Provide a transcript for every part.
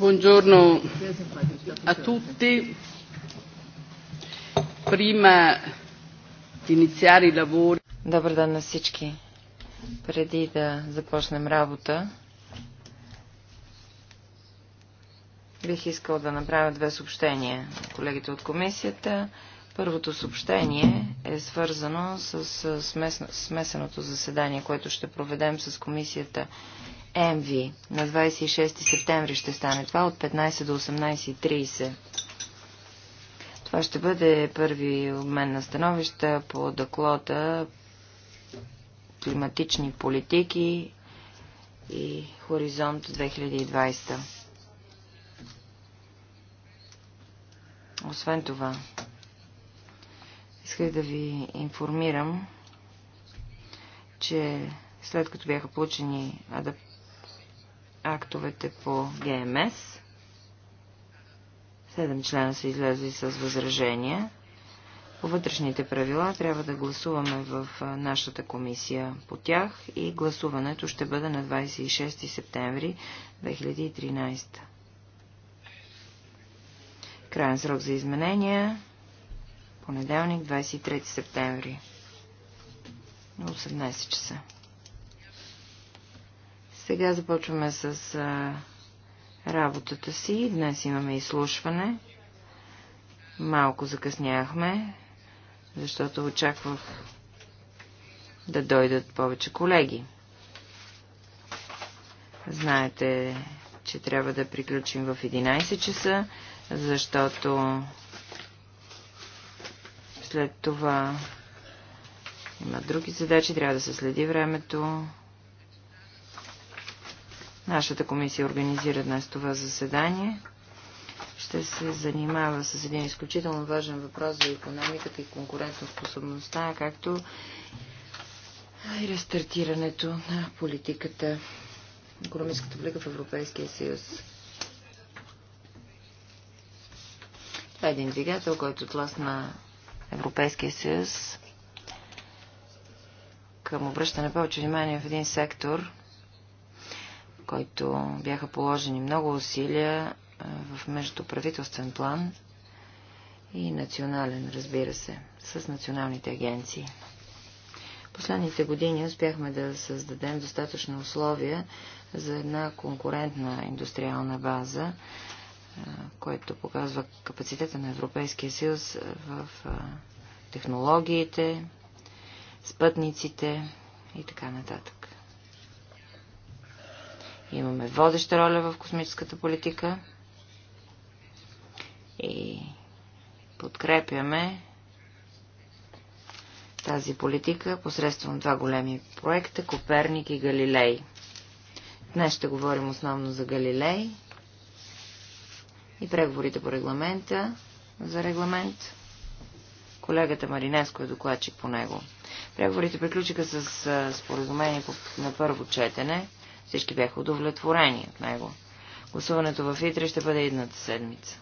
Buongiorno a tutti. Prima di iniziare i lavori. Добър ден на всички. Преди да започнем работа, бих искал да направя две съобщения на колегите от комисията. Първото съобщение е свързано с смесеното заседание, което ще проведем с комисията МВ. На 26 септември ще стане това от 15 до 18.30. Това ще бъде първи обмен на становища по доклада климатични политики и Хоризонт 2020. Освен това, исках да ви информирам, че след като бяха получени адаптации, актовете по ГМС. Седем члена са излезли с възражения. По вътрешните правила трябва да гласуваме в нашата комисия по тях и гласуването ще бъде на 26 септември 2013. Крайен срок за изменения понеделник 23 септември 18 часа. Сега започваме с а, работата си. Днес имаме изслушване. Малко закъсняхме, защото очаквах да дойдат повече колеги. Знаете, че трябва да приключим в 11 часа, защото след това има други задачи, трябва да се следи времето. Нашата комисия организира днес това заседание. Ще се занимава с един изключително важен въпрос за економиката и конкурентоспособността, както и рестартирането на политиката, економическата политика в Европейския съюз. Това е един двигател, който е тласна Европейския съюз към обръщане повече внимание в един сектор, който бяха положени много усилия в междуправителствен план и национален, разбира се, с националните агенции. Последните години успяхме да създадем достатъчно условия за една конкурентна индустриална база, което показва капацитета на Европейския съюз в технологиите, спътниците и така нататък. Имаме водеща роля в космическата политика и подкрепяме тази политика посредством два големи проекта Коперник и Галилей. Днес ще говорим основно за Галилей и преговорите по регламента за регламент. Колегата Маринеско е докладчик по него. Преговорите приключиха с споразумение на първо четене. Всички бяха удовлетворени от него. Гласуването в Итри ще бъде едната седмица.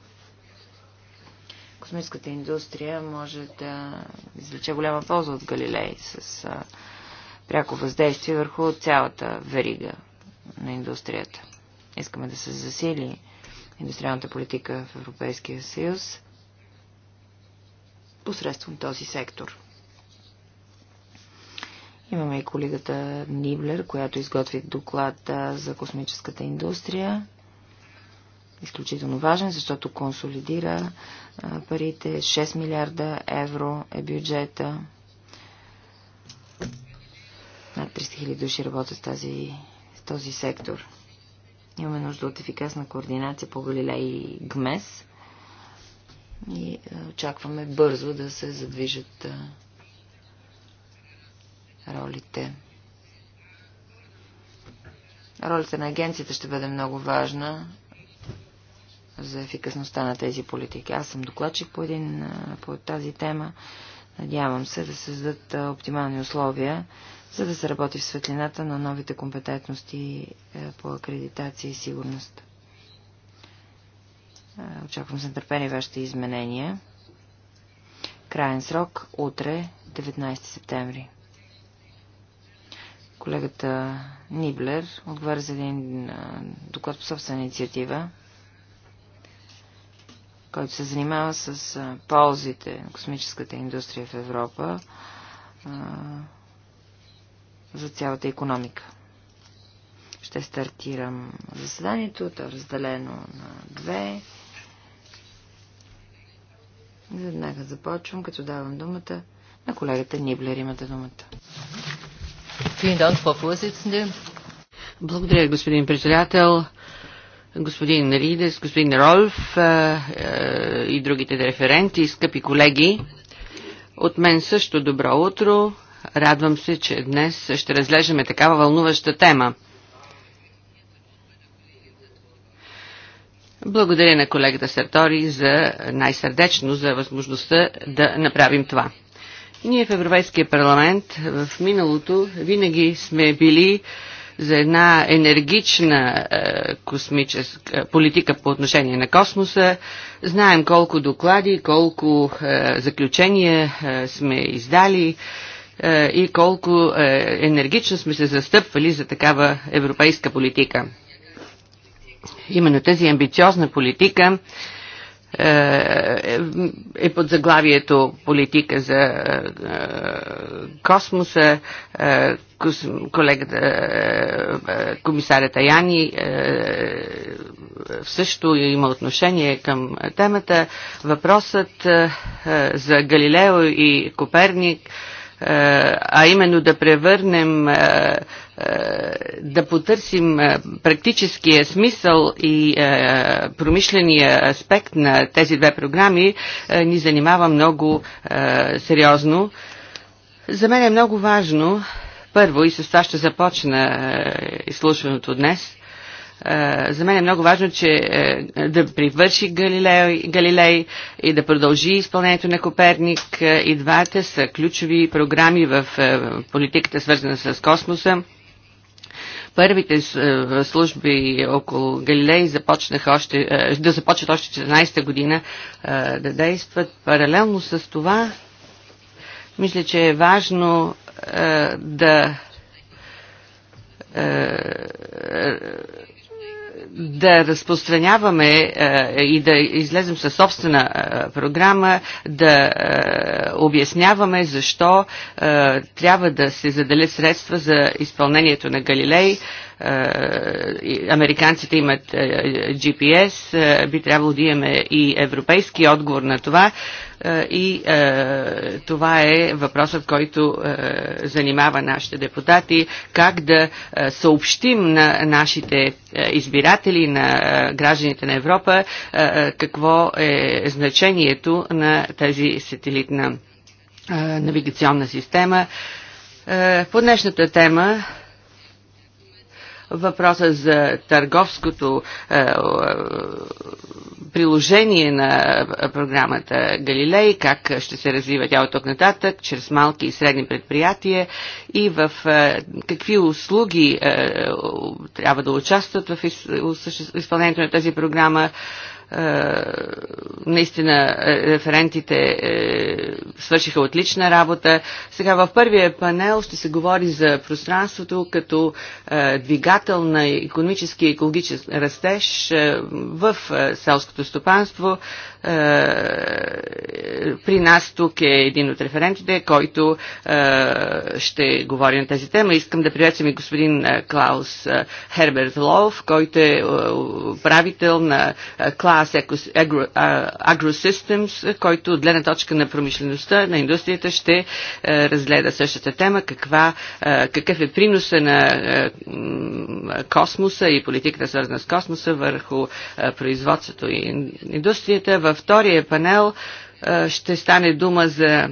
Космическата индустрия може да извлече голяма полза от Галилей с а, пряко въздействие върху цялата верига на индустрията. Искаме да се засили индустриалната политика в Европейския съюз посредством този сектор. Имаме и колегата Ниблер, която изготви доклад за космическата индустрия. Изключително важен, защото консолидира парите. 6 милиарда евро е бюджета. Над 300 хиляди души работят в тази, в този сектор. Имаме нужда от ефикасна координация по Галилей и ГМЕС. И очакваме бързо да се задвижат ролите. Ролята на агенцията ще бъде много важна за ефикасността на тези политики. Аз съм докладчик по, един, по тази тема. Надявам се да създадат оптимални условия, за да се работи в светлината на новите компетентности е, по акредитация и сигурност. Е, очаквам с нетърпение вашите изменения. Краен срок утре, 19 септември. Колегата Ниблер отговаря за един доклад по собствена инициатива, който се занимава с ползите на космическата индустрия в Европа за цялата економика. Ще стартирам заседанието, то е разделено на две. Веднага започвам, като давам думата на колегата Ниблер. Имате думата. Благодаря, господин председател господин Ридес, господин Ролф е, е, и другите референти, скъпи колеги. От мен също добро утро. Радвам се, че днес ще разглеждаме такава вълнуваща тема. Благодаря на колегата Сартори за най-сърдечно за възможността да направим това. Ние в Европейския парламент в миналото винаги сме били за една енергична е, космическа е, политика по отношение на космоса. Знаем колко доклади, колко е, заключения е, сме издали е, и колко е, енергично сме се застъпвали за такава европейска политика. Именно тази амбициозна политика е, е, е, е под заглавието политика за е, космоса. Колегата, комисарят Аяни също има отношение към темата. Въпросът за Галилео и Коперник а именно да превърнем да потърсим практическия смисъл и промишления аспект на тези две програми ни занимава много сериозно. За мен е много важно, първо и с това ще започна изслушването днес, е, за мен е много важно, че е, да привърши Галилей, Галилей и да продължи изпълнението на Коперник. Е, и двата са ключови програми в политиката, свързана с космоса. Първите служби около Галилей започнаха още, да започват още 14-та година да действат. Паралелно с това, мисля, че е важно да да разпространяваме е, и да излезем със собствена е, програма, да е, обясняваме защо трябва да се заделят средства за изпълнението на Галилей, е, американците имат е, GPS, е, би трябвало да имаме и европейски отговор на това. И това е въпросът, който занимава нашите депутати, как да съобщим на нашите избиратели, на гражданите на Европа, какво е значението на тази сателитна навигационна система. По днешната тема Въпроса за търговското е, е, приложение на програмата Галилей, как ще се развива тя от тук нататък, чрез малки и средни предприятия и в е, какви услуги е, е трябва да участват в изпълнението на тази програма. Е, е, наистина е, референтите е, свършиха отлична работа. Сега в първия панел ще се говори за пространството като двигател на економически и екологичен растеж в селското стопанство. Е, при нас тук е един от референтите, който е, ще говори на тази тема. Искам да приветствам и господин е, Клаус Херберт Лов, който е правител на Class Agrosystems, който от гледна точка на промишлеността, на индустрията ще разгледа същата тема, каква, какъв е приноса на космоса и политиката свързана с космоса върху производството и индустрията, във втория панел е, ще стане дума за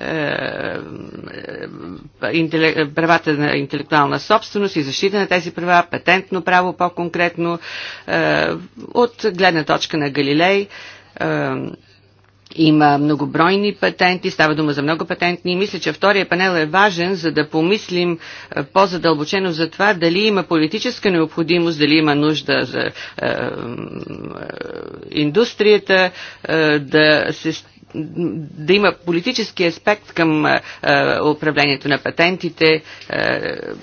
е, е, правата на интелектуална собственост и защита на тези права, патентно право по-конкретно, от гледна точка на Галилей, има многобройни патенти, става дума за много патентни и мисля, че втория панел е важен, за да помислим е, по-задълбочено за това дали има политическа необходимост, дали има нужда за е, е, индустрията, е, да се да има политически аспект към е, управлението на патентите. Е, е, е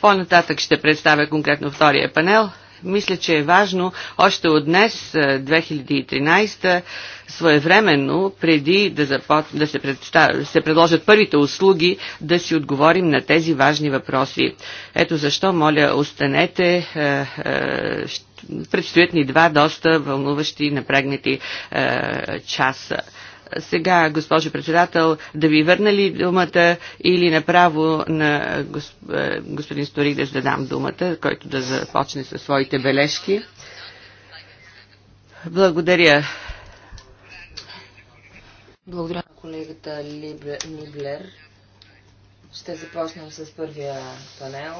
по-нататък ще представя конкретно втория панел. Мисля, че е важно още от днес, 2013, е, своевременно, преди да, запот... да се, представ... се предложат първите услуги, да си отговорим на тези важни въпроси. Ето защо, моля, останете. Е, е, предстоят ни два доста вълнуващи, напрегнати часа сега, госпожо председател, да ви върна ли думата или направо на е, господин Сторик да дам думата, който да започне със своите бележки. Благодаря. Благодаря на колегата Ниблер. Ще започнем с първия панел.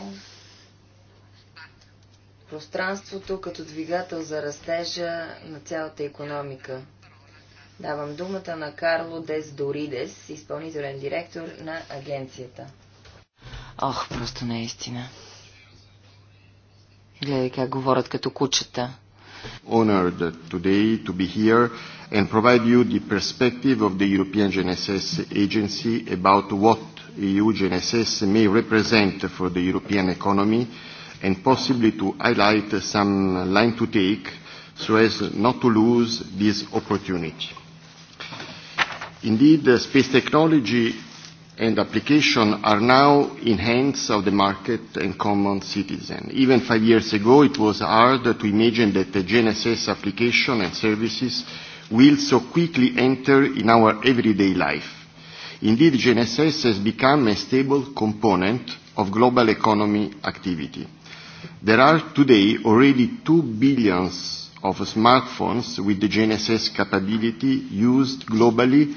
Пространството като двигател за растежа на цялата економика – Давам думата на Карло Дес Доридес, изпълнителен директор на агенцията. Ох, просто наистина. Гледай как говорят като кучета. Honored today to be here and provide you the perspective of the European GNSS agency about what EU GNSS may represent for the European economy and possibly to highlight some line to take so as not to lose this opportunity. Indeed, the space technology and application are now in hands of the market and common citizen. Even five years ago, it was hard to imagine that the GNSS application and services will so quickly enter in our everyday life. Indeed, GNSS has become a stable component of global economy activity. There are today already 2 billions of smartphones with the GNSS capability used globally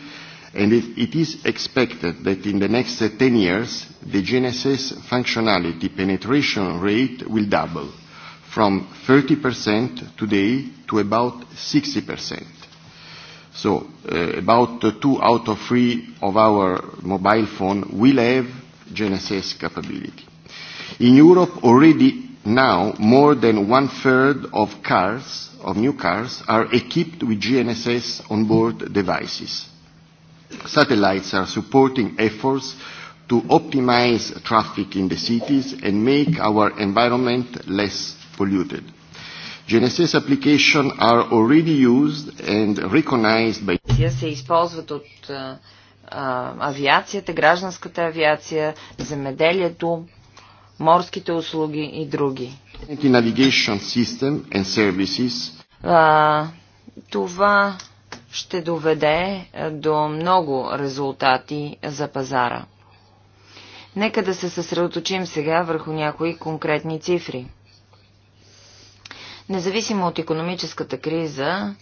and it, it is expected that in the next 10 years, the GNSS functionality penetration rate will double from 30% today to about 60%. So uh, about two out of three of our mobile phone will have GNSS capability. In Europe, already now, more than one-third of cars, of new cars, are equipped with GNSS onboard devices Satellites are supporting efforts to optimize traffic in the cities and make our environment less polluted. GNSS applications are already used and recognized by се използват от а, авиацията, гражданската авиация, земеделието, морските услуги и други. Navigation system and services. А, това ще доведе е, до много резултати за пазара. Нека да се съсредоточим сега върху някои конкретни цифри. Независимо от економическата криза,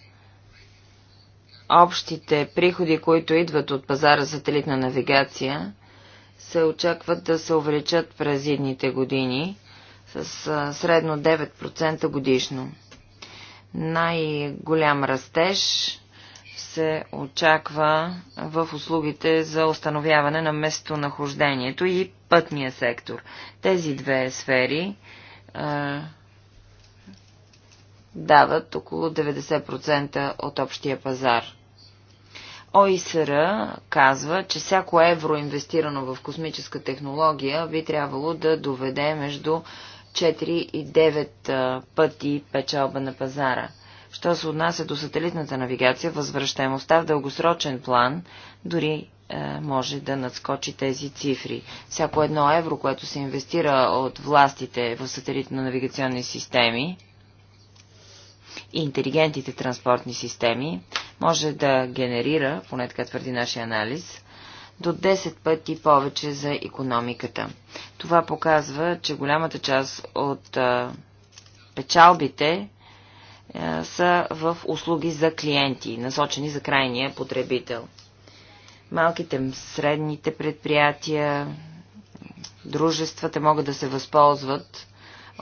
общите приходи, които идват от пазара сателитна навигация, се очакват да се увеличат през едните години с средно 9% годишно. Най-голям растеж се очаква в услугите за установяване на местонахождението и пътния сектор. Тези две сфери а, е, дават около 90% от общия пазар. ОИСР казва, че всяко евро инвестирано в космическа технология би трябвало да доведе между 4 и 9 е, пъти печалба на пазара – Що се отнася до сателитната навигация, възвръщаемостта в дългосрочен план дори е, може да надскочи тези цифри. Всяко едно евро, което се инвестира от властите в сателитно-навигационни системи и интелигентните транспортни системи, може да генерира, поне така твърди нашия анализ, до 10 пъти повече за економиката. Това показва, че голямата част от а, е, печалбите е, са в услуги за клиенти, насочени за крайния потребител. Малките, средните предприятия, дружествата могат да се възползват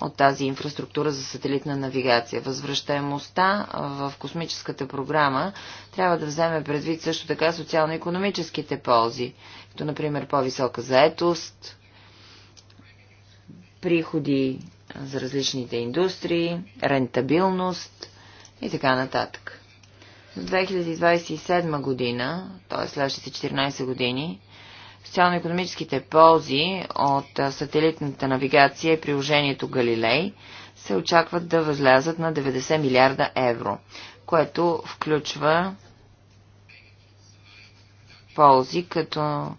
от тази инфраструктура за сателитна навигация. Възвръщаемостта в космическата програма трябва да вземе предвид също така социално-економическите ползи, като например по-висока заетост, приходи за различните индустрии, рентабилност и така нататък. До 2027 година, т.е. следващите 14 години, социално-економическите ползи от сателитната навигация и приложението Галилей се очакват да възлязат на 90 милиарда евро, което включва ползи като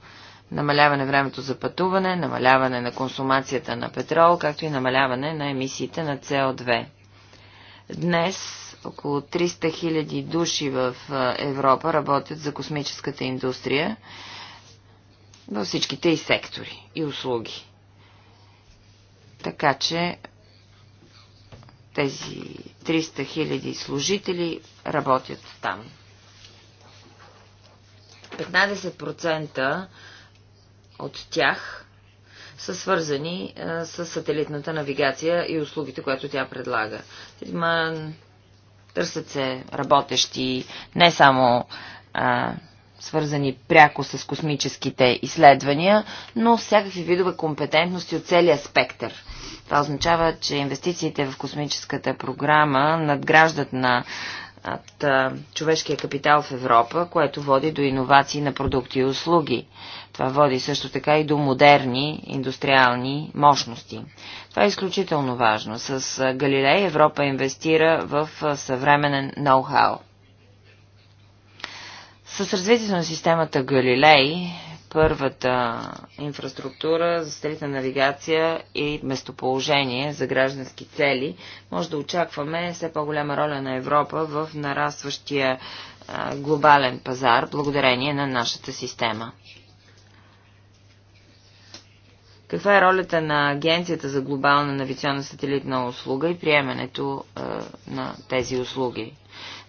намаляване времето за пътуване, намаляване на консумацията на петрол, както и намаляване на емисиите на СО2. Днес около 300 000 души в Европа работят за космическата индустрия във всичките и сектори и услуги. Така че тези 300 000 служители работят там. 15% от тях са свързани а, с сателитната навигация и услугите, които тя предлага. Има, търсят се работещи не само а, свързани пряко с космическите изследвания, но всякакви видове компетентности от целия спектър. Това означава, че инвестициите в космическата програма надграждат на от човешкия капитал в Европа, което води до иновации на продукти и услуги. Това води също така и до модерни индустриални мощности. Това е изключително важно. С Галилей Европа инвестира в съвременен ноу-хау. С развитието на системата Галилей първата инфраструктура за сателитна навигация и местоположение за граждански цели, може да очакваме все по-голяма роля на Европа в нарастващия глобален пазар, благодарение на нашата система. Каква е ролята на Агенцията за глобална навигационна сателитна услуга и приемането е, на тези услуги?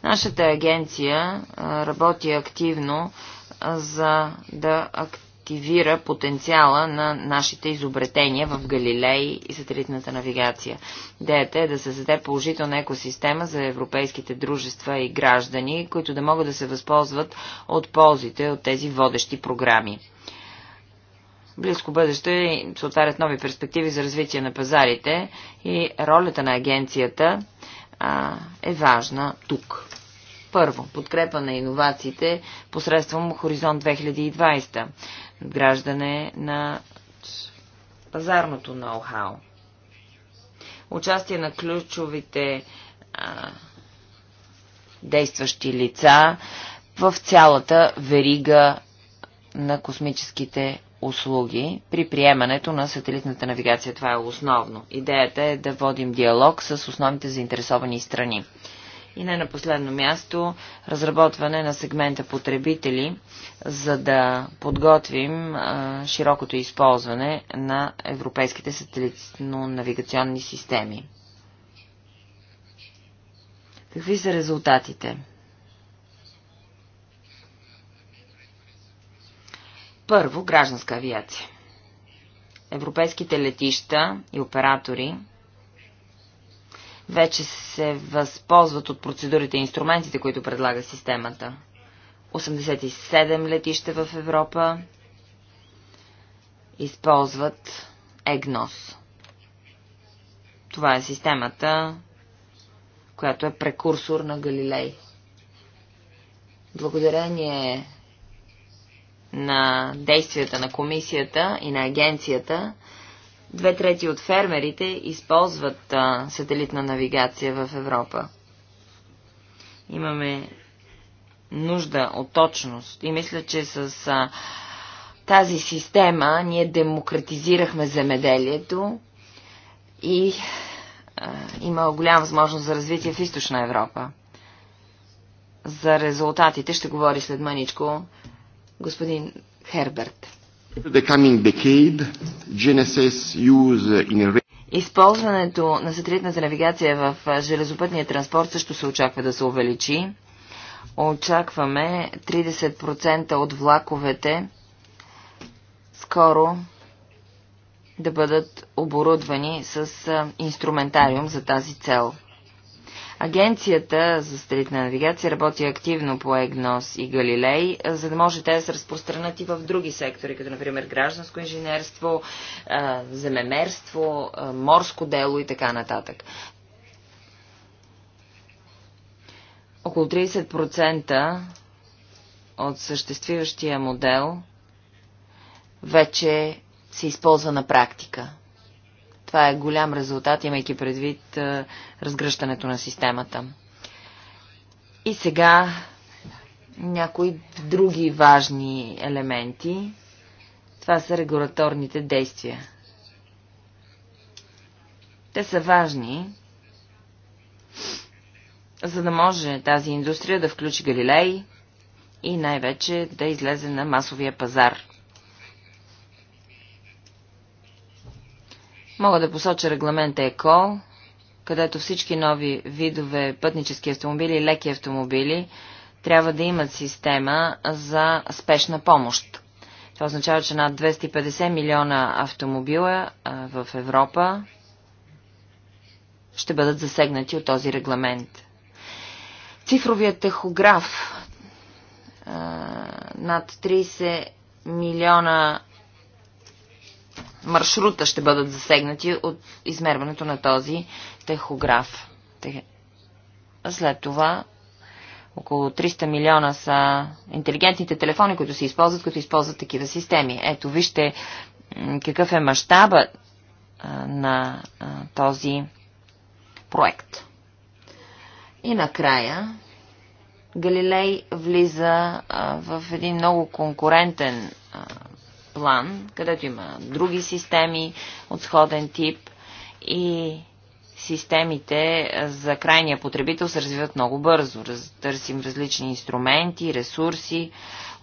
Нашата агенция е, работи активно за да активира потенциала на нашите изобретения в Галилей и сателитната навигация. Идеята е да създаде положителна екосистема за европейските дружества и граждани, които да могат да се възползват от ползите от тези водещи програми близко бъдеще се отварят нови перспективи за развитие на пазарите и ролята на агенцията а, е важна тук. Първо, подкрепа на иновациите посредством Хоризонт 2020, надграждане на пазарното ноу-хау. Участие на ключовите а, действащи лица в цялата верига на космическите услуги при приемането на сателитната навигация. Това е основно. Идеята е да водим диалог с основните заинтересовани страни. И не на последно място, разработване на сегмента потребители, за да подготвим широкото използване на европейските сателитно-навигационни системи. Какви са резултатите? Първо, гражданска авиация. Европейските летища и оператори вече се възползват от процедурите и инструментите, които предлага системата. 87 летища в Европа използват ЕГНОС. Това е системата, която е прекурсор на Галилей. Благодарение на действията на комисията и на агенцията, Две трети от фермерите използват а, сателитна навигация в Европа. Имаме нужда от точност и мисля, че с а, тази система ние демократизирахме земеделието и а, има голяма възможност за развитие в източна Европа. За резултатите ще говори след маничко господин Херберт. Използването на сателитната навигация в железопътния транспорт също се очаква да се увеличи. Очакваме 30% от влаковете скоро да бъдат оборудвани с инструментариум за тази цел. Агенцията за сателитна навигация работи активно по ЕГНОС и Галилей, за да може те да се разпространят и в други сектори, като например гражданско инженерство, земемерство, морско дело и така нататък. Около 30% от съществуващия модел вече се използва на практика – това е голям резултат, имайки предвид е, разгръщането на системата. И сега някои други важни елементи. Това са регуляторните действия. Те са важни, за да може тази индустрия да включи Галилей и най-вече да излезе на масовия пазар. Мога да посоча регламента ЕКОЛ, където всички нови видове пътнически автомобили и леки автомобили трябва да имат система за спешна помощ. Това означава, че над 250 милиона автомобила в Европа ще бъдат засегнати от този регламент. Цифровият техограф над 30 милиона маршрута ще бъдат засегнати от измерването на този техограф. След това около 300 милиона са интелигентните телефони, които се използват, които използват такива системи. Ето, вижте какъв е мащаба на този проект. И накрая Галилей влиза в един много конкурентен план, където има други системи от сходен тип и системите за крайния потребител се развиват много бързо. Раз, търсим различни инструменти, ресурси,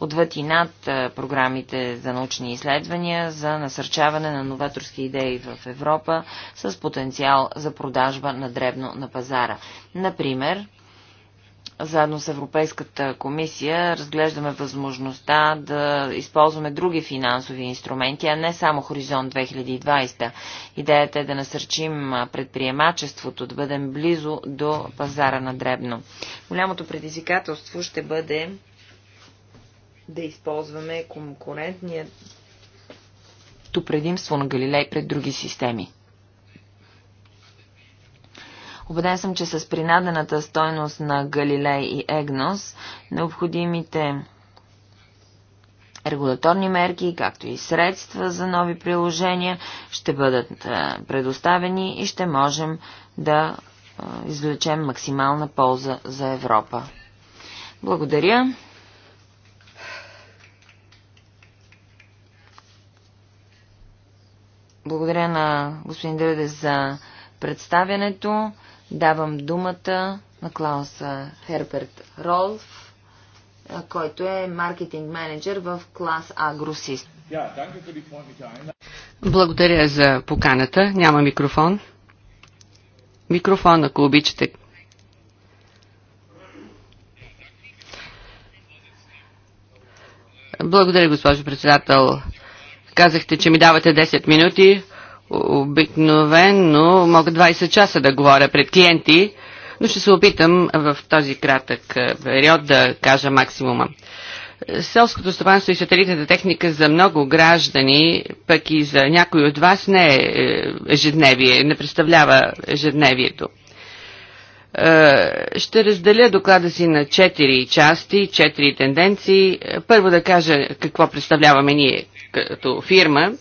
отвъд и над програмите за научни изследвания за насърчаване на новаторски идеи в Европа с потенциал за продажба на дребно на пазара. Например, заедно с Европейската комисия разглеждаме възможността да използваме други финансови инструменти, а не само Хоризонт 2020. Идеята е да насърчим предприемачеството, да бъдем близо до пазара на дребно. Голямото предизвикателство ще бъде да използваме конкурентният предимство на Галилей пред други системи. Обеден съм, че с принадената стойност на Галилей и Егнос, необходимите регулаторни мерки, както и средства за нови приложения ще бъдат е, предоставени и ще можем да е, извлечем максимална полза за Европа. Благодаря. Благодаря на господин Дърдес за представянето. Давам думата на Клауса Херберт Ролф, който е маркетинг менеджер в клас Агросист. Благодаря за поканата. Няма микрофон. Микрофон, ако обичате. Благодаря, госпожо председател. Казахте, че ми давате 10 минути. Обикновено мога 20 часа да говоря пред клиенти, но ще се опитам в този кратък е, период да кажа максимума. Селското стопанство и сателитната техника за много граждани, пък и за някой от вас не е, е ежедневие, не представлява ежедневието. Е, ще разделя доклада си на четири части, четири тенденции. Първо да кажа какво представляваме ние като фирма,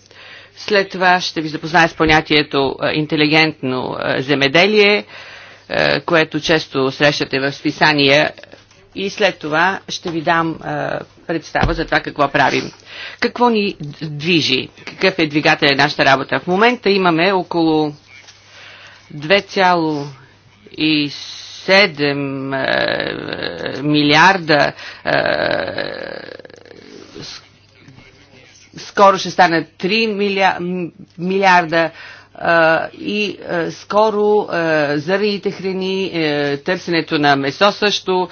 след това ще ви запозная с понятието е, интелигентно е, земеделие, е, което често срещате в списания и след това ще ви дам представа за това какво правим. Какво ни движи? Какъв е двигател на нашата работа? В момента имаме около 2,7 милиарда скоро ще стане 3 милиарда, и скоро зърните храни, търсенето на месо също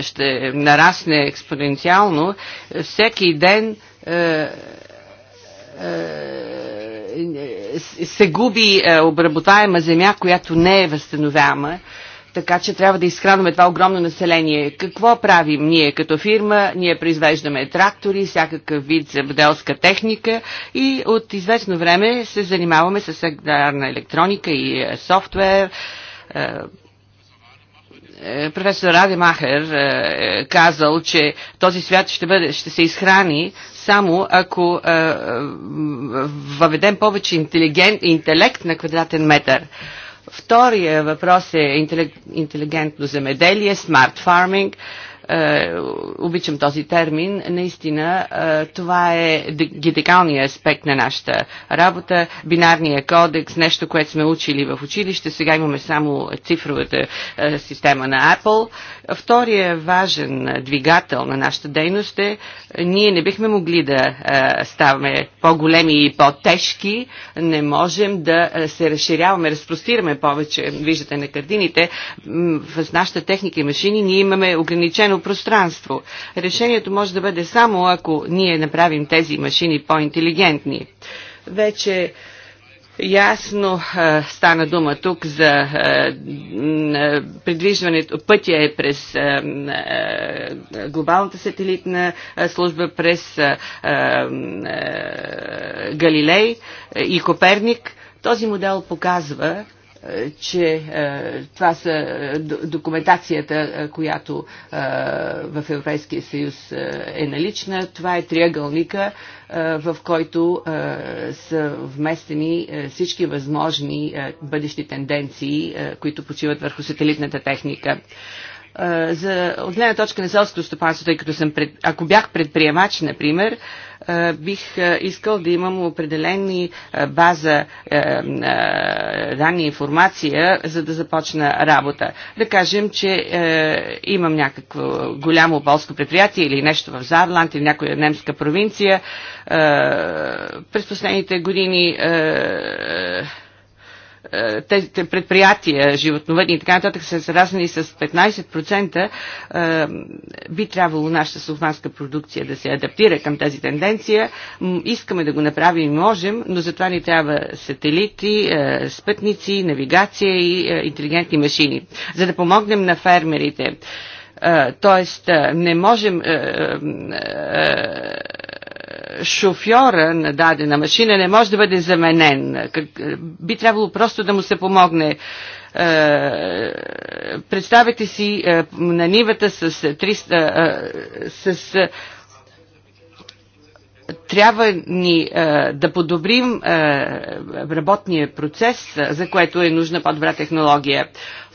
ще нарасне експоненциално. Всеки ден се губи обработаема земя, която не е възстановяема така че трябва да изхранваме това огромно население. Какво правим ние като фирма? Ние произвеждаме трактори, всякакъв вид земеделска техника и от известно време се занимаваме с агарна електроника и е, софтуер. Е, е, професор Махер казал, че този свят ще, бъде, ще се изхрани само ако въведем повече интелект на квадратен метър. Втория въпрос е интелигентно земеделие, smart farming. Е, обичам този термин, наистина е, това е гидекалният аспект на нашата работа, бинарния кодекс, нещо, което сме учили в училище, сега имаме само цифровата е, система на Apple. Втория важен двигател на нашата дейност е, ние не бихме могли да ставаме по-големи и по-тежки, не можем да се разширяваме, разпростираме повече, виждате на картините, в нашата техника и машини ние имаме ограничено информационно пространство. Решението може да бъде само ако ние направим тези машини по-интелигентни. Вече Ясно стана дума тук за е, придвижването. Пътя е през глобалната сателитна служба, през Галилей и Коперник. Този модел показва, че е, това са е, документацията, е, която в Европейския съюз е налична. Това е триъгълника, в който са вместени всички възможни бъдещи тенденции, които почиват върху сателитната техника за, от гледна точка на селското стопанство, тъй като съм пред, ако бях предприемач, например, бих искал да имам определени база данни информация, за да започна работа. Да кажем, че имам някакво голямо полско предприятие или нещо в Зарланд или някоя немска провинция. През последните години е, тези предприятия, животновъдни и така нататък са сраснали с 15%, е, би трябвало нашата сухманска продукция да се адаптира към тази тенденция. Искаме да го направим и можем, но за това ни трябва сателити, е, спътници, навигация и интелигентни машини, за да помогнем на фермерите. Тоест, не можем шофьора на дадена машина не може да бъде заменен. Как, е, би трябвало просто да му се помогне. Е, представете си е, на нивата с 300, с трябва ни а, да подобрим а, работния процес, за което е нужна по-добра технология.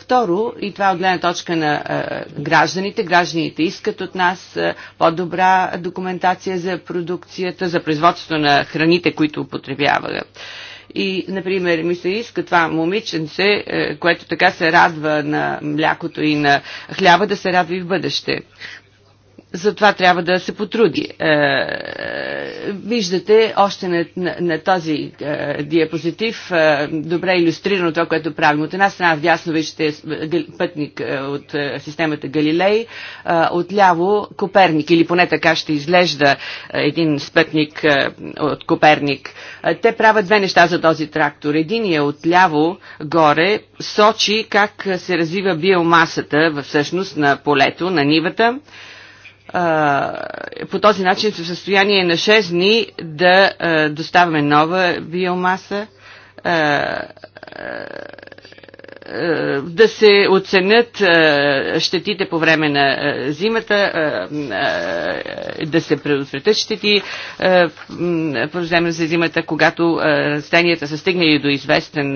Второ, и това е от гледна точка на е, гражданите, гражданите искат от нас е, по-добра документация за продукцията, за производството на храните, които употребяват. И, например, ми се иска това момиченце, което така се радва на млякото и на хляба, да се радва и в бъдеще за това трябва да се потруди. Е, е, виждате още на, на, на този е, диапозитив добре иллюстрирано това, което правим. От една страна вдясно виждате пътник от системата Галилей, отляво Коперник, или поне така ще изглежда един спътник от Коперник. Те правят две неща за този трактор. Единият отляво горе сочи как се развива биомасата всъщност на полето, на нивата по този начин са в състояние на 6 дни да доставяме нова биомаса, да се оценят щетите по време на зимата, да се предотвратят щети по време за зимата, когато растенията са стигнали до известен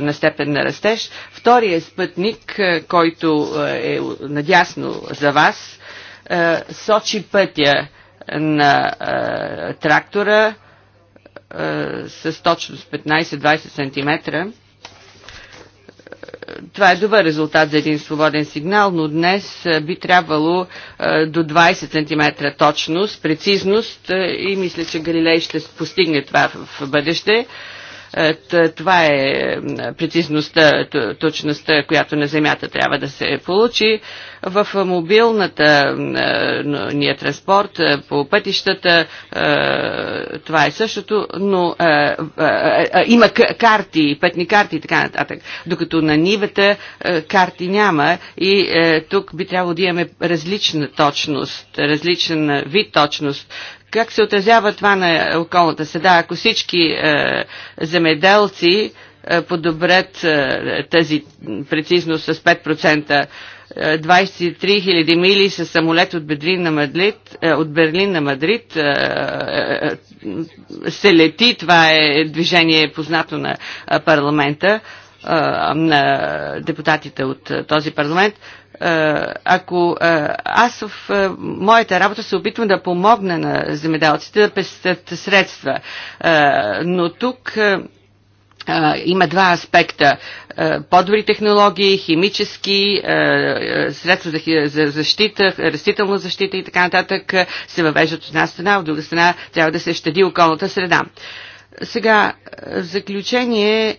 на степен на растеж. Вторият спътник, който е надясно за вас, е, сочи пътя на е, трактора е, с точност 15-20 см това е добър резултат за един свободен сигнал, но днес би трябвало до 20 см точност, прецизност и мисля, че Галилей ще постигне това в бъдеще. Е, това е прецизността, точността, която на земята трябва да се получи. В мобилната е, ния е транспорт, по пътищата, това е същото, но има карти, пътни карти и така нататък. Докато на нивата карти няма и тук би трябвало да имаме различна точност, различен вид точност, как се отразява това на околната седа? Ако всички е, земеделци е, подобрят е, тази прецизност с 5%, 23 000 мили с самолет е, от Берлин на Мадрид, от Берлин на Мадрид се лети. Това е движение познато на е, парламента на депутатите от този парламент, ако аз в моята работа се опитвам да помогна на земеделците да пестят средства, но тук има два аспекта. По-добри технологии, химически, средства за защита, растителна защита и така нататък се въвеждат от една страна, от друга страна трябва да се щади околната среда. Сега, в заключение,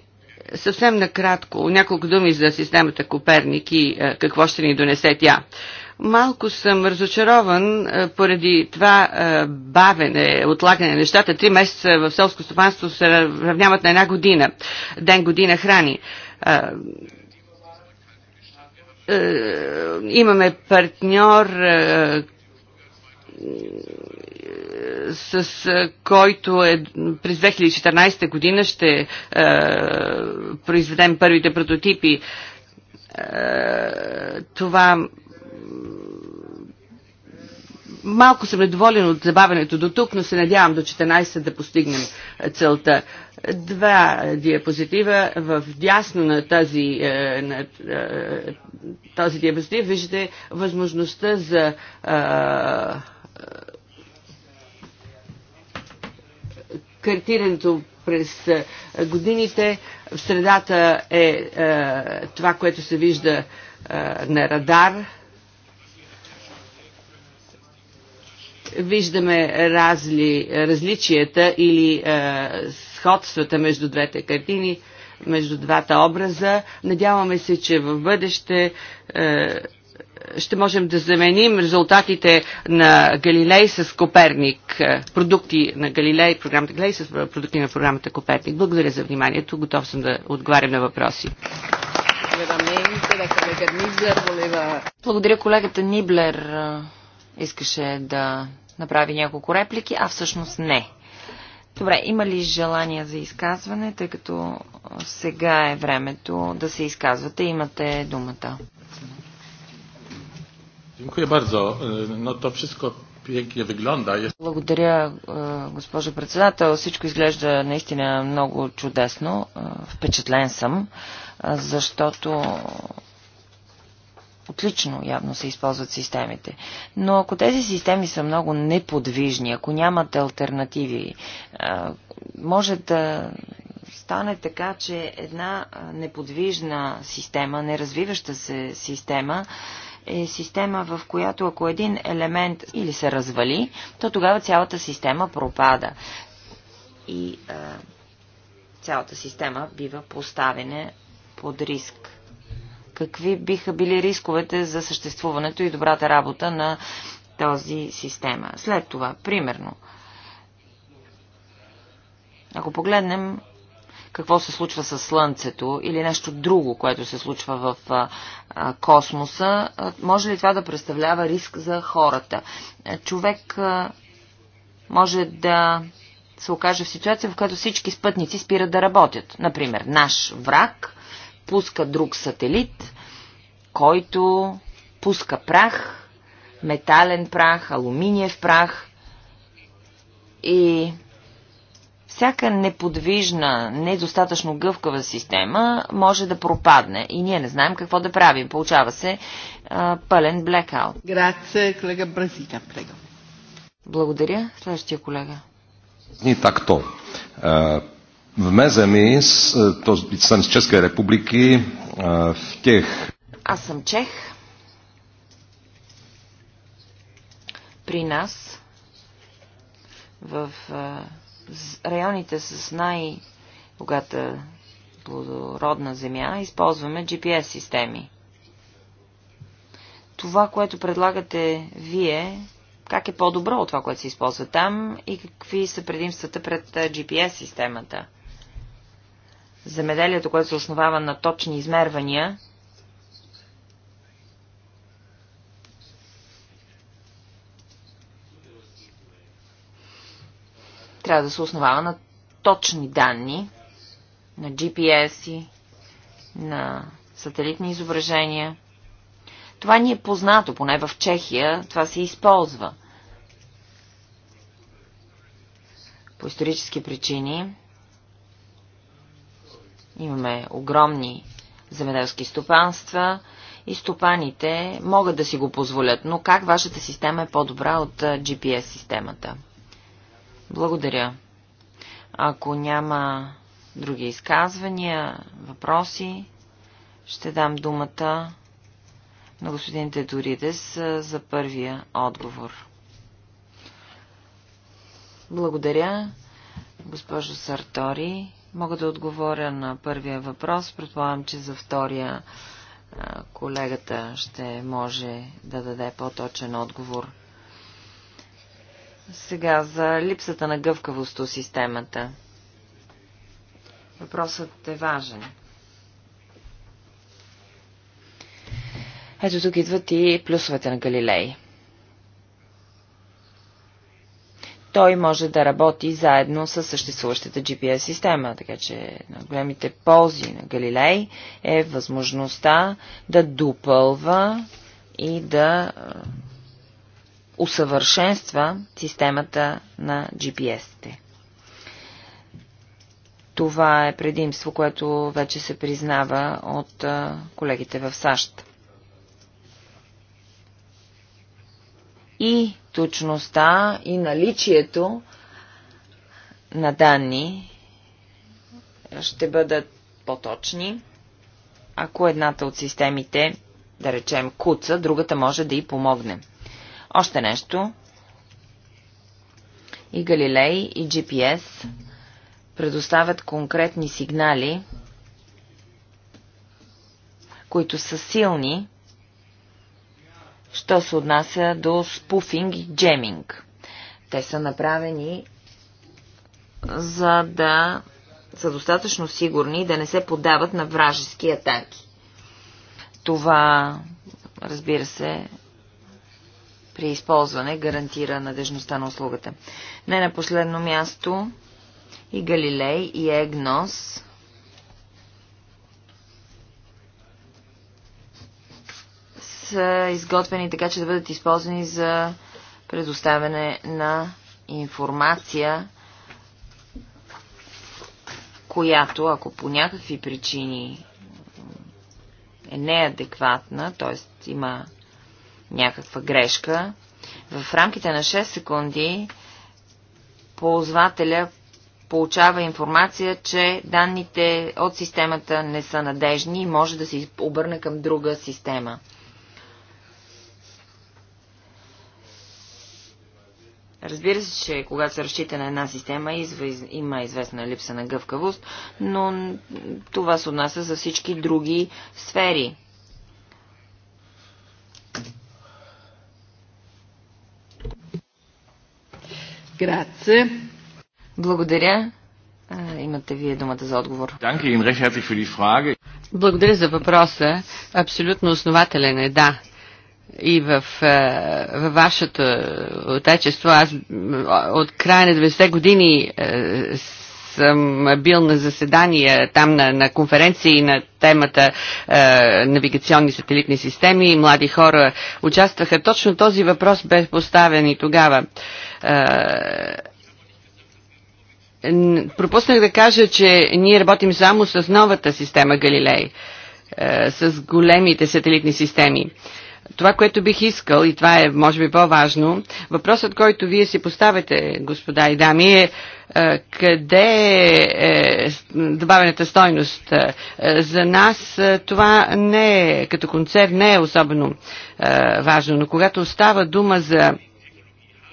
Съвсем накратко, няколко думи за системата Коперник и е, какво ще ни донесе тя. Малко съм разочарован е, поради това е, бавене, отлагане на нещата. Три месеца в селско стопанство се равняват на една година. Ден година храни имаме партньор, с който е, през 2014 година ще е, произведем първите прототипи. Е, това малко съм недоволен от забавянето до тук, но се надявам до 14 да постигнем целта. Два диапозитива в дясно на, тази, е, на е, този диапозитив виждате възможността за е, картирането през годините. В средата е това, което се вижда на радар. Виждаме разли, различията или сходствата между двете картини, между двата образа. Надяваме се, че в бъдеще ще можем да заменим резултатите на Галилей с Коперник, е, продукти на Галилей, програмата Галилей с е, продукти на програмата Коперник. Благодаря за вниманието. Готов съм да отговарям на въпроси. Благодаря колегата Ниблер. Е, искаше да направи няколко реплики, а всъщност не. Добре, има ли желания за изказване, тъй като сега е времето да се изказвате, имате думата. Благодаря, е, госпожо председател. Всичко изглежда наистина много чудесно. Е, впечатлен съм, е, защото отлично явно се използват системите. Но ако тези системи са много неподвижни, ако нямате альтернативи, може да стане така, че една неподвижна система, неразвиваща се система, е система, в която ако един елемент или се развали, то тогава цялата система пропада. И е, цялата система бива поставена под риск. Какви биха били рисковете за съществуването и добрата работа на този система? След това, примерно, ако погледнем какво се случва с Слънцето или нещо друго, което се случва в космоса, може ли това да представлява риск за хората? Човек може да се окаже в ситуация, в която всички спътници спират да работят. Например, наш враг пуска друг сателит, който пуска прах, метален прах, алуминиев прах и всяка неподвижна, недостатъчно гъвкава система може да пропадне и ние не знаем какво да правим. Получава се а, пълен блекаут. Грация, колега Бразика. Благодаря. Следващия колега. И то. В Мезами, то съм с Ческа републики, в тех... Аз съм чех. При нас в районите с най-богата плодородна земя използваме GPS системи. Това, което предлагате вие, как е по-добро от това, което се използва там и какви са предимствата пред е, GPS системата? Земеделието, което се основава на точни измервания, трябва да се основава на точни данни, на GPS-и, на сателитни изображения. Това ни е познато, поне в Чехия това се използва. По исторически причини имаме огромни земеделски стопанства и стопаните могат да си го позволят, но как вашата система е по-добра от GPS системата? Благодаря. Ако няма други изказвания, въпроси, ще дам думата на господин Тедоридес за първия отговор. Благодаря, госпожо Сартори. Мога да отговоря на първия въпрос. Предполагам, че за втория колегата ще може да даде по-точен отговор. Сега за липсата на гъвкавост у системата. Въпросът е важен. Ето тук идват и плюсовете на Галилей. Той може да работи заедно с съществуващата GPS система, така че на големите ползи на Галилей е възможността да допълва и да усъвършенства системата на GPS-те. Това е предимство, което вече се признава от колегите в САЩ. И точността, и наличието на данни ще бъдат по-точни, ако едната от системите, да речем, куца, другата може да й помогне. Още нещо. И Галилей, и GPS предоставят конкретни сигнали, които са силни, що се отнася до спуфинг и джеминг. Те са направени за да са достатъчно сигурни и да не се подават на вражески атаки. Това, разбира се, при използване гарантира надежността на услугата. Не на последно място и Галилей и Егнос са изготвени така, че да бъдат използвани за предоставяне на информация, която, ако по някакви причини е неадекватна, т.е. има някаква грешка, в рамките на 6 секунди ползвателя получава информация, че данните от системата не са надежни и може да се обърне към друга система. Разбира се, че когато се разчита на една система, има известна липса на гъвкавост, но това се отнася за всички други сфери. Грация. Благодаря. Имате вие думата за отговор. Благодаря за въпроса. Абсолютно основателен е, да. И в, в вашето отечество, аз от края на 90-те години съм бил на заседания там на, на конференции на темата е, навигационни сателитни системи и млади хора участваха. Точно този въпрос бе поставен и тогава. Е, пропуснах да кажа, че ние работим само с новата система Галилей, е, с големите сателитни системи. Това, което бих искал, и това е, може би, по-важно, въпросът, който вие си поставяте, господа и дами, е, е къде е, е добавената стойност. Е, за нас това не е, като концерт не е особено важно, но когато става дума за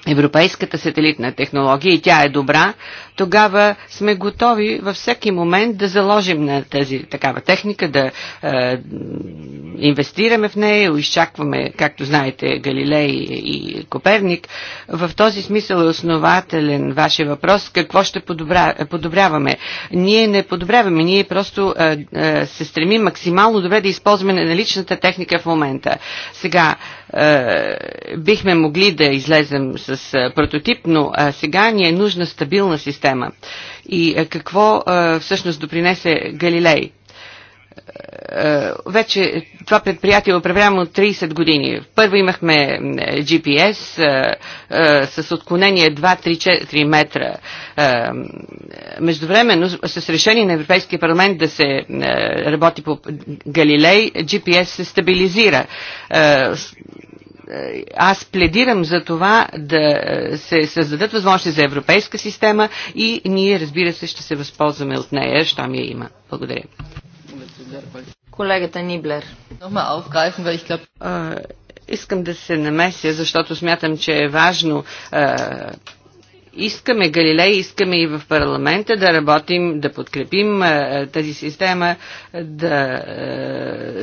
европейската сателитна технология и тя е добра, тогава сме готови във всеки момент да заложим на тази такава техника, да е, инвестираме в нея, изчакваме, както знаете, Галилей и Коперник. В този смисъл е основателен вашия въпрос, какво ще подобра, подобряваме. Ние не подобряваме, ние просто е, е, се стремим максимално добре да използваме наличната техника в момента. Сега, е, е, бихме могли да излезем с е, прототип, но е, сега ни е нужна стабилна система. И какво всъщност допринесе Галилей? Е, вече това предприятие е управлявано от 30 години. Първо имахме е, GPS е, с отклонение 2-3-4 метра. междувременно, с решение на Европейския парламент да се работи по Галилей, GPS се стабилизира аз пледирам за това да се създадат възможности за европейска система и ние, разбира се, ще се възползваме от нея, що ми я има. Благодаря. Колегата Ниблер. Искам да се намеся, защото смятам, че е важно искаме Галилей, искаме и в парламента да работим, да подкрепим тази система, да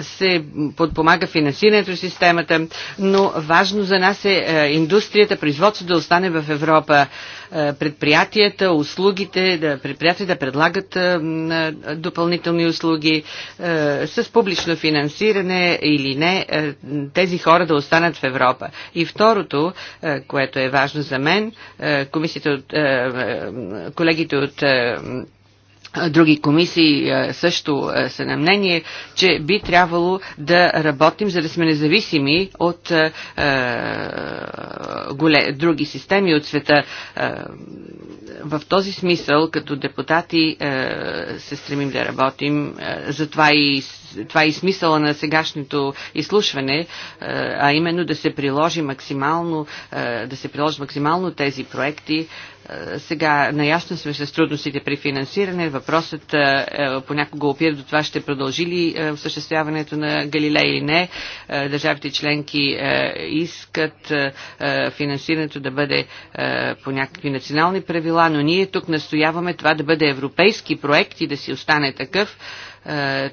се подпомага финансирането системата, но важно за нас е индустрията, производството да остане в Европа. Е, предприятията, услугите, да, предприятията да предлагат е, е, допълнителни услуги с публично финансиране или не, тези хора да останат в Европа. И второто, което е важно за мен, комисията от, колегите от Други комисии също са на мнение, че би трябвало да работим, за да сме независими от е, други системи от света. Е, в този смисъл, като депутати, е, се стремим да работим. Е, затова и това е и смисъла на сегашното изслушване, а именно да се приложи максимално, да се приложи максимално тези проекти сега наясно сме с трудностите при финансиране. Въпросът е, е, понякога опира до това ще продължи ли е, осъществяването на Галилей или не. Държавите членки искат финансирането да бъде по някакви национални правила, но ние тук настояваме това да бъде европейски проект и да си остане такъв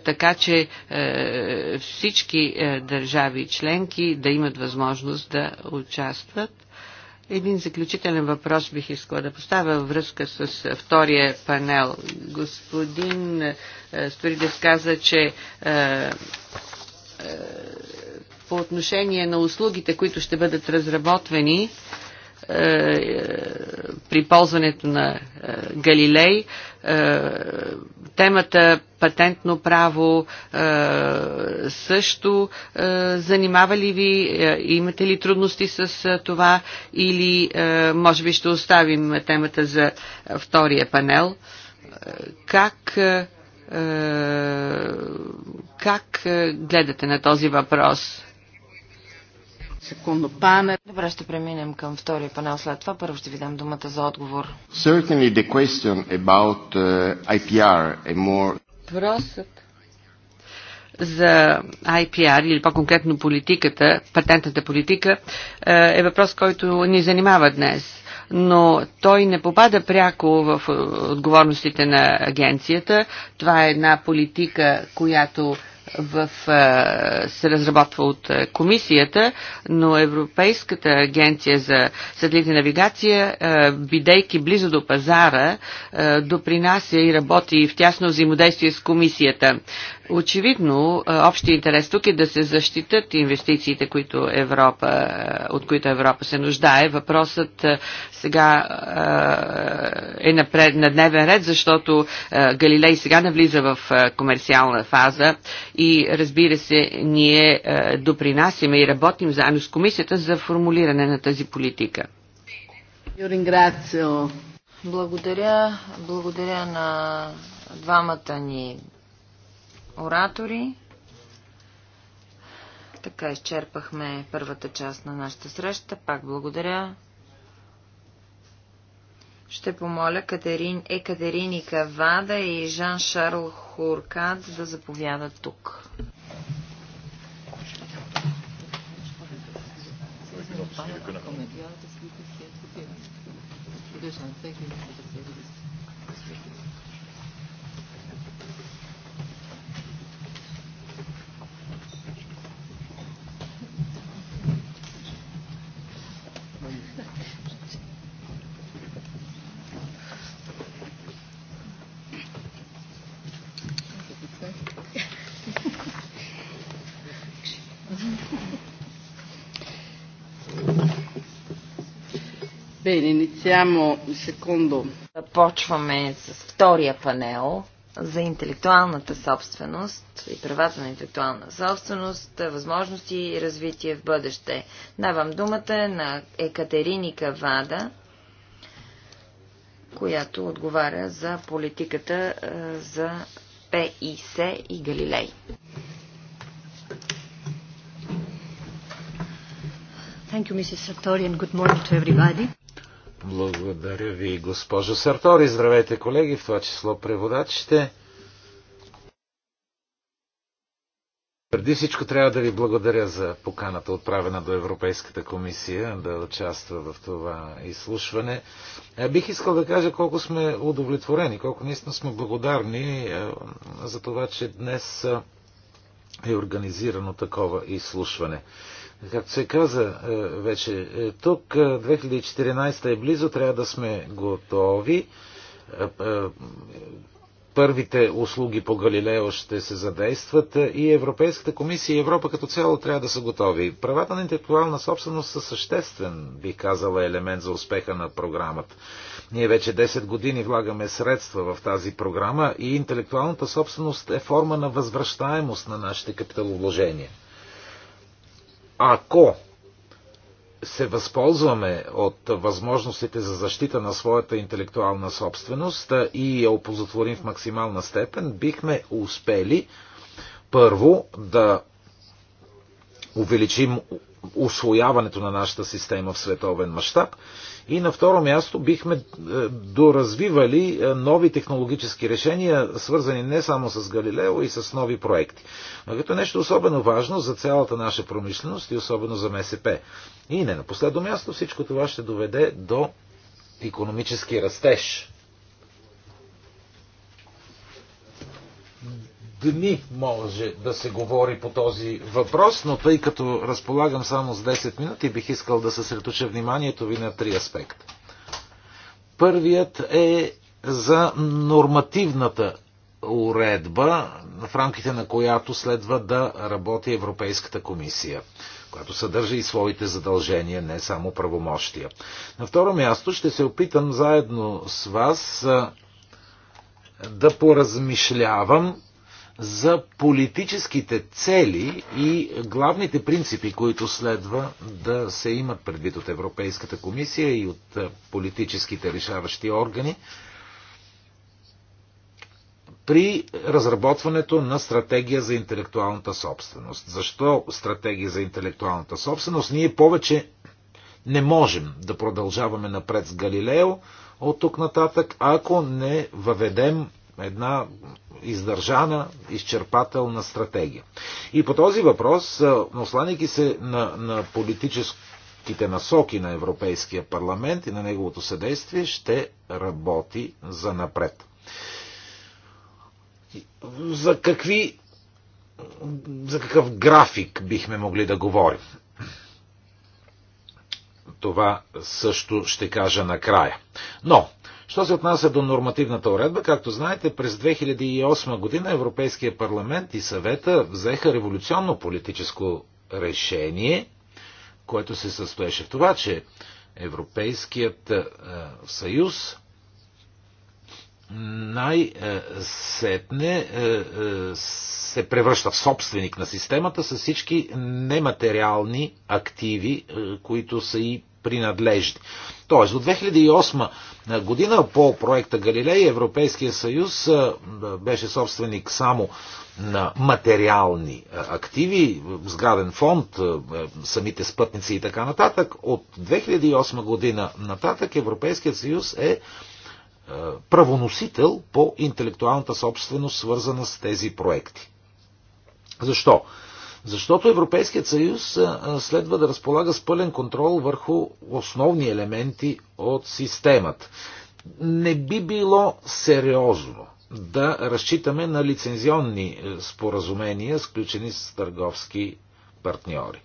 така че всички държави членки да имат възможност да участват. Един заключителен въпрос бих искала да поставя във връзка с втория панел. Господин Сторидес каза, че по отношение на услугите, които ще бъдат разработвани, е, е, при ползването на е, Галилей, темата патентно право също занимава ли ви? Имате ли трудности с това? Или може би ще оставим темата за втория панел? Как как гледате на този въпрос? Секундно панел. Добре, ще преминем към втория панел. След това първо ще ви дам думата за отговор. Certainly the question about uh, IPR and more... Въпросът за IPR или по-конкретно политиката, патентната политика, е въпрос, който ни занимава днес но той не попада пряко в е, отговорностите на агенцията. Това е една политика, която в, се разработва от комисията, но Европейската агенция за сателитна навигация, бидейки близо до пазара, допринася и работи в тясно взаимодействие с комисията. Очевидно, общия интерес тук е да се защитат инвестициите, които Европа, от които Европа се нуждае. Въпросът сега е напред, на дневен ред, защото Галилей сега навлиза в комерциална фаза и разбира се, ние допринасяме и работим заедно с комисията за формулиране на тази политика. Благодаря. Благодаря на двамата ни оратори. Така изчерпахме първата част на нашата среща. Пак благодаря. Ще помоля Катерин, Екатерини Кавада и Жан-Шарл Хуркад да заповядат тук. Thank you. Bene, iniziamo il secondo. Почваме с втория панел за интелектуалната собственост и правата на интелектуална собственост, възможности и развитие в бъдеще. Давам думата на Екатерини Кавада, която отговаря за политиката е, за ПИС и Галилей. Thank you, Mrs. Sartori, and good morning to everybody. Благодаря ви, госпожо Сартори. Здравейте, колеги, в това число преводачите. Преди всичко трябва да ви благодаря за поканата, отправена до Европейската комисия да участва в това изслушване. Е, бих искал да кажа колко сме удовлетворени, колко наистина сме благодарни е, за това, че днес е, е организирано такова изслушване. Както се каза е, вече е, тук, 2014 е, е близо, трябва да сме готови. Първите услуги по Галилео ще се задействат и Европейската комисия и Европа като цяло трябва да са готови. Правата на интелектуална собственост са съществен, би казала, елемент за успеха на програмата. Ние вече 10 години влагаме средства в тази програма и интелектуалната собственост е форма на възвръщаемост на нашите капиталовложения. Ако се възползваме от възможностите за защита на своята интелектуална собственост и я опозотворим в максимална степен, бихме успели първо да увеличим освояването на нашата система в световен мащаб и на второ място бихме е, доразвивали е, нови технологически решения, свързани не само с Галилео и с нови проекти. Но като нещо особено важно за цялата наша промишленост и особено за МСП. И не на последно място всичко това ще доведе до економически растеж дни може да се говори по този въпрос, но тъй като разполагам само с 10 минути, бих искал да съсредоточа вниманието ви на три аспекта. Първият е за нормативната уредба, в рамките на която следва да работи Европейската комисия, която съдържа и своите задължения, не само правомощия. На второ място ще се опитам заедно с вас да поразмишлявам за политическите цели и главните принципи, които следва да се имат предвид от Европейската комисия и от е, политическите решаващи органи при разработването на стратегия за интелектуалната собственост. Защо стратегия за интелектуалната собственост? Ние повече не можем да продължаваме напред с Галилео от тук нататък, ако не въведем една издържана, изчерпателна стратегия. И по този въпрос, осланяйки се на, на политическите насоки на Европейския парламент и на неговото съдействие, ще работи за напред. За какви за какъв график бихме могли да говорим? Това също ще кажа накрая. Но, Що се отнася до нормативната уредба, както знаете, през 2008 година Европейския парламент и съвета взеха революционно политическо решение, което се състоеше в това, че Европейският съюз най-сетне се превръща в собственик на системата с всички нематериални активи, които са и принадлежни. Тоест, от 2008 година по проекта Галилей Европейския съюз беше собственик само на материални активи, сграден фонд, самите спътници и така нататък. От 2008 година нататък Европейският съюз е правоносител по интелектуалната собственост, свързана с тези проекти. Защо? Защото Европейският съюз следва да разполага с пълен контрол върху основни елементи от системата. Не би било сериозно да разчитаме на лицензионни е, споразумения, сключени с търговски партньори. Е,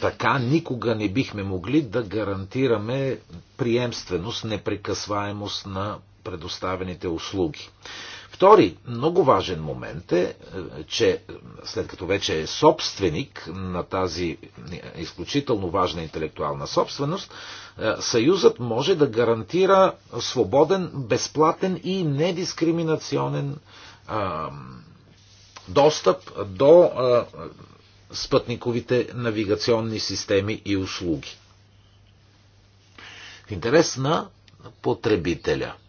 така никога не бихме могли да гарантираме приемственост, непрекъсваемост на предоставените услуги. Втори много важен момент е, е че е, след като вече е собственик на тази е, изключително важна интелектуална собственост, Съюзът може да гарантира свободен, безплатен и недискриминационен достъп до спътниковите навигационни системи и услуги. В интерес на потребителя –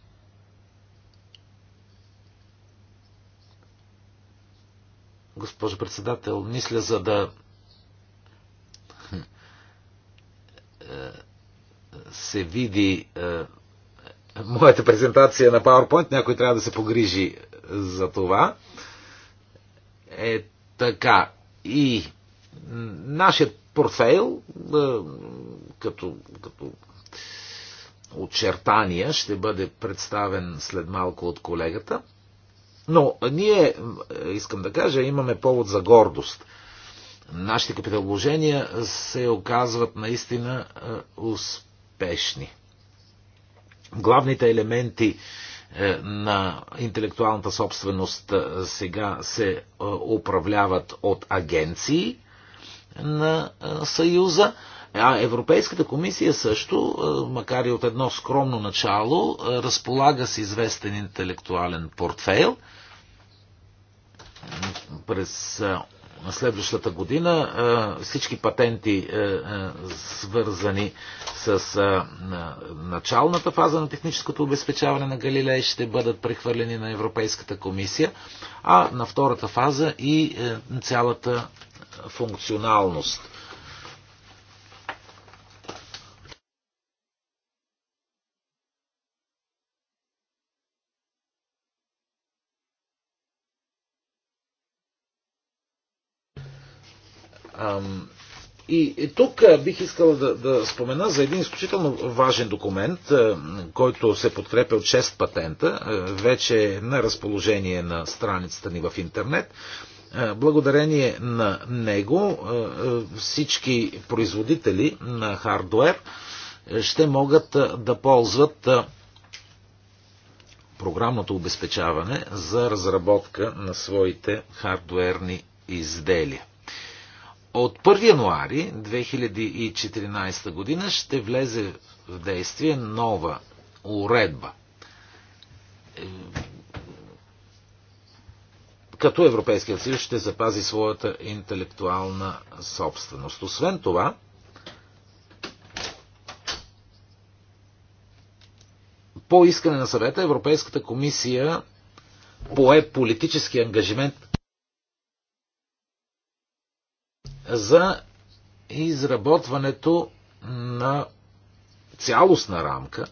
Госпожо председател, мисля за да се види е, моята презентация на PowerPoint, някой трябва да се погрижи за това. Е така. И нашият портфейл, е, като, като очертания, ще бъде представен след малко от колегата. Но ние, е, искам да кажа, имаме повод за гордост. Нашите капиталовложения се оказват наистина е, успешни. Главните елементи е, на интелектуалната собственост сега се управляват от агенции на Съюза, а Европейската комисия също, е, макар и от едно скромно начало, е, разполага с известен интелектуален портфейл. През е, следващата година всички патенти, свързани с началната фаза на техническото обезпечаване на Галилей, ще бъдат прехвърлени на Европейската комисия, а на втората фаза и цялата функционалност И тук бих искал да, да спомена за един изключително важен документ, който се подкрепя от 6 патента, вече е на разположение на страницата ни в интернет. Благодарение на него всички производители на хардуер ще могат да ползват програмното обезпечаване за разработка на своите хардуерни изделия от 1 януари 2014 година ще влезе в действие нова уредба. Е, като Европейският съюз ще запази своята интелектуална собственост. Освен това, по искане на съвета Европейската комисия пое политически ангажимент за изработването на цялостна рамка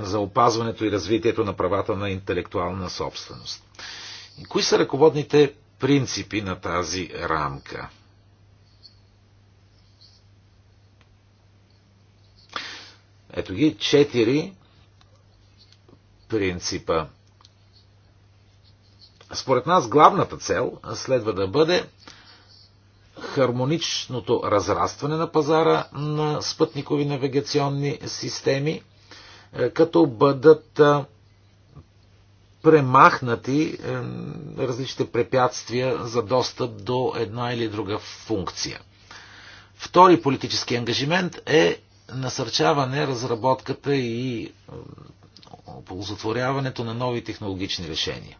за опазването и развитието на правата на интелектуална собственост. И кои са ръководните принципи на тази рамка? Ето ги четири принципа. Според нас главната цел следва да бъде хармоничното разрастване на пазара на спътникови навигационни системи, е, като бъдат е, премахнати е, различните препятствия за достъп до една или друга функция. Втори политически ангажимент е насърчаване разработката и оползотворяването на нови технологични решения.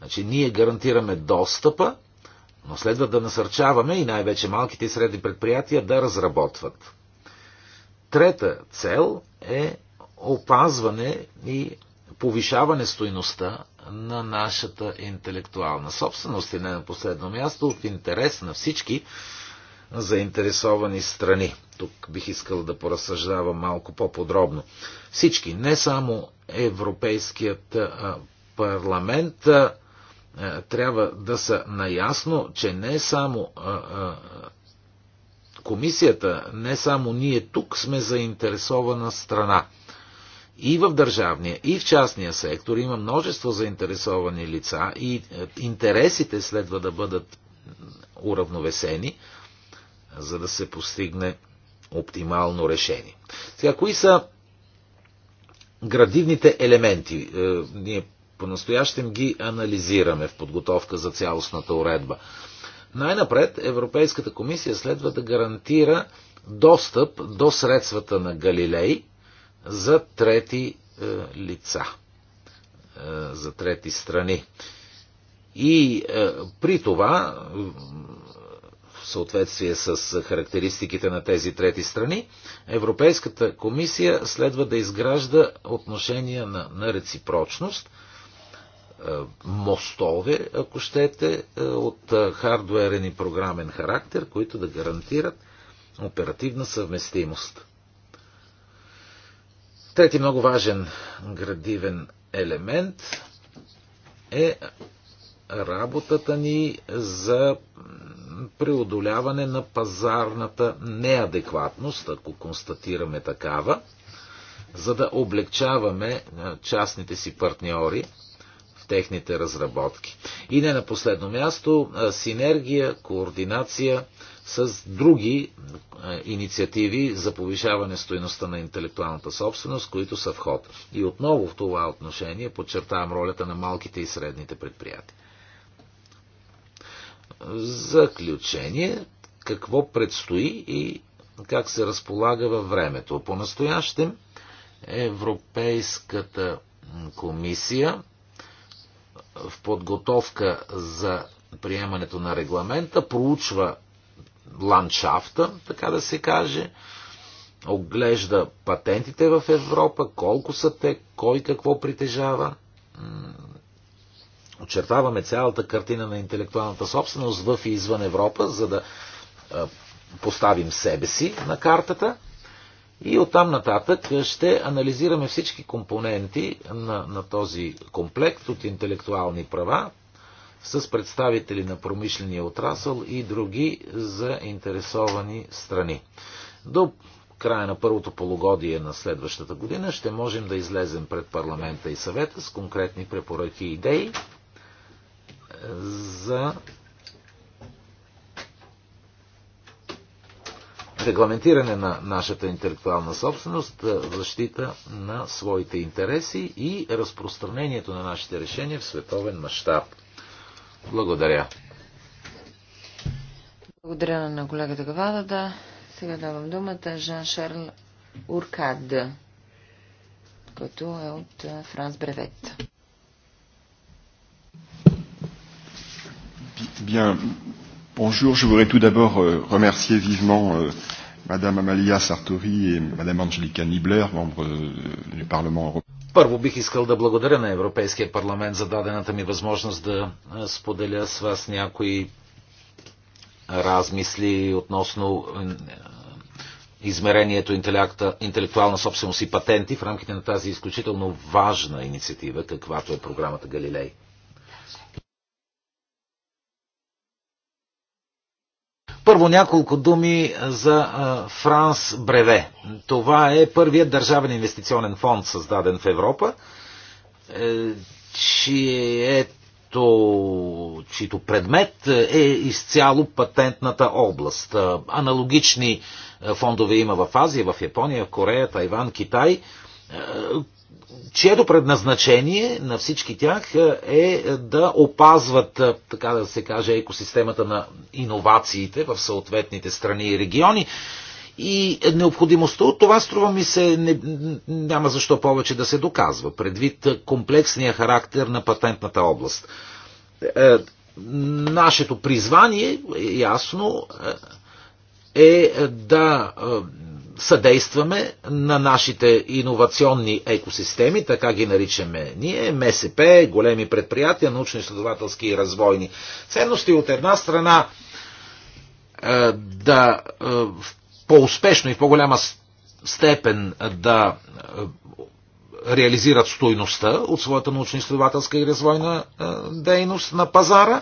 Значи, ние гарантираме достъпа, но следва да насърчаваме и най-вече малките и средни предприятия да разработват. Трета цел е опазване и повишаване стоиността на нашата интелектуална собственост и не на последно място в интерес на всички заинтересовани страни. Тук бих искал да поразсъждавам малко по-подробно. Всички, не само Европейският парламент, е, трябва да са наясно, че не само е, е, комисията, не само ние тук сме заинтересована страна. И в държавния, и в частния сектор има множество заинтересовани лица и интересите следва да бъдат уравновесени, за да се постигне оптимално решение. Сега, кои са градивните елементи? Ние по-настоящем ги анализираме в подготовка за цялостната уредба. Най-напред Европейската комисия следва да гарантира достъп до средствата на Галилей за трети е, лица, е, за трети страни. И е, при това, в съответствие с характеристиките на тези трети страни, Европейската комисия следва да изгражда отношения на, на реципрочност – е, мостове, ако щете, е, от е, хардуерен и програмен характер, които да гарантират оперативна съвместимост. Трети много важен градивен елемент е работата ни за преодоляване на пазарната неадекватност, ако констатираме такава, за да облегчаваме частните си партньори – техните разработки. И не на последно място, синергия, координация с други инициативи за повишаване стоеността на интелектуалната собственост, които са в ход. И отново в това отношение подчертавам ролята на малките и средните предприятия. заключение, какво предстои и как се разполага във времето. По-настоящем Европейската комисия в подготовка за приемането на регламента, проучва ландшафта, така да се каже, оглежда патентите в Европа, колко са те, кой какво притежава. Очертаваме цялата картина на интелектуалната собственост в и извън Европа, за да поставим себе си на картата и оттам нататък ще анализираме всички компоненти на, на този комплект от интелектуални права с представители на промишления отрасъл и други заинтересовани страни. До края на първото полугодие на следващата година ще можем да излезем пред парламента и съвета с конкретни препоръки и идеи за регламентиране на нашата интелектуална собственост, защита на своите интереси и разпространението на нашите решения в световен мащаб. Благодаря. Благодаря на колегата Гавада. Да. Сега давам думата Жан Шарл Уркад, който е от Франс Бревет. Bien, Bonjour, je voudrais tout d'abord euh, remercier vivement euh, Madame Amalia Sartori et Madame Angelica Nibler, membres euh, du Parlement européen. Първо бих искал да благодаря на Европейския парламент за дадената ми възможност да споделя с вас някои размисли относно измерението интелектуална собственост и патенти в рамките на тази изключително важна инициатива, каквато е програмата Галилей. Първо няколко думи за Франс Бреве. Това е първият държавен инвестиционен фонд, създаден в Европа, е, чието, чието предмет е изцяло патентната област. Аналогични фондове има в Азия, в Япония, в Корея, Тайван, Китай, чието предназначение на всички тях е, е да опазват, е, така да се каже, екосистемата на иновациите в съответните страни и региони. И необходимостта от това, струва ми се, не, няма защо повече да се доказва, предвид комплексния характер на патентната област. Е, нашето призвание, е ясно, е да съдействаме на нашите иновационни екосистеми, така ги наричаме ние, МСП, големи предприятия, научно-изследователски и развойни ценности. От една страна е, да е, по-успешно и в по-голяма степен да е, реализират стойността от своята научно-изследователска и развойна дейност на пазара,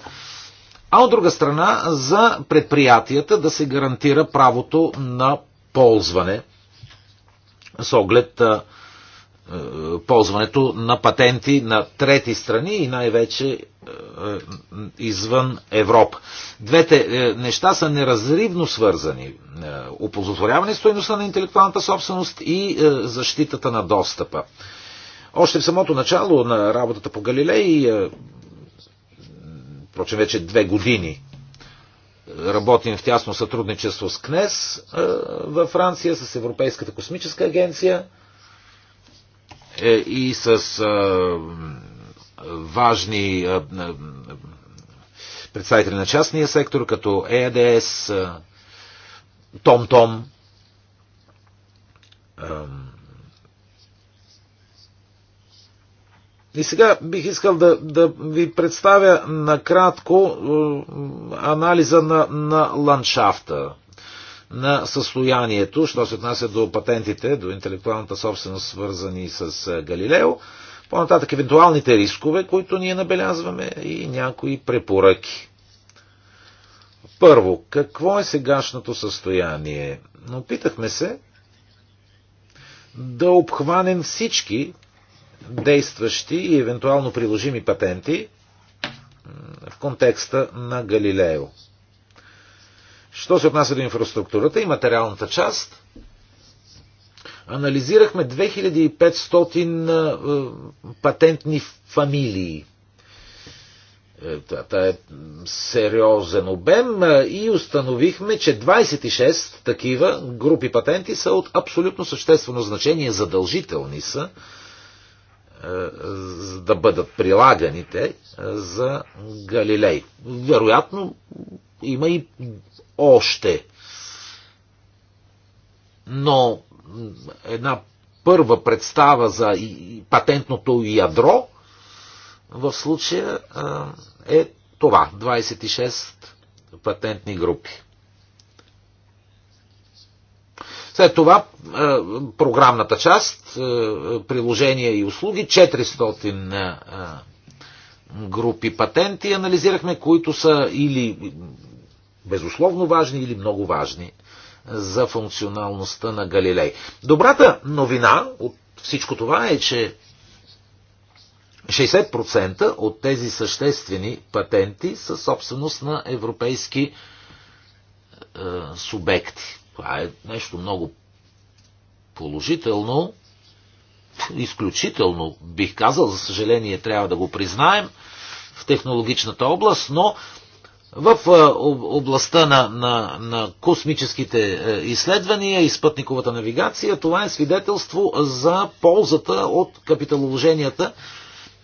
а от друга страна за предприятията да се гарантира правото на ползване с оглед а, ползването на патенти на трети страни и най-вече извън Европа. Двете е, неща са неразривно свързани. Е, Опозотворяване стоеността на интелектуалната собственост и е, защитата на достъпа. Още в самото начало на работата по Галилей, впрочем вече две години Работим в тясно сътрудничество с КНЕС във Франция, с Европейската космическа агенция е, и с важни представители на частния сектор, като ЕАДС, е ТомТом. -том, И сега бих искал да, да ви представя накратко е, анализа на, на ландшафта, на състоянието, що се отнася до патентите, до интелектуалната собственост, свързани с е, Галилео, по-нататък евентуалните рискове, които ние набелязваме и някои препоръки. Първо, какво е сегашното състояние? Опитахме се да обхванем всички действащи и евентуално приложими патенти в контекста на Галилео. Що се отнася до инфраструктурата и материалната част, анализирахме 2500 патентни фамилии. Е, това е сериозен обем и установихме, че 26 такива групи патенти са от абсолютно съществено значение, задължителни са е, да бъдат прилаганите е, за Галилей. Вероятно има и още. Но една първа представа за патентното ядро в случая е, е това. 26 патентни групи. След това е, програмната част, е, приложения и услуги, 400 е, групи патенти анализирахме, които са или безусловно важни, или много важни за функционалността на Галилей. Добрата новина от всичко това е, че 60% от тези съществени патенти са собственост на европейски е, субекти. Това е нещо много положително, изключително, бих казал, за съжаление трябва да го признаем, в технологичната област, но в е, областта на, на, на космическите е, изследвания и спътниковата навигация, това е свидетелство за ползата от капиталовложенията,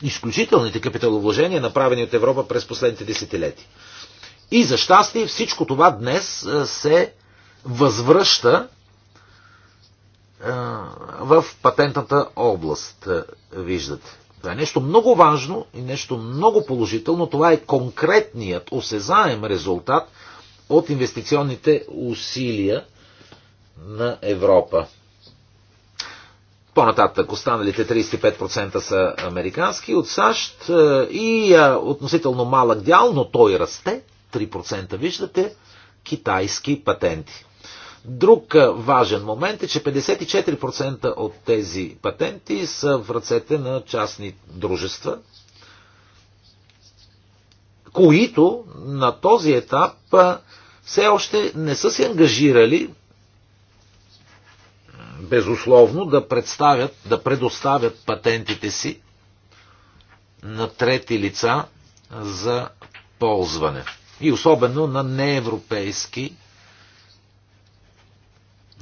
изключителните капиталовложения, направени от Европа през последните десетилетия. И за щастие всичко това днес е, се възвръща в патентната област, виждате. Това е нещо много важно и нещо много положително. Това е конкретният, осезаем резултат от инвестиционните усилия на Европа. По-нататък останалите 35% са американски от САЩ и относително малък дял, но той расте, 3% виждате, китайски патенти. Друг важен момент е, че 54% от тези патенти са в ръцете на частни дружества, които на този етап все още не са се ангажирали безусловно да представят, да предоставят патентите си на трети лица за ползване. И особено на неевропейски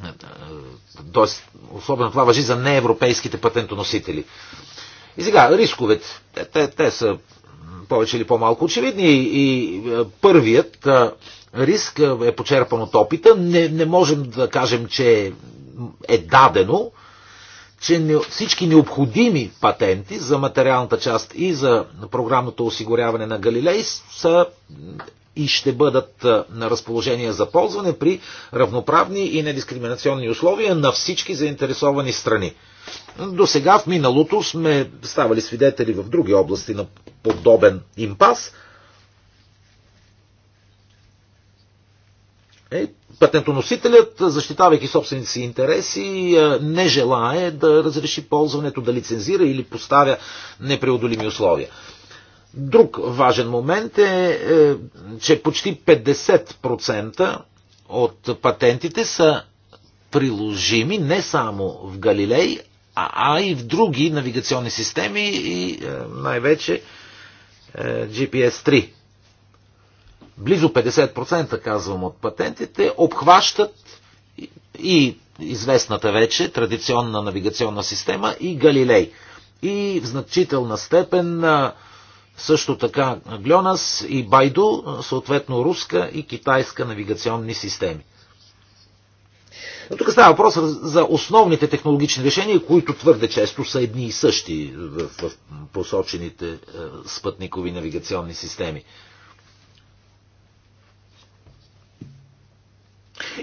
е, е, тоест, особено това въжи за неевропейските патентоносители. И сега, рисковете, те, те са повече или по-малко очевидни и е, първият риск е почерпан от опита. Не, не можем да кажем, че е дадено, че не, всички необходими патенти за материалната част и за програмното осигуряване на Галилей са и ще бъдат на разположение за ползване при равноправни и недискриминационни условия на всички заинтересовани страни. До сега в миналото сме ставали свидетели в други области на подобен импас. Е, патентоносителят, защитавайки собствените си интереси, не желае да разреши ползването, да лицензира или поставя непреодолими условия. Друг важен момент е, е че почти 50% от патентите са приложими не само в Галилей, а, а и в други навигационни системи и е, най-вече е, GPS-3. Близо 50% казвам от патентите обхващат и известната вече традиционна навигационна система и Галилей. И в значителна степен също така Глонас и Байду, съответно руска и китайска навигационни системи. Но тук става въпрос за основните технологични решения, които твърде често са едни и същи в, в посочените е, спътникови навигационни системи.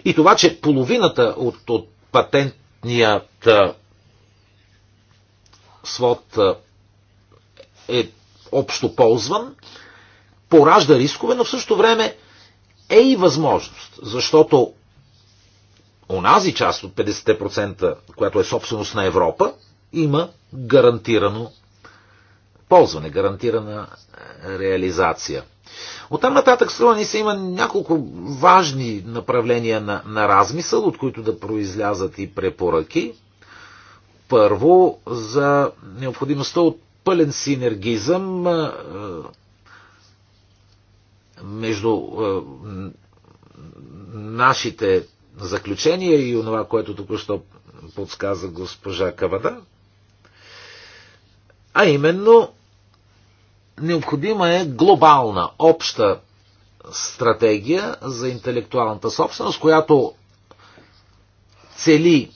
И това, че половината от, от патентният е, свод е, е общо ползван, поражда рискове, но в същото време е и възможност, защото онази част от 50%, която е собственост на Европа, има гарантирано ползване, гарантирана е, реализация. От там нататък струва ни се има няколко важни направления на, на размисъл, от които да произлязат и препоръки. Първо, за необходимостта от пълен синергизъм между нашите заключения и онова, което току-що подсказа госпожа Кавада. А именно, необходима е глобална, обща стратегия за интелектуалната собственост, която цели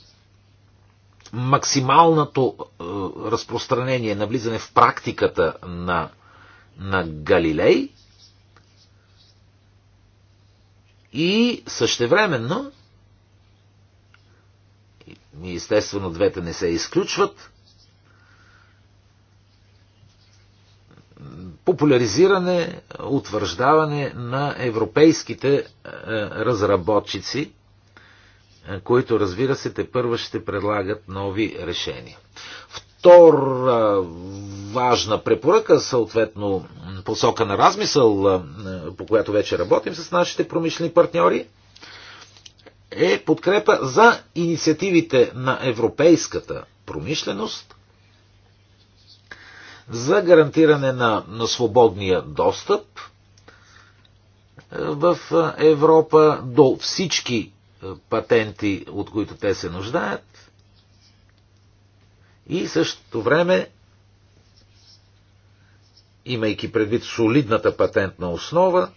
максималното е, разпространение, на влизане в практиката на, на Галилей и същевременно, и естествено двете не се изключват, популяризиране, утвърждаване на европейските е, разработчици – които разбира се те първа ще предлагат нови решения. Втора важна препоръка, съответно посока на размисъл, по която вече работим с нашите промишлени партньори, е подкрепа за инициативите на европейската промишленост за гарантиране на, на свободния достъп в Европа до всички патенти, от които те се нуждаят. И същото време, имайки предвид солидната патентна основа,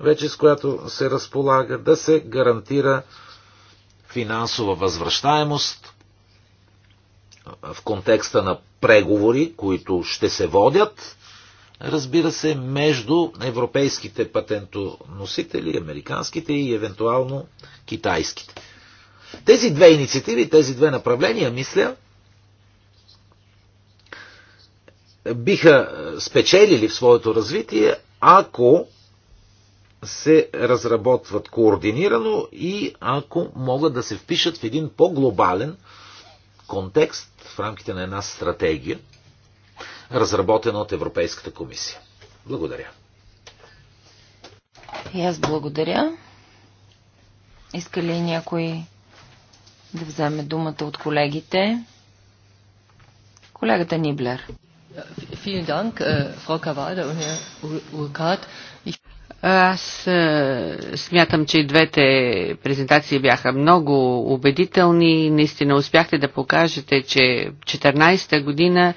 вече с която се разполага, да се гарантира финансова възвръщаемост в контекста на преговори, които ще се водят разбира се, между европейските патентоносители, американските и евентуално китайските. Тези две инициативи, тези две направления, мисля, биха е, спечелили в своето развитие, ако се разработват координирано и ако могат да се впишат в един по-глобален контекст в рамките на една стратегия, разработена от Европейската комисия. Благодаря. И аз благодаря. Иска ли някой да вземе думата от колегите? Колегата Ниблер. Е, е аз е, смятам, че и двете презентации бяха много убедителни. Наистина успяхте да покажете, че 14-та година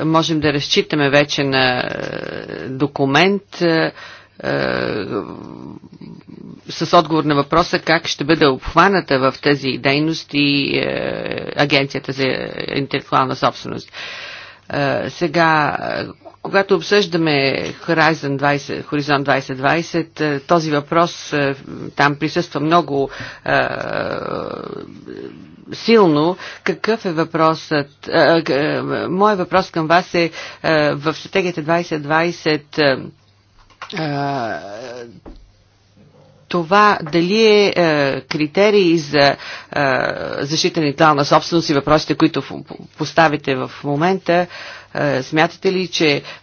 можем да разчитаме вече на е, документ е, е, с отговор на въпроса как ще бъде обхваната в тези дейности Агенцията за интелектуална собственост. Сега когато обсъждаме Horizon 20, Horizon 2020, този въпрос е, там присъства много а, е, силно. Какъв е въпросът? Е, моят въпрос към вас е, а, в стратегията 2020 това дали е, е критерии за е, защита на интелектуална собственост и въпросите, които поставите в момента, е, е, смятате ли, че е,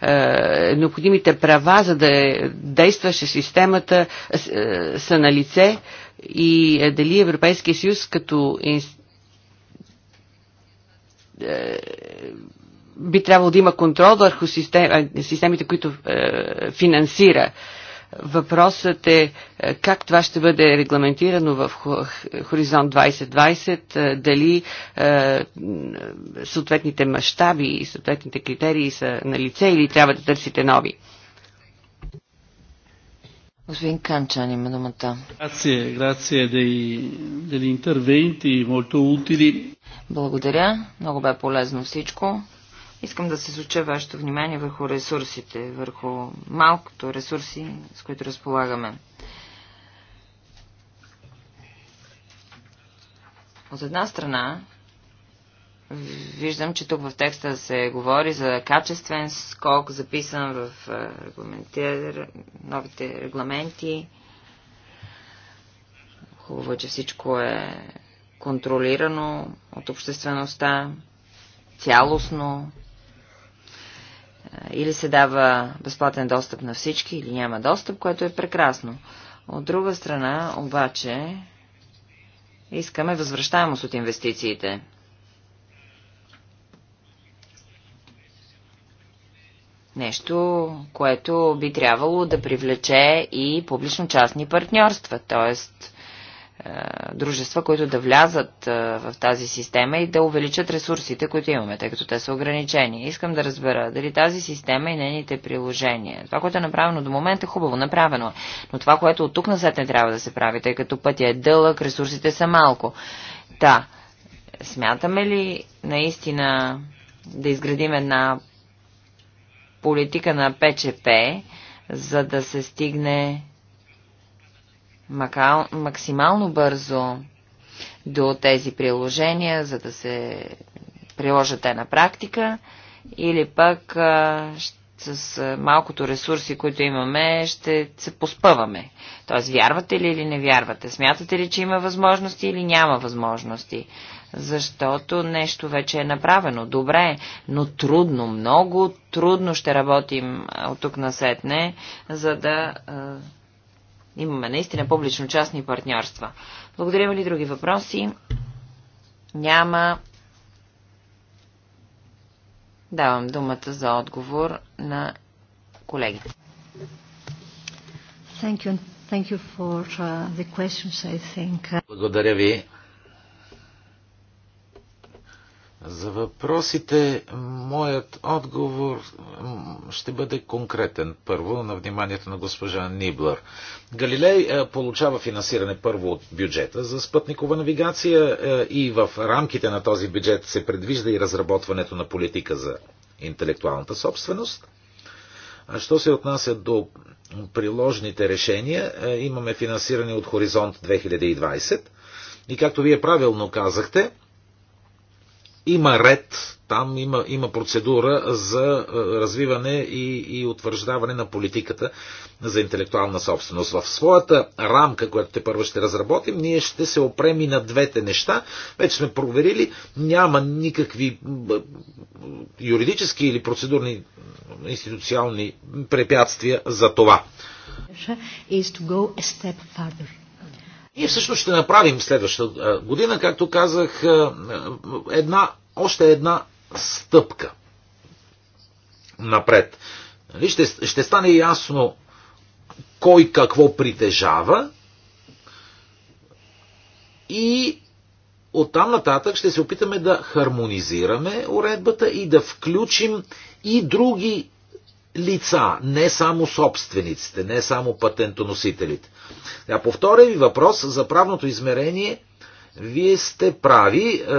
необходимите права, за да е, действаше системата, са на лице и дали Европейския съюз като би трябвало да има контрол върху системите, които е, финансира. Е, Въпросът е, е как това ще бъде регламентирано в Хоризонт 2020, е, дали е, съответните мащаби и съответните критерии са на лице или трябва да търсите нови. Господин Канчан има думата. Грация, грация интервенти, утили. Благодаря, много бе полезно всичко. Искам да се случа вашето внимание върху ресурсите, върху малкото ресурси, с които разполагаме. От една страна, виждам, че тук в текста се говори за качествен скок, записан в е, новите регламенти. Хубаво, е, че всичко е контролирано от обществеността, цялостно или се дава безплатен достъп на всички, или няма достъп, което е прекрасно. От друга страна, обаче, искаме възвръщаемост от инвестициите. Нещо, което би трябвало да привлече и публично-частни партньорства, т.е. Е, дружества, които да влязат е, в тази система и да увеличат ресурсите, които имаме, тъй като те са ограничени. Искам да разбера дали тази система и нейните приложения. Това, което е направено до момента, е хубаво направено, е. но това, което от тук насет не трябва да се прави, тъй като пътя е дълъг, ресурсите са малко. Та, да. смятаме ли наистина да изградим една политика на ПЧП, за да се стигне максимално бързо до тези приложения, за да се приложат те на практика, или пък с малкото ресурси, които имаме, ще се поспъваме. Тоест, вярвате ли или не вярвате? Смятате ли, че има възможности или няма възможности? Защото нещо вече е направено. Добре, но трудно, много трудно ще работим от тук насетне, за да имаме наистина публично-частни партньорства. Благодаря ви ли други въпроси? Няма. Давам думата за отговор на колегите. Uh, Благодаря ви за въпросите моят отговор ще бъде конкретен. Първо на вниманието на госпожа Ниблър. Галилей е, получава финансиране първо от бюджета за спътникова навигация е, и в рамките на този бюджет се предвижда и разработването на политика за интелектуалната собственост. А що се отнася до приложните решения, е, имаме финансиране от Хоризонт 2020 и както вие правилно казахте, има ред, там има, има процедура за е, развиване и, и утвърждаване на политиката за интелектуална собственост. В своята рамка, която те първо ще разработим, ние ще се опрем и на двете неща. Вече сме проверили, няма никакви е, юридически или процедурни институционални препятствия за това. Is to go a step further. И всъщност ще направим следващата година, както казах, една, още една стъпка напред. Нали, ще, ще стане ясно кой какво притежава и оттам нататък ще се опитаме да хармонизираме уредбата и да включим и други лица, не само собствениците, не само патентоносителите. А по втория ви въпрос за правното измерение, вие сте прави е,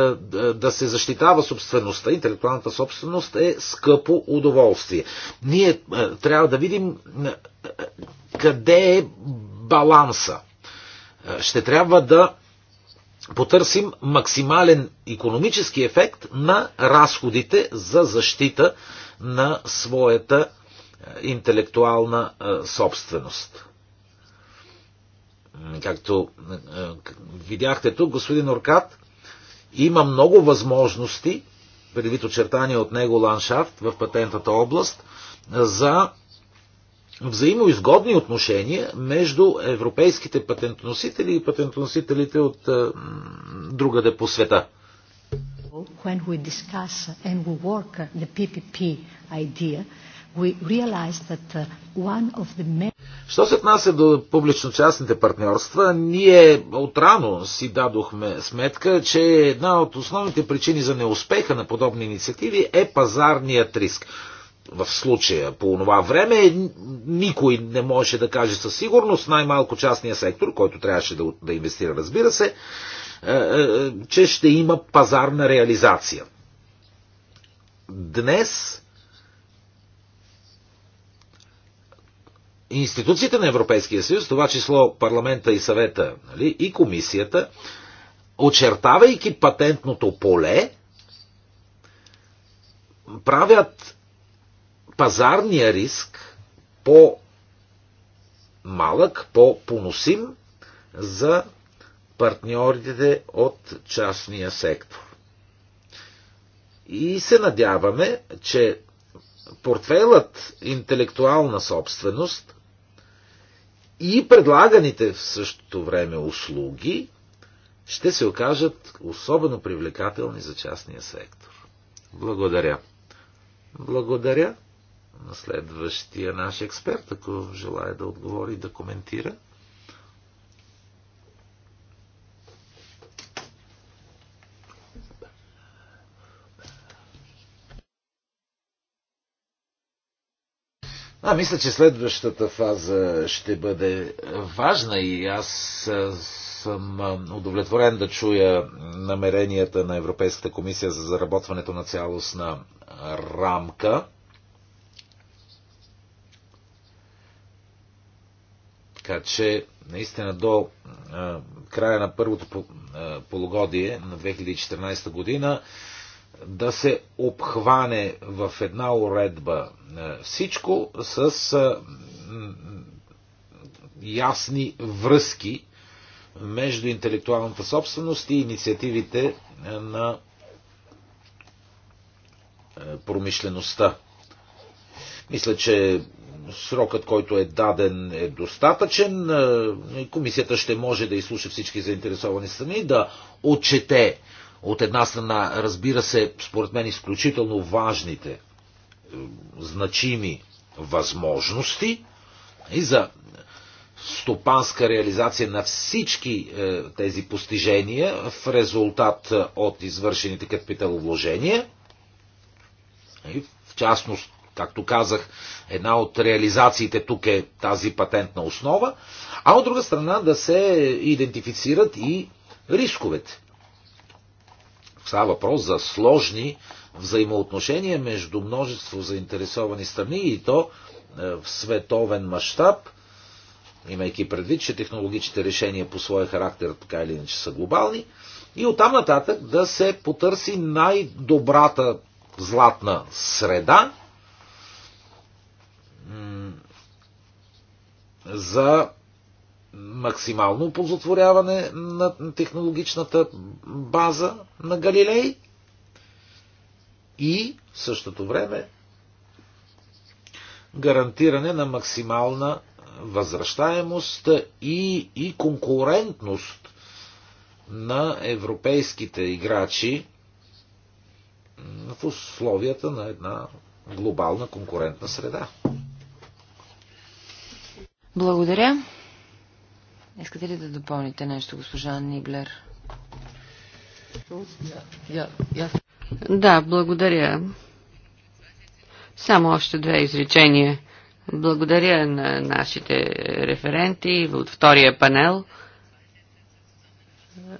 да се защитава собствеността, интелектуалната собственост е скъпо удоволствие. Ние е, трябва да видим е, къде е баланса. Ще трябва да потърсим максимален економически ефект на разходите за защита на своята интелектуална собственост. Както видяхте тук, господин Оркат има много възможности, предвид очертания от него ландшафт в патентната област, за взаимоизгодни отношения между европейските патентоносители и патентоносителите от другаде по света. When we discuss and we work the PPP idea, Uh, Що се отнася до публично-частните партньорства, ние отрано си дадохме сметка, че една от основните причини за неуспеха на подобни инициативи е пазарният риск. В случая по това време никой не можеше да каже със сигурност, най-малко частния сектор, който трябваше да, да инвестира, разбира се, е, е, е, че ще има пазарна реализация. Днес институциите на Европейския съюз, това число парламента и съвета нали, и комисията, очертавайки патентното поле, правят пазарния риск по-малък, по-поносим за партньорите от частния сектор. И се надяваме, че портфейлът интелектуална собственост и предлаганите в същото време услуги ще се окажат особено привлекателни за частния сектор. Благодаря. Благодаря на следващия наш експерт, ако желая да отговори и да коментира. А, мисля, че следващата фаза ще бъде важна и аз съм удовлетворен да чуя намеренията на Европейската комисия за заработването на цялостна рамка. Така че, наистина, до края на първото полугодие на 2014 година да се обхване в една уредба е, всичко с е, ясни връзки между интелектуалната собственост и инициативите е, на промишлеността. Мисля, че срокът, който е даден, е достатъчен. Комисията ще може да изслуша всички заинтересовани страни, да отчете от една страна, разбира се, според мен изключително важните, е, значими възможности и за стопанска реализация на всички е, тези постижения в резултат е, от извършените капиталовложения. И в частност, както казах, една от реализациите тук е тази патентна основа, а от друга страна да се идентифицират и рисковете става въпрос за сложни взаимоотношения между множество заинтересовани страни и то е, в световен мащаб, имайки предвид, че технологичните решения по своя характер така или иначе са глобални, и оттам нататък да се потърси най-добрата златна среда за максимално оползотворяване на технологичната база на Галилей и в същото време гарантиране на максимална възвръщаемост и, и конкурентност на европейските играчи в условията на една глобална конкурентна среда. Благодаря. Искате ли да допълните нещо, госпожа Ниблер? Да, благодаря. Само още две изречения. Благодаря на нашите референти от втория панел.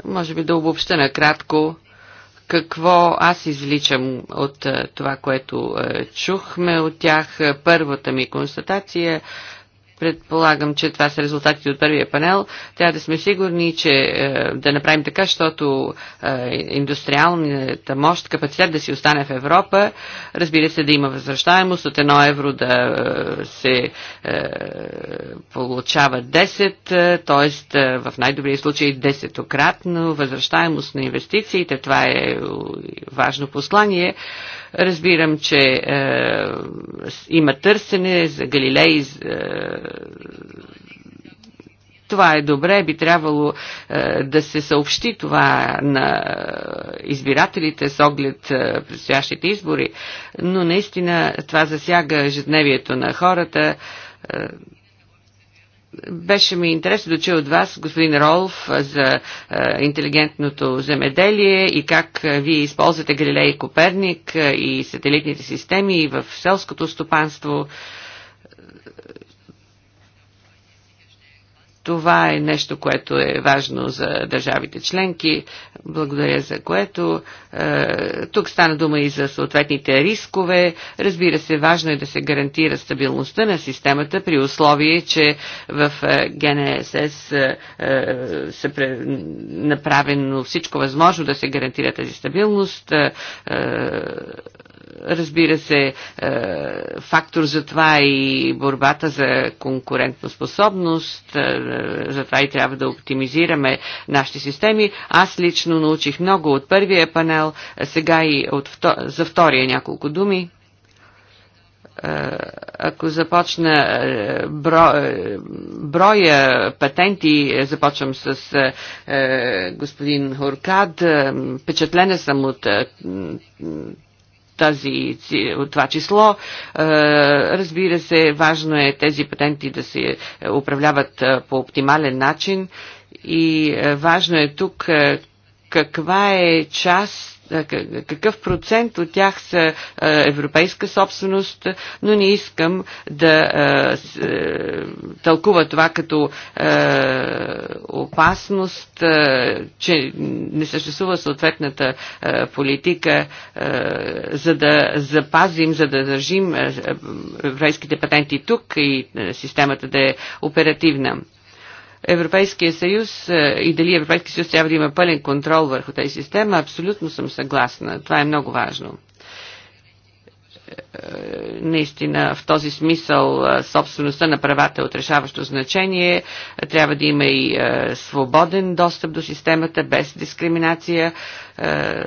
Може би да обобща накратко какво аз изличам от е, това, което е, чухме от тях. Първата ми констатация Предполагам, че това са резултатите от първия панел. Трябва да сме сигурни, че е, да направим така, защото е, индустриалната мощ, капацитет да си остане в Европа. Разбира се, да има възвръщаемост от едно евро да е, се получава 10, т.е. в най-добрия случай 10-кратно възвръщаемост на инвестициите. Това е важно послание. Разбирам, че е, има търсене за Галилей. Е, това е добре, би трябвало е, да се съобщи това на избирателите с оглед е, предстоящите избори, но наистина това засяга ежедневието на хората. Е, беше ми интересно да чуя от вас, господин Ролф, за е, интелигентното земеделие и как е, вие използвате Галилей и Коперник е, и сателитните системи и в селското стопанство. Това е нещо, което е важно за държавите членки, благодаря за което. Е, тук стана дума и за съответните рискове. Разбира се, важно е да се гарантира стабилността на системата при условие, че в е, ГНСС се е, направено всичко възможно да се гарантира тази стабилност Разбира се, е, фактор за това е и борбата за конкурентоспособност, е, за това и трябва да оптимизираме нашите системи. Аз лично научих много от първия панел, сега и от, за втория няколко думи е, ако започна бро, броя патенти, започвам с господин Хоркад, впечатлена съм от тази, от това число. Е, разбира се, важно е тези патенти да се управляват е, по оптимален начин и е, важно е тук каква е част е, какъв процент от тях са е, европейска собственост, но не искам да е, тълкува това като опасност, че не съществува съответната политика, за да запазим, за да държим европейските патенти тук и системата да е оперативна. Европейския съюз е, и дали Европейския съюз трябва да има пълен контрол върху тази система, абсолютно съм съгласна. Това е много важно е, наистина в този смисъл е, собствеността на правата е от решаващо значение. Трябва да има и свободен достъп до системата без дискриминация. Е,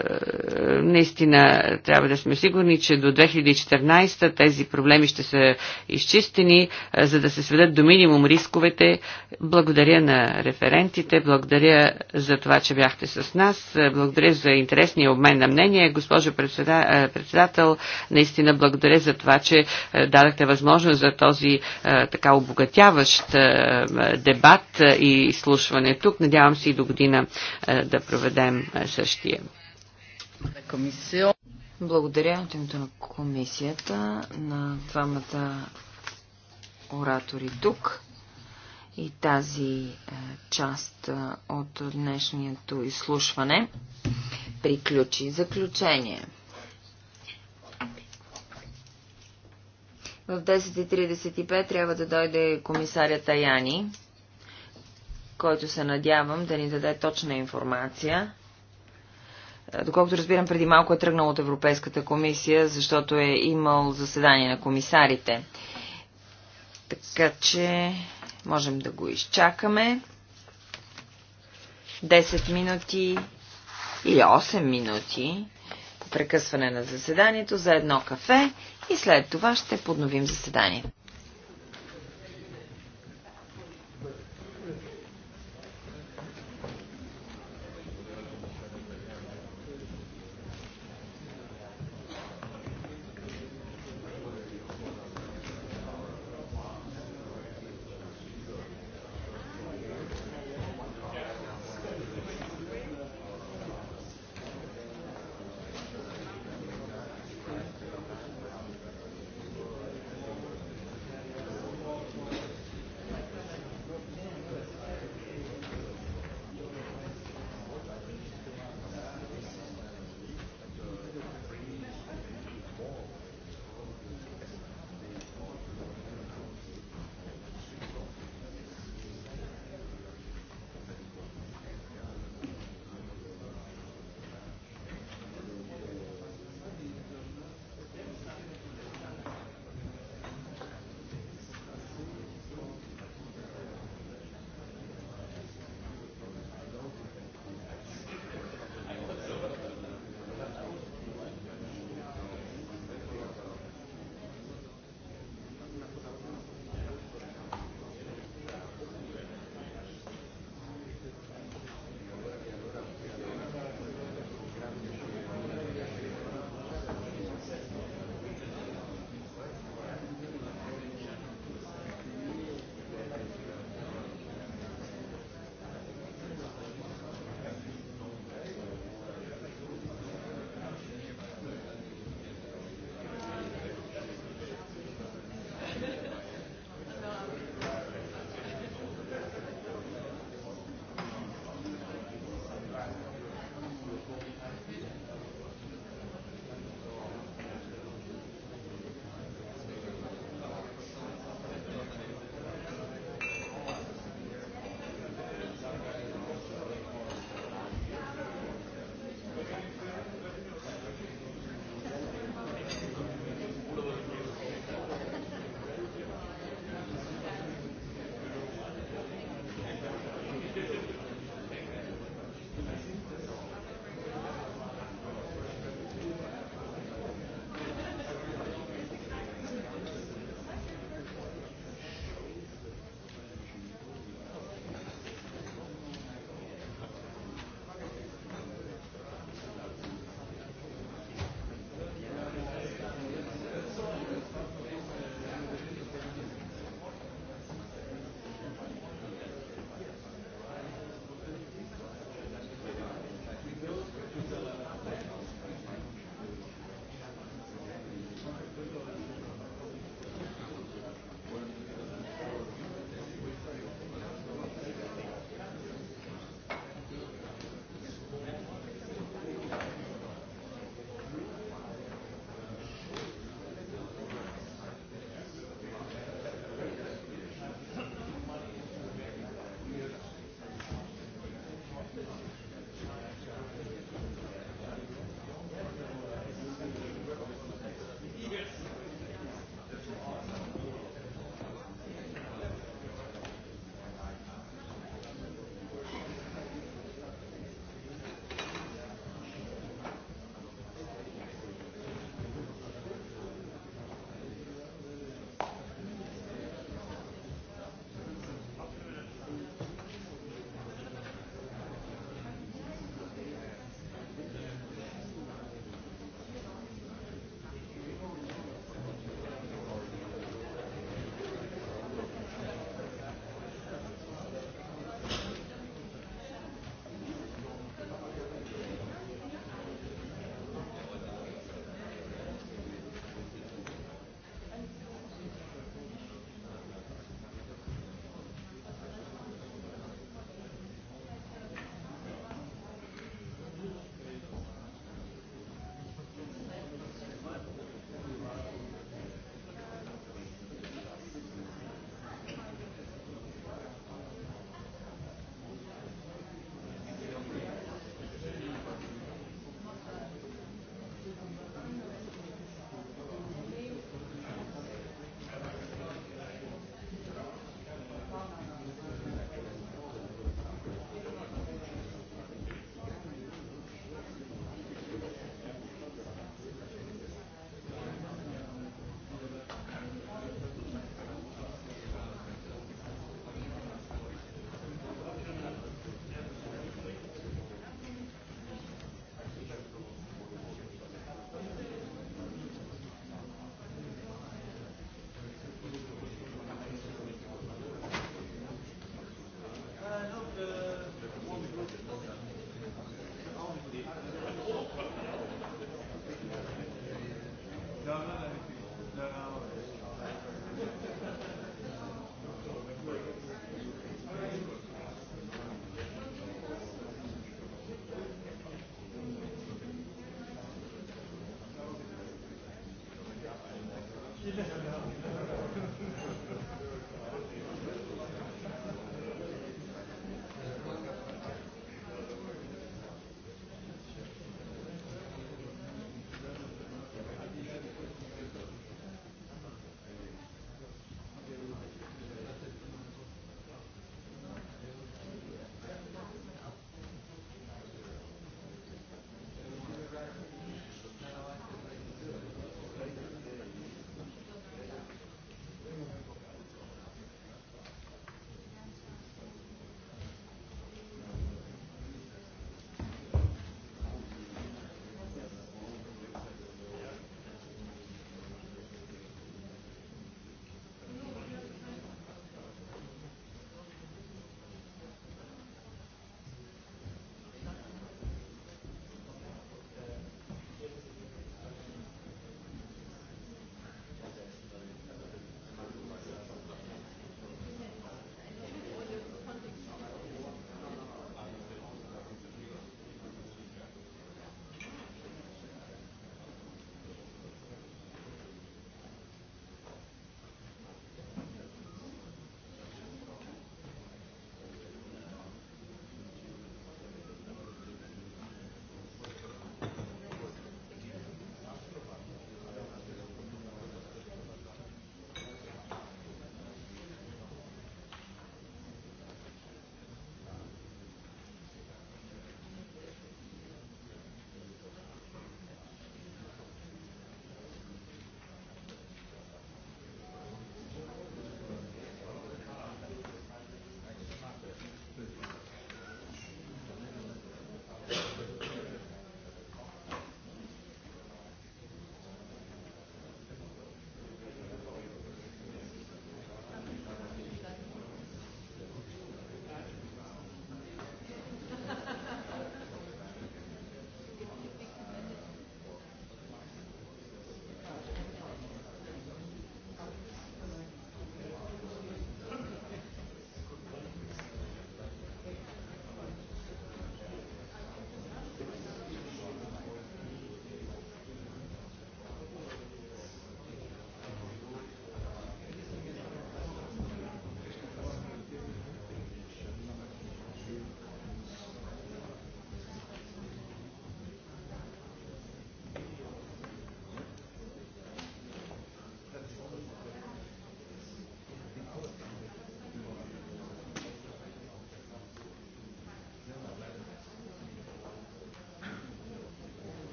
наистина трябва да сме сигурни, че до 2014 тези проблеми ще са изчистени, е, за да се сведат до минимум рисковете. Благодаря на референтите, благодаря за това, че бяхте с нас, е, благодаря за интересния обмен на мнение. Госпожо председател, наистина благодаря за това, че дадахте възможност за този така обогатяващ дебат и изслушване тук. Надявам се и до година да проведем същия. Благодаря от името на комисията, на двамата оратори тук и тази е, част е, от днешното изслушване приключи. Заключение. В 10.35 трябва да дойде комисаря Таяни, който се надявам да ни даде точна информация е, доколкото разбирам, преди малко е тръгнал от Европейската комисия, защото е имал заседание на комисарите. Така че можем да го изчакаме. 10 минути или 8 минути по прекъсване на заседанието за едно кафе и след това ще подновим заседанието.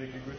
make a good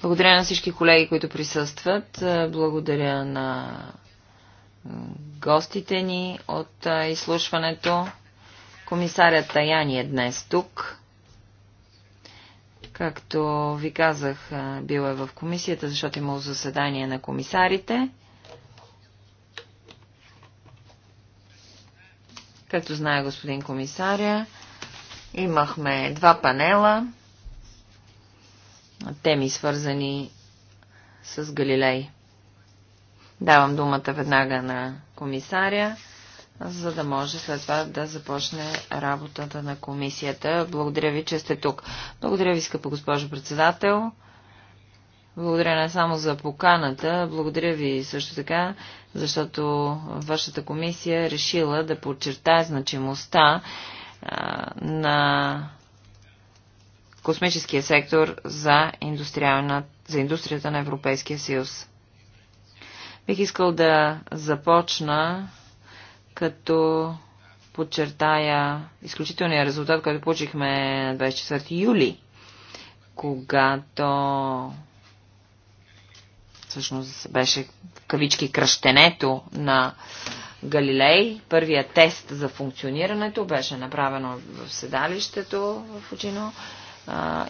Благодаря на всички колеги, които присъстват. Благодаря на гостите ни от изслушването. Комисарят Таяни е днес тук. Както ви казах, бил е в комисията, защото е имало заседание на комисарите. Както знае господин комисаря, Имахме два панела, теми свързани с Галилей. Давам думата веднага на комисаря, за да може след това да започне работата на комисията. Благодаря ви, че сте тук. Благодаря ви, скъпа госпожо председател. Благодаря не само за поканата, благодаря ви също така, защото вашата комисия е решила да подчертае значимостта на космическия сектор за, за индустрията на Европейския съюз. Бих искал да започна като подчертая изключителния резултат, който получихме на 24 юли, когато всъщност беше в кавички кръщенето на Галилей. Първия тест за функционирането беше направено в седалището в Учино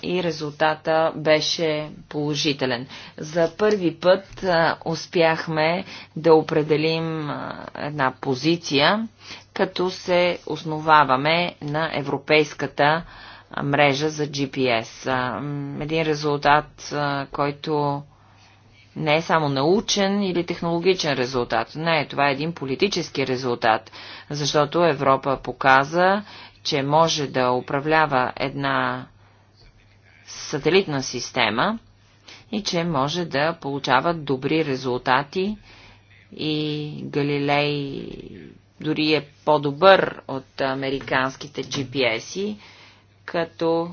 и резултата беше положителен. За първи път успяхме да определим една позиция, като се основаваме на европейската мрежа за GPS. Един резултат, който не е само научен или технологичен резултат. Не, това е един политически резултат, защото Европа показа, че може да управлява една сателитна система и че може да получава добри резултати и Галилей дори е по-добър от американските GPS-и, като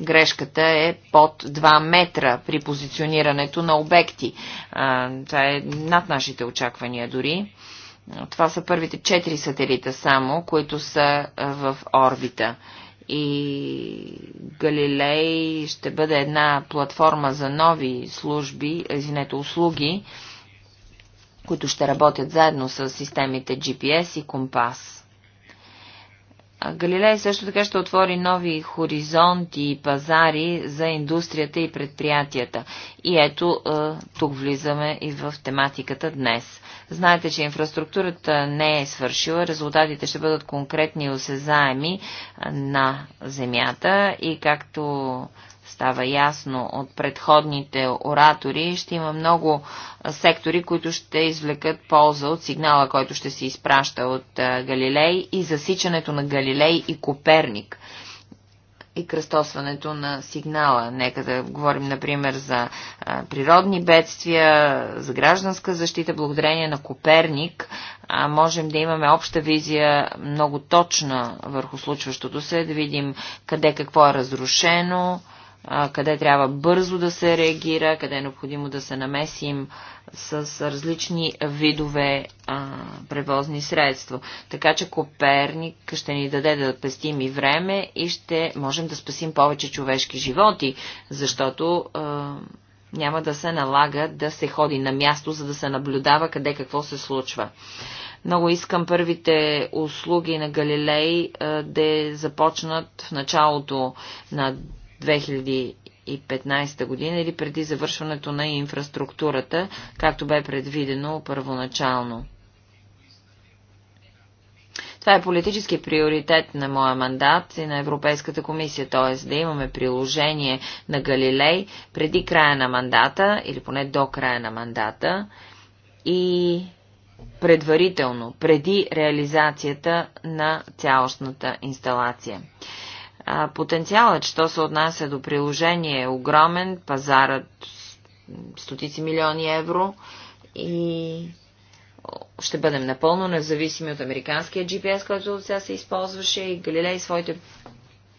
грешката е под 2 метра при позиционирането на обекти. Това е над нашите очаквания дори. Това са първите 4 сателита само, които са в орбита и Галилей ще бъде една платформа за нови служби, извинете, услуги, които ще работят заедно с системите GPS и Компас. Галилей също така ще отвори нови хоризонти и пазари за индустрията и предприятията. И ето, тук влизаме и в тематиката днес. Знаете, че инфраструктурата не е свършила, резултатите ще бъдат конкретни и осезаеми на земята и както става ясно от предходните оратори, ще има много сектори, които ще извлекат полза от сигнала, който ще се изпраща от Галилей и засичането на Галилей и Коперник и кръстосването на сигнала. Нека да говорим, например, за природни бедствия, за гражданска защита. Благодарение на Коперник а можем да имаме обща визия, много точна върху случващото се, да видим къде какво е разрушено, къде трябва бързо да се реагира, къде е необходимо да се намесим с различни видове а, превозни средства. Така че Коперник ще ни даде да пестим и време и ще можем да спасим повече човешки животи, защото а, няма да се налага да се ходи на място, за да се наблюдава къде какво се случва. Много искам първите услуги на Галилей да започнат в началото на 2015 година или преди завършването на инфраструктурата, както бе предвидено първоначално. Това е политически приоритет на моя мандат и на Европейската комисия, т.е. да имаме приложение на Галилей преди края на мандата или поне до края на мандата и предварително, преди реализацията на цялостната инсталация. Потенциалът, що се отнася до приложение, е огромен, пазарът стотици милиони евро и ще бъдем напълно независими от американския GPS, който сега се използваше и Галилей своите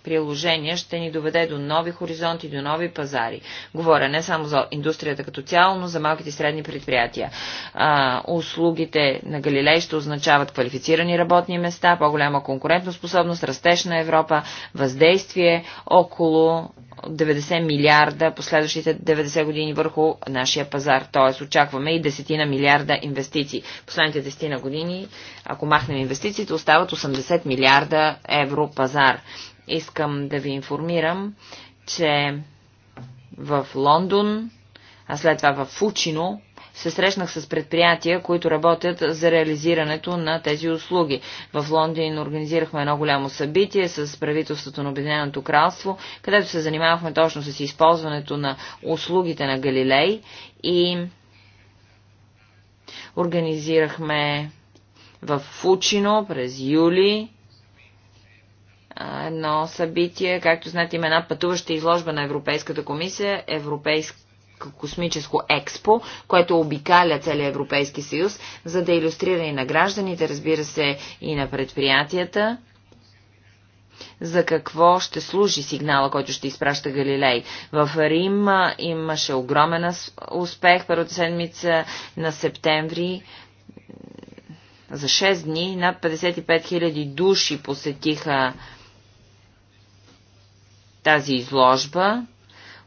приложения ще ни доведе до нови хоризонти, до нови пазари. Говоря не само за индустрията като цяло, но за малките и средни предприятия. А, услугите на Галилей ще означават квалифицирани работни места, по-голяма конкурентоспособност, растеж на Европа, въздействие около 90 милиарда последващите 90 години върху нашия пазар. Т.е. очакваме и 10 милиарда инвестиции. Последните десетина на години, ако махнем инвестициите, остават 80 милиарда евро пазар. Искам да ви информирам, че в Лондон, а след това в Фучино, се срещнах с предприятия, които работят за реализирането на тези услуги. В Лондон организирахме едно голямо събитие с правителството на Обединеното кралство, където се занимавахме точно с използването на услугите на Галилей и организирахме в Фучино през юли едно събитие. Както знаете, има една пътуваща изложба на Европейската комисия, Европейска космическо експо, което обикаля целия Европейски съюз, за да иллюстрира и на гражданите, разбира се, и на предприятията, за какво ще служи сигнала, който ще изпраща Галилей. В Рим имаше огромен успех първата седмица на септември. За 6 дни над 55 000 души посетиха тази изложба,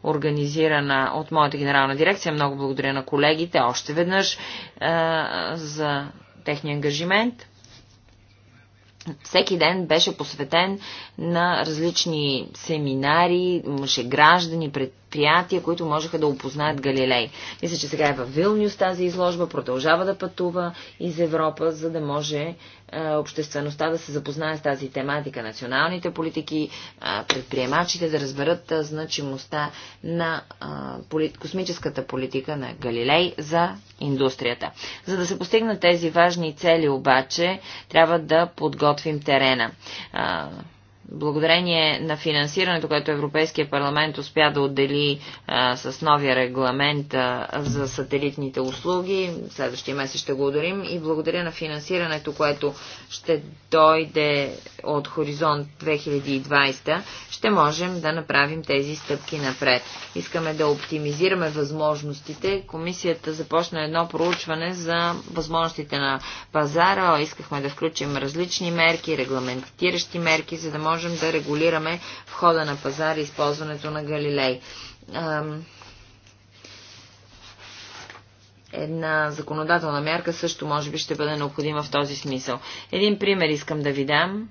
организирана от моята генерална дирекция. Много благодаря на колегите още веднъж а, за техния ангажимент. Всеки ден беше посветен на различни семинари, имаше граждани, пред предприятия, които можеха да опознаят Галилей. Мисля, че сега е във Вилнюс тази изложба, продължава да пътува из Европа, за да може обществеността да се запознае с тази тематика, националните политики, предприемачите да разберат значимостта на космическата политика на Галилей за индустрията. За да се постигнат тези важни цели обаче, трябва да подготвим терена благодарение на финансирането, което Европейския парламент успя да отдели а, с новия регламент а, за сателитните услуги, следващия месец ще го ударим и благодаря на финансирането, което ще дойде от Хоризонт 2020, ще можем да направим тези стъпки напред. Искаме да оптимизираме възможностите. Комисията започна едно проучване за възможностите на пазара. Искахме да включим различни мерки, регламентиращи мерки, за да може можем да регулираме входа на пазар и използването на Галилей. Една законодателна мярка също може би ще бъде необходима в този смисъл. Един пример искам да ви дам,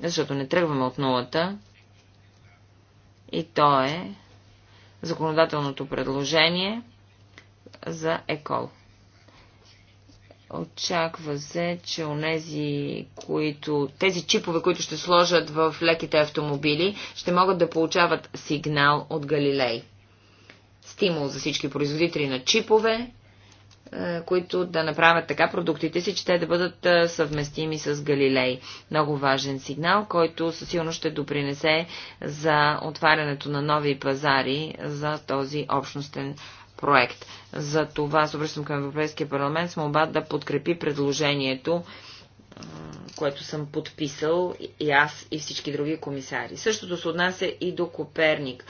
защото не тръгваме от нулата. И то е законодателното предложение за ЕКОЛ. Очаква се, че онези, които, тези чипове, които ще сложат в леките автомобили, ще могат да получават сигнал от Галилей. Стимул за всички производители на чипове, е, които да направят така продуктите си, че те да бъдат е, съвместими с Галилей. Много важен сигнал, който със силно ще допринесе за отварянето на нови пазари за този общностен проект. За това се обръщам към Европейския парламент с молба да подкрепи предложението, което съм подписал и аз и всички други комисари. Същото се отнася и до Коперник.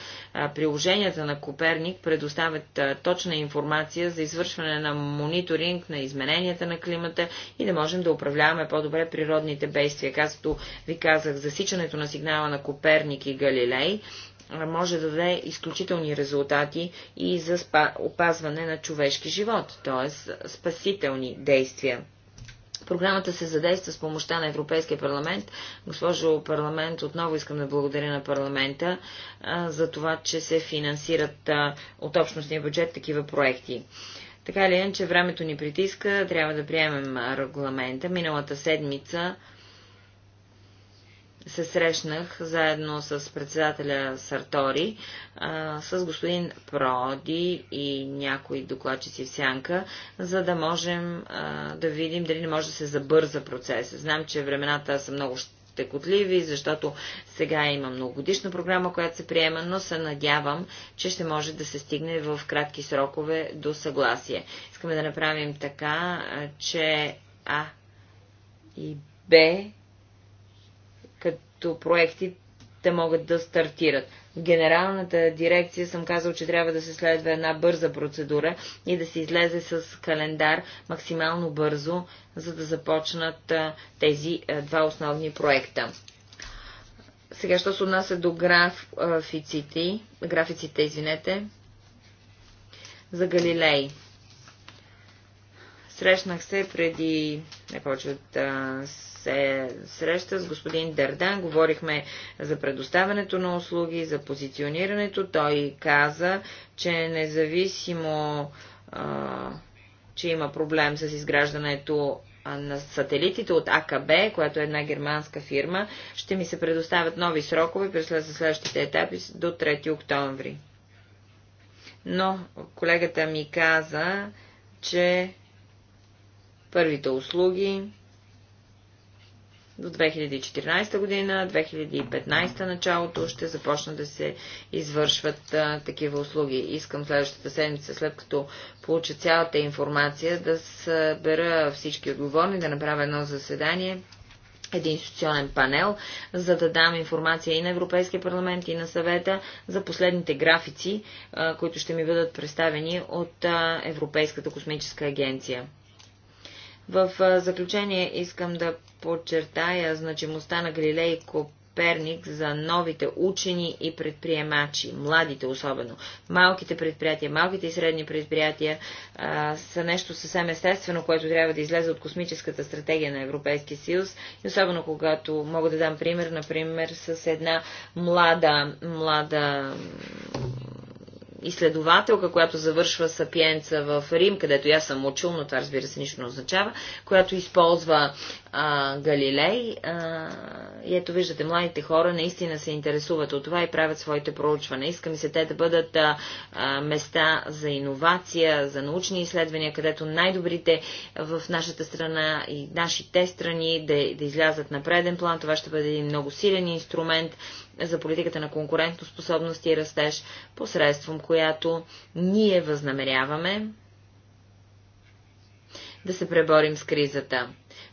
Приложенията на Коперник предоставят точна информация за извършване на мониторинг на измененията на климата и да можем да управляваме по-добре природните бействия. Както ви казах, засичането на сигнала на Коперник и Галилей може да даде изключителни резултати и за опазване на човешки живот, т.е. спасителни действия. Програмата се задейства с помощта на Европейския парламент. Госпожо парламент, отново искам да благодаря на парламента за това, че се финансират от общностния бюджет такива проекти. Така или иначе, времето ни притиска, трябва да приемем регламента. Миналата седмица се срещнах заедно с председателя Сартори, а, с господин Проди и някои докладчици в Сянка, за да можем а, да видим дали не може да се забърза процеса. Знам, че времената са много текотливи, защото сега има многогодишна програма, която се приема, но се надявам, че ще може да се стигне в кратки срокове до съгласие. Искаме да направим така, че А и Б Проекти те могат да стартират. В генералната дирекция съм казал, че трябва да се следва една бърза процедура и да се излезе с календар максимално бързо, за да започнат тези два основни проекта. Сега, що се отнася до графиците, графиците, извинете, за Галилей. Срещнах се преди не повече от се среща с господин Дердан, говорихме за предоставянето на услуги, за позиционирането. Той каза, че независимо, а, че има проблем с изграждането на сателитите от АКБ, която е една германска фирма, ще ми се предоставят нови срокове през следващите етапи до 3 октомври. Но колегата ми каза, че първите услуги до 2014 година, 2015 началото ще започнат да се извършват а, такива услуги. Искам следващата седмица, след като получа цялата информация, да събера всички отговорни, да направя едно заседание, един институционен панел, за да дам информация и на Европейския парламент, и на съвета за последните графици, а, които ще ми бъдат представени от а, Европейската космическа агенция. В заключение искам да подчертая значимостта на Галилей Коперник за новите учени и предприемачи, младите особено. Малките предприятия, малките и средни предприятия а, са нещо съвсем естествено, което трябва да излезе от космическата стратегия на Европейския съюз. И особено когато мога да дам пример, например, с една млада, млада изследователка, която завършва Сапиенца в Рим, където я съм учил, но това разбира се нищо не означава, която използва а, Галилей. А, и ето виждате, младите хора наистина се интересуват от това и правят своите проучвания. Искам се те да бъдат а, а, места за иновация, за научни изследвания, където най-добрите в нашата страна и нашите страни да, да излязат на преден план. Това ще бъде един много силен инструмент за политиката на конкурентоспособност и растеж, посредством която ние възнамеряваме да се преборим с кризата.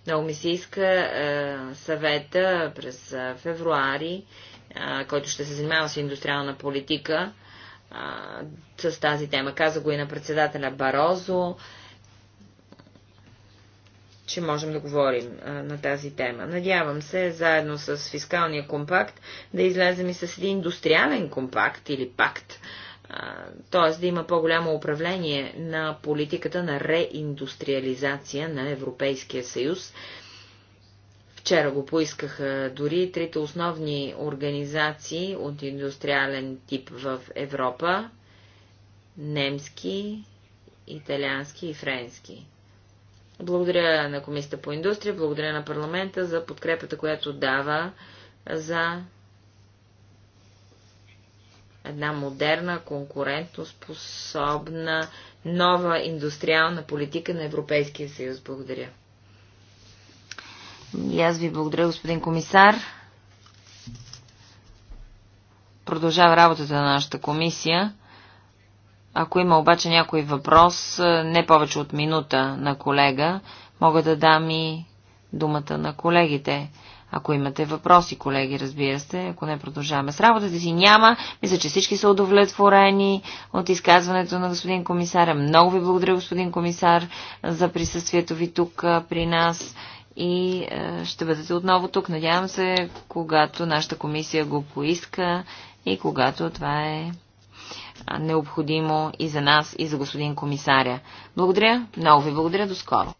Много ми се иска е, съвета през е, февруари, е, който ще се занимава с индустриална политика, е, с тази тема. Каза го и на председателя Барозо. Е, че можем да говорим а, на тази тема. Надявам се, заедно с фискалния компакт, да излезем и с един индустриален компакт или пакт, т.е. да има по-голямо управление на политиката на реиндустриализация на Европейския съюз. Вчера го поискаха дори трите основни организации от индустриален тип в Европа немски, италиански и френски благодаря на Комисията по индустрия, благодаря на парламента за подкрепата, която дава за една модерна, конкурентно способна, нова индустриална политика на Европейския съюз. Благодаря. И аз ви благодаря, господин комисар. Продължава работата на нашата комисия. Ако има обаче някой въпрос, е, не повече от минута на колега, мога да дам и думата на колегите. Ако имате въпроси, колеги, разбира се, ако не продължаваме с работата си, няма. Мисля, че всички са удовлетворени от изказването на господин комисаря. Много ви благодаря, господин комисар, за присъствието ви тук при нас и е, ще бъдете отново тук, надявам се, когато нашата комисия го поиска и когато това е необходимо и за нас, и за господин комисаря. Благодаря, много ви благодаря, до скоро.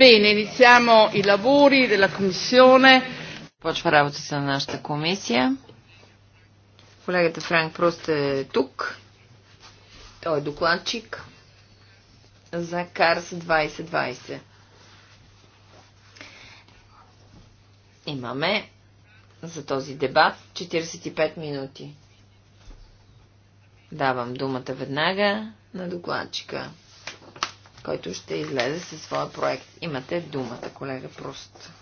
Bene, iniziamo i lavori della Commissione. Почва работата на нашата комисия. Колегата Франк просто е тук. Той е докладчик за КАРС 2020. Имаме за този дебат 45 минути. Давам думата веднага на докладчика който ще излезе със своя проект. Имате думата, колега Прост.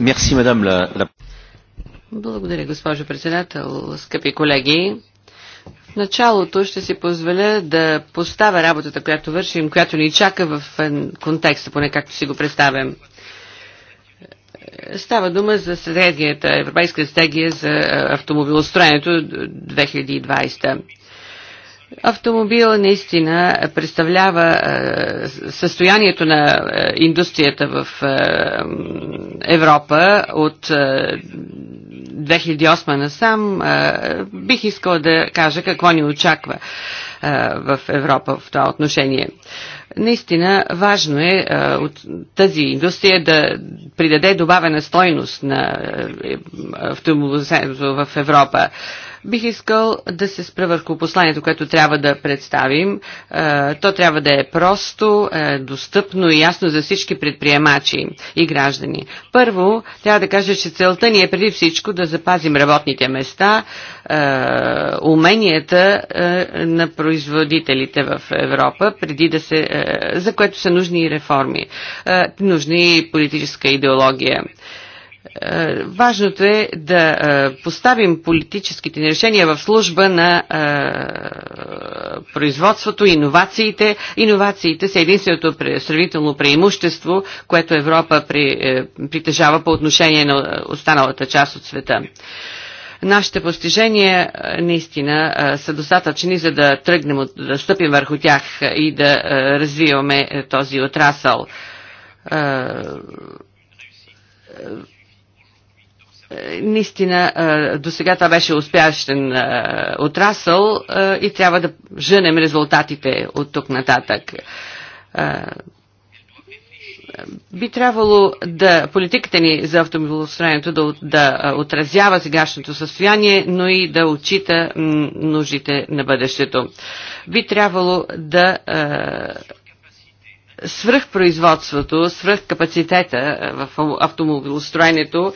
Мерси, мадам ла... Благодаря, госпожо председател, скъпи колеги. В началото ще си позволя да поставя работата, която вършим, която ни чака в е, контекста, поне както си го представям. Става дума за стратегията, Европейска стратегия за автомобилостроенето 2020. Автомобила наистина представлява е, състоянието на е, индустрията в е, Европа от 2008 насам. Бих искала да кажа какво ни очаква в Европа в това отношение. Наистина важно е от тази индустрия да придаде добавена стойност на автомобилизацията в Европа. Бих искал да се спра върху посланието, което трябва да представим. Е, то трябва да е просто, е, достъпно и ясно за всички предприемачи и граждани. Първо, трябва да кажа, че целта ни е преди всичко да запазим работните места, е, уменията на производителите в Европа, преди да се, за което са нужни и реформи, нужни и политическа идеология. Е, важното е да е, поставим политическите ни решения в служба на е, производството, иновациите. Иновациите са единственото сравнително преимущество, което Европа притежава по отношение на останалата част от света нашите постижения наистина са достатъчни, за да тръгнем, да стъпим върху тях и да развиваме този отрасъл е, наистина, е, до сега това беше успящен е, отрасъл и трябва да женем резултатите от тук нататък би трябвало да политиката ни за автомобилостроението да, да отразява сегашното състояние, но и да отчита нуждите на бъдещето. Би трябвало да свръхпроизводството, свръхкапацитета в автомобилостроението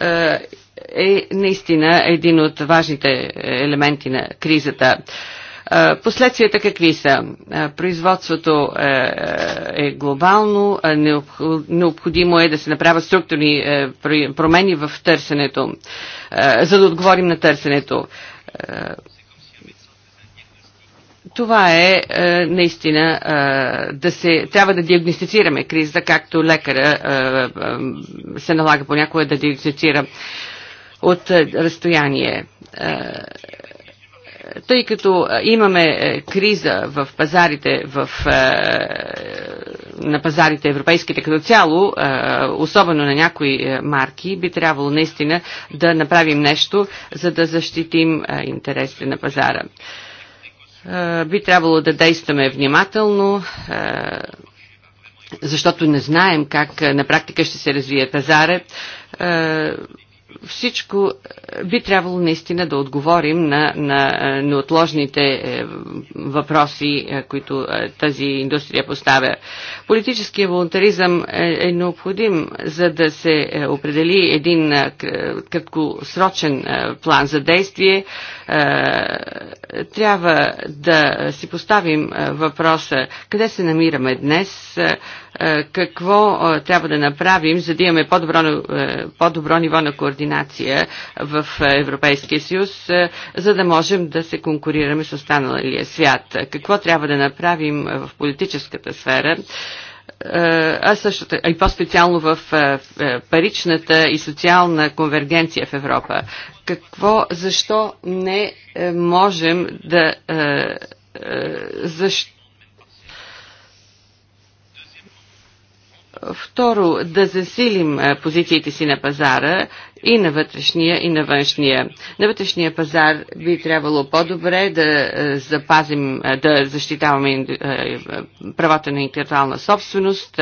е наистина един от важните елементи на кризата. Последствията какви са? Производството е, е глобално, необходимо е да се направят структурни е, промени в търсенето, е, за да отговорим на търсенето това е, е наистина е, да се, трябва да диагностицираме кризата, както лекара е, се налага понякога да диагностицира от разстояние тъй като имаме криза в пазарите, в, на пазарите европейските като цяло, особено на някои марки, би трябвало наистина да направим нещо, за да защитим интересите на пазара. Е, би трябвало да действаме внимателно, е, защото не знаем как е, на практика ще се развие пазара всичко е, би трябвало наистина да отговорим на, на е, неотложните е, въпроси, които тази индустрия поставя. Политическия волонтаризъм е необходим, за да се определи един краткосрочен план за действие. Трябва да си поставим въпроса къде се намираме днес, какво трябва да направим, за да имаме по-добро, по-добро ниво на координация номинация в Европейския съюз, е, за да можем да се конкурираме с останалия свят. Какво трябва да направим в политическата сфера? Е, а също и по-специално в е, паричната и социална конвергенция в Европа. Какво, защо не можем да защо Второ, да засилим е, позициите си на пазара и на вътрешния, и на външния. На вътрешния пазар би трябвало по-добре да е, запазим, е, да защитаваме правата на интелектуална собственост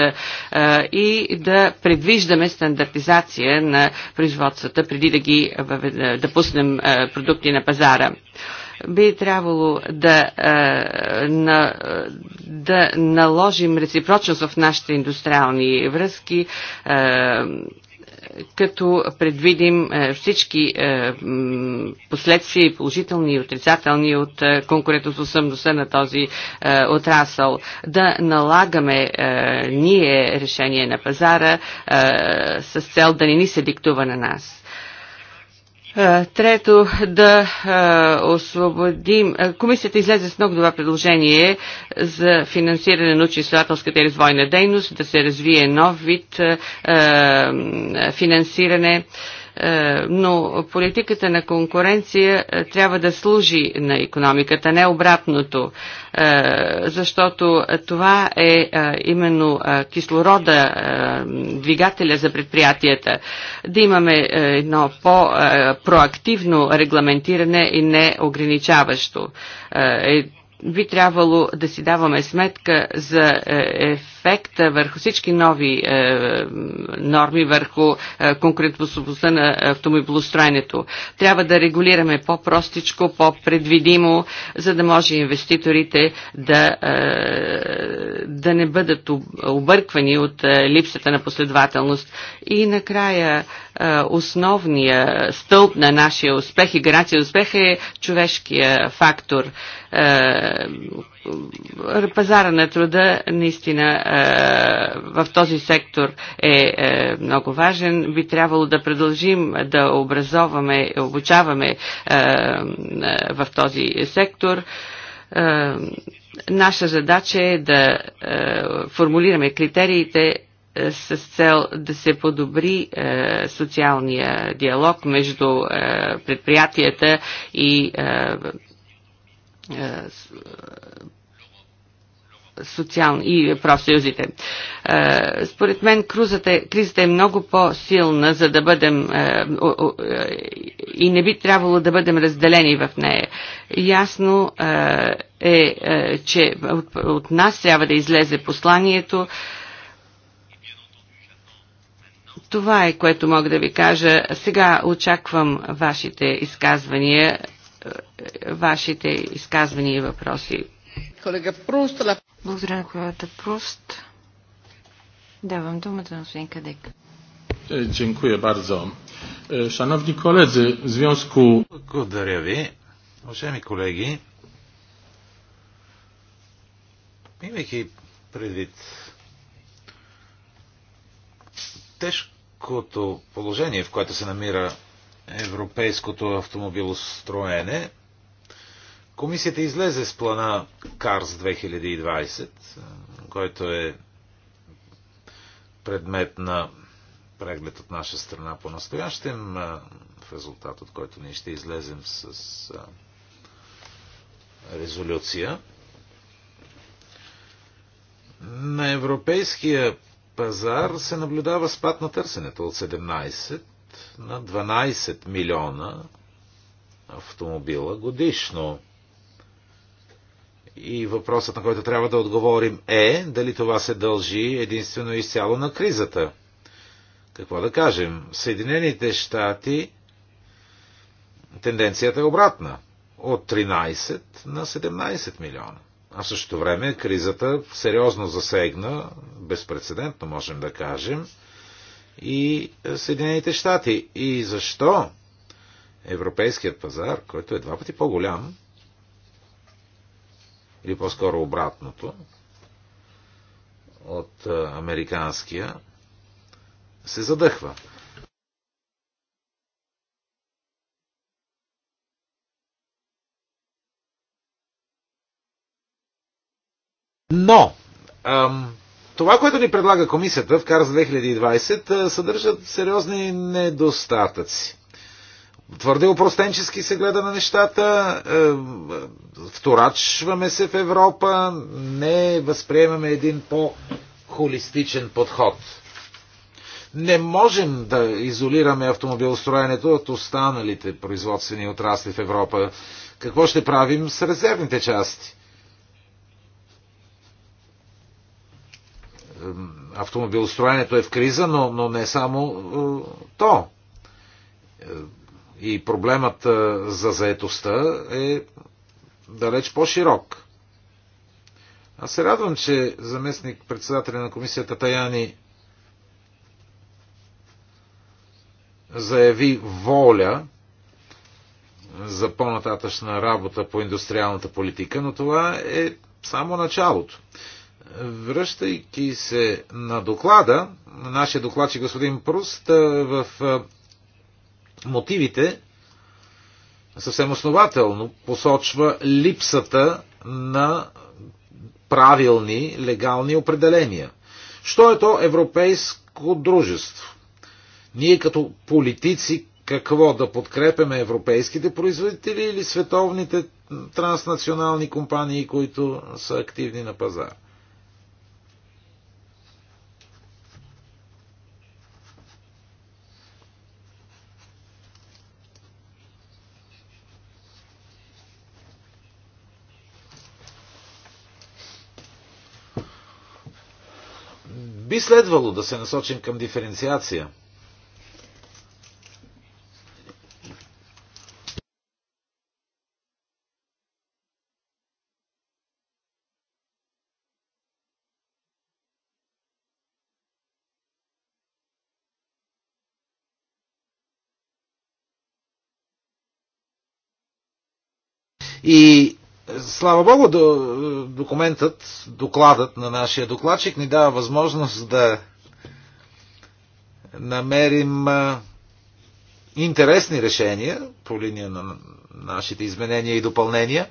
и да предвиждаме стандартизация на производствата преди да ги да пуснем продукти на пазара би трябвало да, е, на, да наложим реципрочност в нашите индустриални връзки, е, като предвидим е, всички последствия положителни и отрицателни от конкурентоспособността на този отрасъл. Да налагаме ние решение на пазара с цел да не ни се диктува на нас. Е, трето, да е, освободим. Е, комисията излезе с много добро предложение за финансиране на научно-изследователската и развойна дейност, да се развие нов вид финансиране е, но политиката на конкуренция е, трябва да служи на економиката, не обратното, е, защото това е именно кислорода, двигателя за предприятията. Да имаме едно по-проактивно регламентиране и не ограничаващо би трябвало да си даваме сметка за ефект ефект върху всички нови е, норми, върху е, конкурентоспособността на автомобилостроенето. Трябва да регулираме по-простичко, по-предвидимо, за да може инвеститорите да, е, да не бъдат обърквани от е, липсата на последователност. И накрая е, основния стълб на нашия успех и гарантия успех е човешкия фактор. Е, пазара на труда наистина е, в този сектор е, е много важен. Би трябвало да продължим да образоваме, обучаваме е, в този сектор. Наша задача е да формулираме критериите с цел да се подобри е, социалния диалог между е, предприятията и е, е, социални и профсъюзите. Е, според мен крузата, кризата е много по-силна, за да бъдем е, и не би трябвало да бъдем разделени в нея. Ясно е, че от нас трябва да излезе посланието. Това е, което мога да ви кажа. Сега очаквам вашите изказвания е, вашите изказвания и въпроси. Колега Пруст. Благодаря на колегата Пруст. Давам думата на господин Кадек. Дякую е, bardzo. Е, шановни колеги, w Благодаря ви. Уважаеми колеги, имайки предвид тежкото положение, в което се намира европейското автомобилостроене. Комисията излезе с плана КАРС 2020, който е предмет на преглед от наша страна по настоящем, в резултат от който ние ще излезем с резолюция. На европейския пазар се наблюдава спад на търсенето от 17 на 12 милиона автомобила годишно. И въпросът, на който трябва да отговорим е дали това се дължи единствено изцяло на кризата. Какво да кажем? Съединените щати тенденцията е обратна. От 13 на 17 милиона. А в същото време кризата сериозно засегна, безпредседентно можем да кажем, и Съединените щати. И защо европейският пазар, който е два пъти по-голям, или по-скоро обратното, от американския, се задъхва. Но, ам, това, което ни предлага комисията в КАРС за 2020, съдържат сериозни недостатъци. Твърде опростенчески се гледа на нещата, вторачваме се в Европа, не възприемаме един по-холистичен подход. Не можем да изолираме автомобилостроенето от останалите производствени отрасли в Европа. Какво ще правим с резервните части? автомобилостроенето е в криза, но, но не само е, то. Е, и проблемът е, за заетостта е далеч по-широк. Аз се радвам, че заместник председателя на комисията Таяни заяви воля за по-нататъчна работа по индустриалната политика, но това е само началото връщайки се на доклада, нашия докладчик господин Пруст в мотивите съвсем основателно посочва липсата на правилни легални определения. Що е то европейско дружество? Ние като политици какво да подкрепяме европейските производители или световните транснационални компании, които са активни на пазара? Би следвало да се насочим към диференциация. И, Слава Богу, документът, докладът на нашия докладчик ни дава възможност да намерим интересни решения по линия на нашите изменения и допълнения.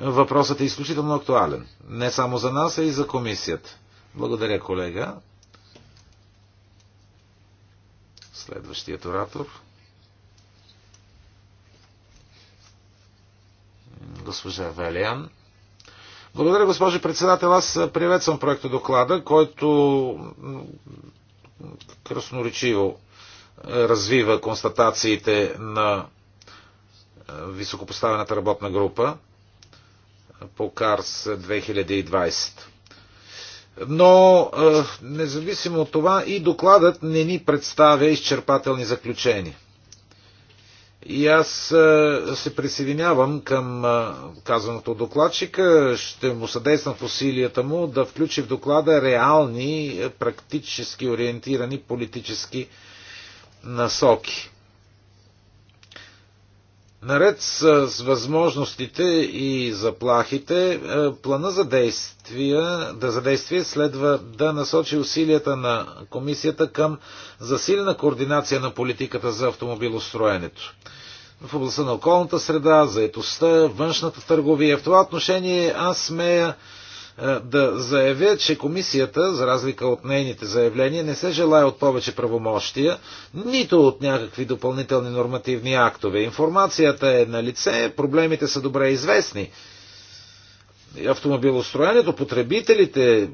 Въпросът е изключително актуален. Не само за нас, а и за комисията. Благодаря, колега. Следващият оратор. госпожа Велиан. Благодаря, госпожо председател. Аз приветствам проекта доклада, който красноречиво развива констатациите на високопоставената работна група по КАРС 2020. Но, е, независимо от това, и докладът не ни представя изчерпателни заключения. И аз е, се присъединявам към е, казаното докладчика. Ще му съдействам в усилията му да включи в доклада реални, е, практически ориентирани политически насоки. Наред с възможностите и заплахите, е, плана за действие, да за действие следва да насочи усилията на комисията към засилена координация на политиката за автомобилостроенето. В областта на околната среда, заетостта, външната търговия. В това отношение аз смея е, да заявя, че комисията, за разлика от нейните заявления, не се желая от повече правомощия, нито от някакви допълнителни нормативни актове. Информацията е на лице, проблемите са добре известни. Автомобилостроенето, потребителите,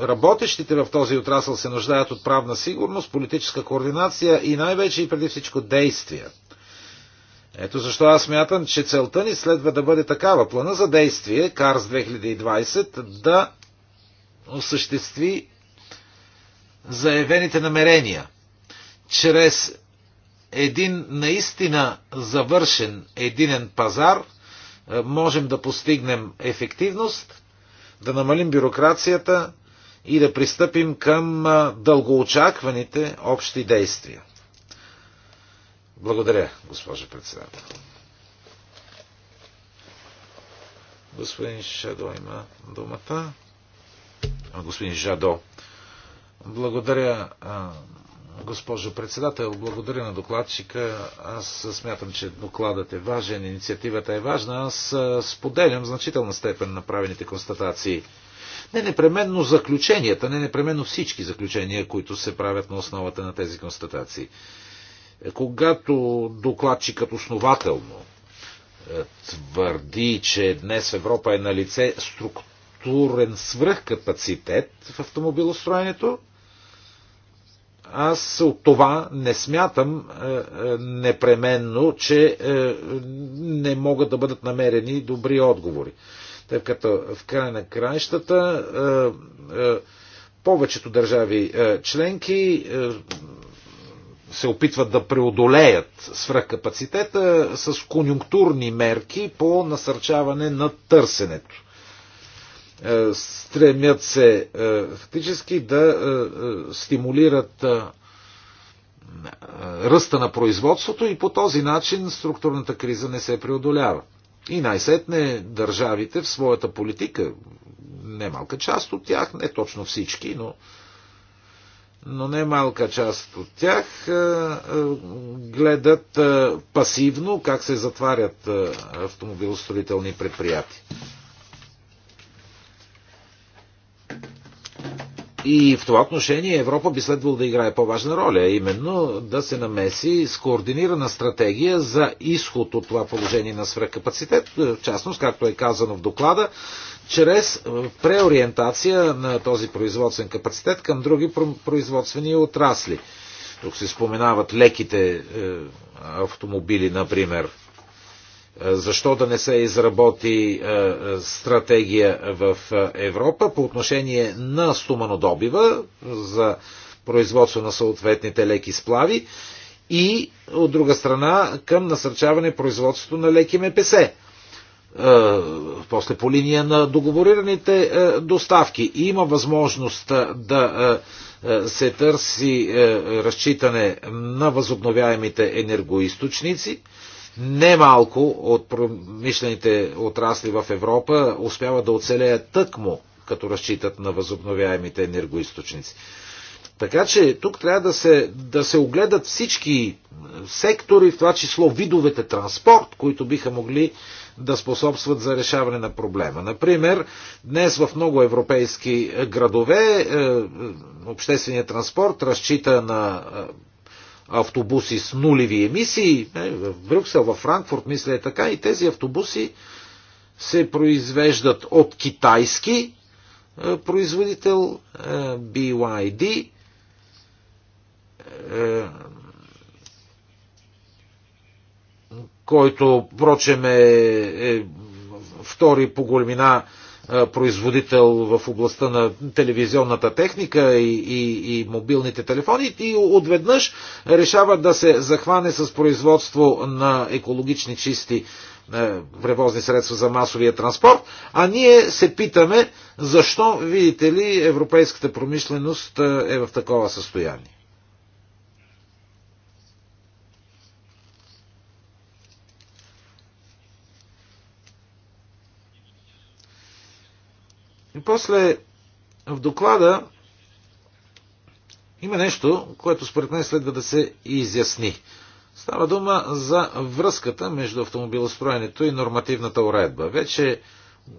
работещите в този отрасъл се нуждаят от правна сигурност, политическа координация и най-вече и преди всичко действия. Ето защо аз мятам, че целта ни следва да бъде такава. Плана за действие КАРС 2020 да осъществи заявените намерения чрез един наистина завършен единен пазар можем да постигнем ефективност, да намалим бюрокрацията и да пристъпим към дългоочакваните общи действия. Благодаря, госпожо председател. Господин Шадо има думата. Господин Жадо. Благодаря, госпожо председател. Благодаря на докладчика. Аз смятам, че докладът е важен, инициативата е важна. Аз споделям значителна степен направените констатации. Не непременно заключенията, не непременно всички заключения, които се правят на основата на тези констатации. Когато докладчикът основателно е, твърди, че днес в Европа е на лице структурен свръхкапацитет в автомобилостроенето, аз от това не смятам е, е, непременно, че не могат да бъдат намерени добри отговори. Тъй като в края на краищата повечето държави членки се опитват да преодолеят свръхкапацитета с конюнктурни мерки по насърчаване на търсенето. Е, стремят се е, фактически да е, стимулират ръста на производството и по този начин структурната криза не се преодолява. И най-сетне държавите в своята политика, немалка част от тях, не точно всички, но но не малка част от тях е, е, гледат е, пасивно как се затварят автомобилостроителни предприятия. И в това отношение Европа би следвало да играе по-важна роля, именно да се намеси с координирана стратегия за изход от това положение на свръхкапацитет, в частност, както е казано в доклада, чрез преориентация на този производствен капацитет към други производствени отрасли. Тук се споменават леките е, автомобили, например. Е, защо да не се изработи е, е, стратегия в Европа по отношение на стоманодобива за производство на съответните леки сплави и от друга страна към насърчаване производството на леки МПС после по линия на договорираните доставки. Има възможност да се търси разчитане на възобновяемите енергоисточници, Немалко от промишлените отрасли в Европа успяват да оцелеят тъкмо, като разчитат на възобновяемите енергоисточници. Така че тук трябва да се, да се огледат всички сектори, в това число видовете транспорт, които биха могли да способстват за решаване на проблема. Например, днес в много европейски градове е, общественият транспорт разчита на е, автобуси с нулеви емисии. В Брюксел, в Франкфурт, мисля е така. И тези автобуси се произвеждат от китайски е, производител е, BYD. Е, който, впрочем, е, е втори по големина производител в областта на телевизионната техника и, и, и мобилните телефони и отведнъж решава да се захване с производство на екологични чисти превозни средства за масовия транспорт, а ние се питаме защо, видите ли, европейската промишленост е в такова състояние. И после в доклада има нещо, което според мен следва да се изясни. Става дума за връзката между автомобилостроенето и нормативната уредба. Вече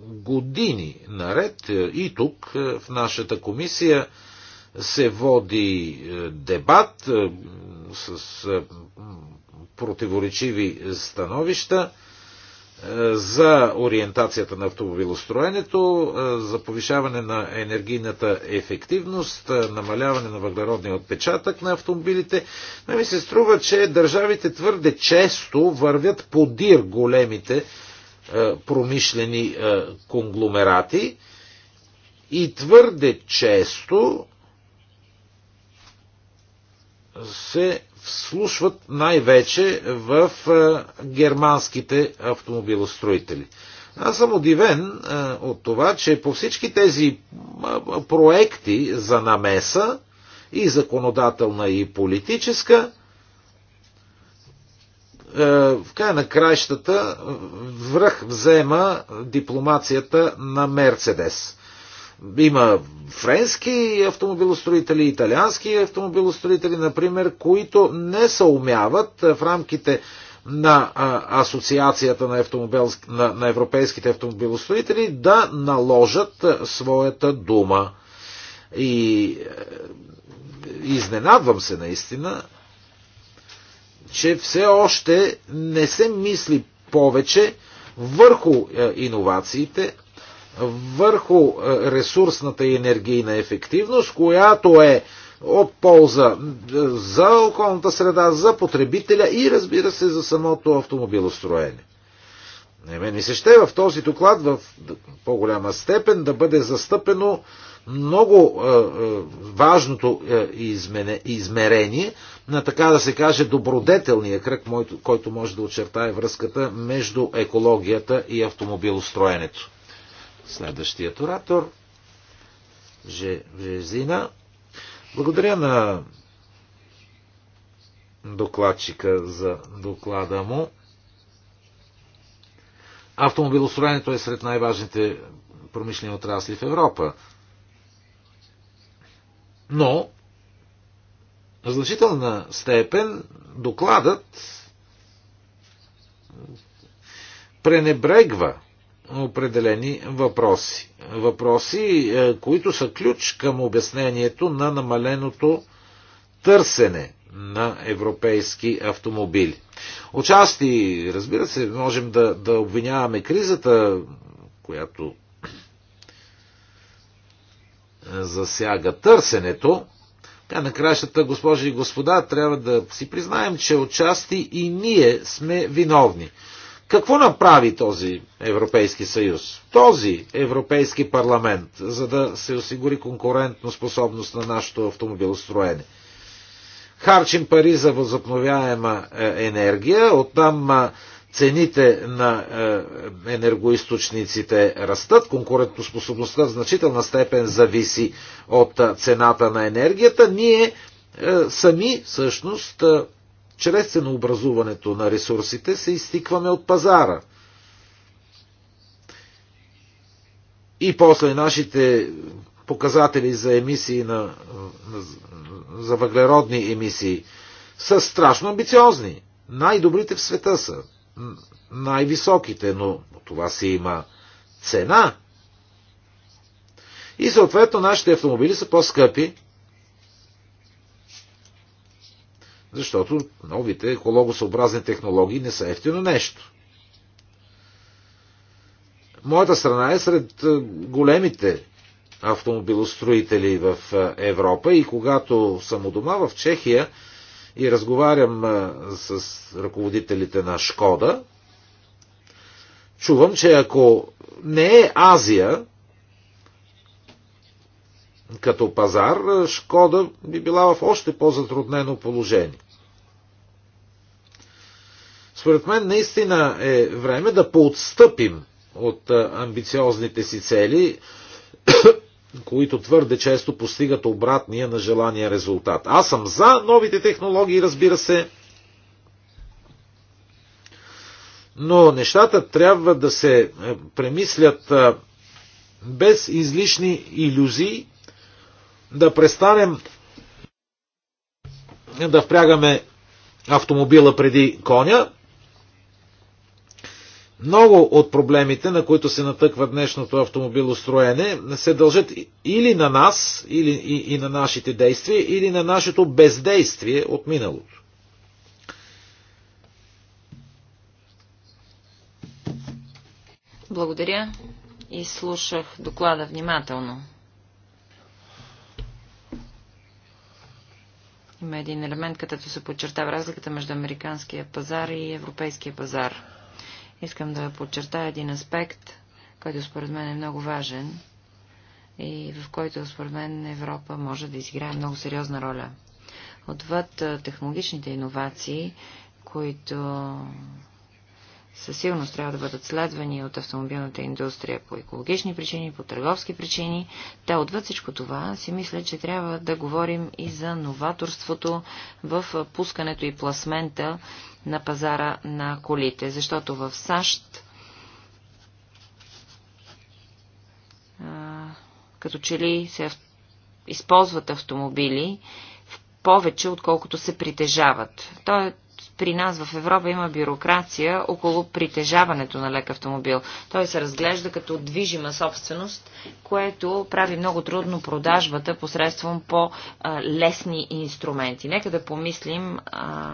години наред е, и тук е, в нашата комисия се води е, дебат с противоречиви становища за ориентацията на автомобилостроенето, за повишаване на енергийната ефективност, намаляване на въглеродния отпечатък на автомобилите. Но ми се струва, че държавите твърде често вървят подир големите промишлени конгломерати и твърде често се вслушват най-вече в е, германските автомобилостроители. Аз съм удивен е, от това, че по всички тези е, проекти за намеса и законодателна и политическа, в края на краищата връх взема дипломацията на Мерцедес. Има френски автомобилостроители, италиански автомобилостроители, например, които не съумяват в рамките на Асоциацията на, автомобил, на, на европейските автомобилостроители да наложат своята дума. И е, изненадвам се наистина, че все още не се мисли повече върху е, иновациите, върху е, ресурсната и енергийна ефективност, която е от полза за околната среда, за потребителя и разбира се за самото автомобилостроене. Не ме ни се ще в този доклад в по-голяма степен да бъде застъпено много е, е, важното е, измене, измерение на така да се каже добродетелния кръг, който може да очертае връзката между екологията и автомобилостроенето. Следващият оратор. Жезина. Благодаря на докладчика за доклада му. Автомобилостроенето е сред най-важните промишлени отрасли в Европа. Но, на значителна степен, докладът пренебрегва определени въпроси. Въпроси, е, които са ключ към обяснението на намаленото търсене на европейски автомобили. Отчасти, разбира се, можем да, да обвиняваме кризата, която засяга търсенето. Тя на кращата, госпожи и господа, трябва да си признаем, че отчасти и ние сме виновни. Какво направи този Европейски съюз, този Европейски парламент, за да се осигури конкурентно способност на нашето автомобилостроение. Харчим пари за възобновяема е, енергия, оттам цените на е, енергоисточниците растат, конкурентоспособността в значителна степен зависи от цената на енергията. Ние е, сами всъщност чрез ценообразуването на ресурсите се изтикваме от пазара. И после нашите показатели за емисии на, за въглеродни емисии са страшно амбициозни. Най-добрите в света са. Най-високите, но това си има цена. И съответно нашите автомобили са по-скъпи, Защото новите екологосъобразни технологии не са ефтино нещо. Моята страна е сред е, големите автомобилостроители в е, Европа и когато съм у дома в Чехия и разговарям е, с ръководителите на Шкода, чувам, че ако не е Азия, като пазар, Шкода би била в още по-затруднено положение. Според мен наистина е време да поотстъпим от амбициозните си цели, които твърде често постигат обратния на желания резултат. Аз съм за новите технологии, разбира се, но нещата трябва да се премислят без излишни иллюзии да престанем да впрягаме автомобила преди коня. Много от проблемите, на които се натъква днешното автомобилостроене, се дължат или на нас, или и, и на нашите действия, или на нашето бездействие от миналото. Благодаря и слушах доклада внимателно. Има един елемент, където се подчертава разликата между американския пазар и европейския пазар. Искам да подчертая един аспект, който според мен е много важен и в който според мен Европа може да изиграе много сериозна роля. Отвъд технологичните иновации, които със сигурност трябва да бъдат следвани от автомобилната индустрия по екологични причини, по търговски причини. Та отвъд всичко това си мисля, че трябва да говорим и за новаторството в пускането и пласмента на пазара на колите, защото в САЩ като че ли се използват автомобили повече, отколкото се притежават. То е при нас в Европа има бюрокрация около притежаването на лек автомобил. Той се разглежда като движима собственост, което прави много трудно продажбата посредством по-лесни инструменти. Нека да помислим а,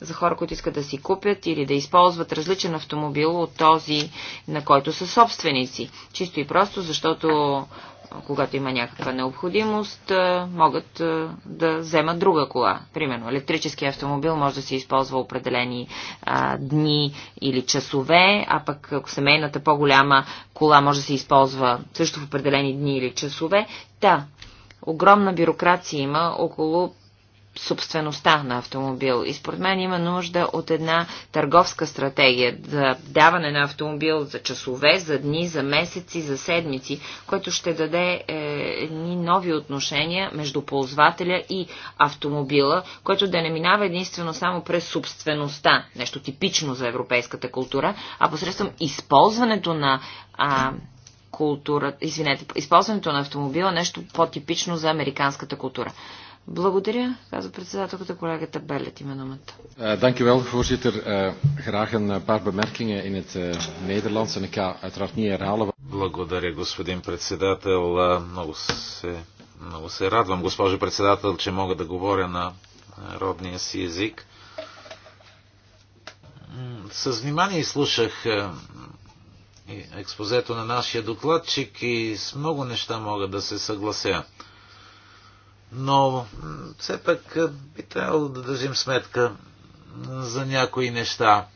за хора, които искат да си купят или да използват различен автомобил от този, на който са собственици. Чисто и просто, защото когато има някаква необходимост, могат да вземат друга кола. Примерно, електрически автомобил може да се използва определени а, дни или часове, а пък ако семейната по-голяма кола може да се използва също в определени дни или часове. Та, да, огромна бюрокрация има около собствеността на автомобил. И според мен има нужда от една търговска стратегия за даване на автомобил за часове, за дни, за месеци, за седмици, което ще даде е, едни нови отношения между ползвателя и автомобила, което да не минава единствено само през собствеността, нещо типично за европейската култура, а посредством използването на а, култура, извинете, използването на автомобила нещо по-типично за американската култура. Благодаря, казва председателката колегата Белет има думата. Е, dank u wel, voorzitter. Е, graag een е, paar bemerkingen in het Nederlands en ik ga uiteraard niet herhalen. Благодаря, господин председател. Много се, много се радвам, госпожо председател, че мога да говоря на родния си език. С внимание слушах експозето на нашия докладчик и с много неща мога да се съглася. Но все пък би трябвало да държим сметка за някои неща.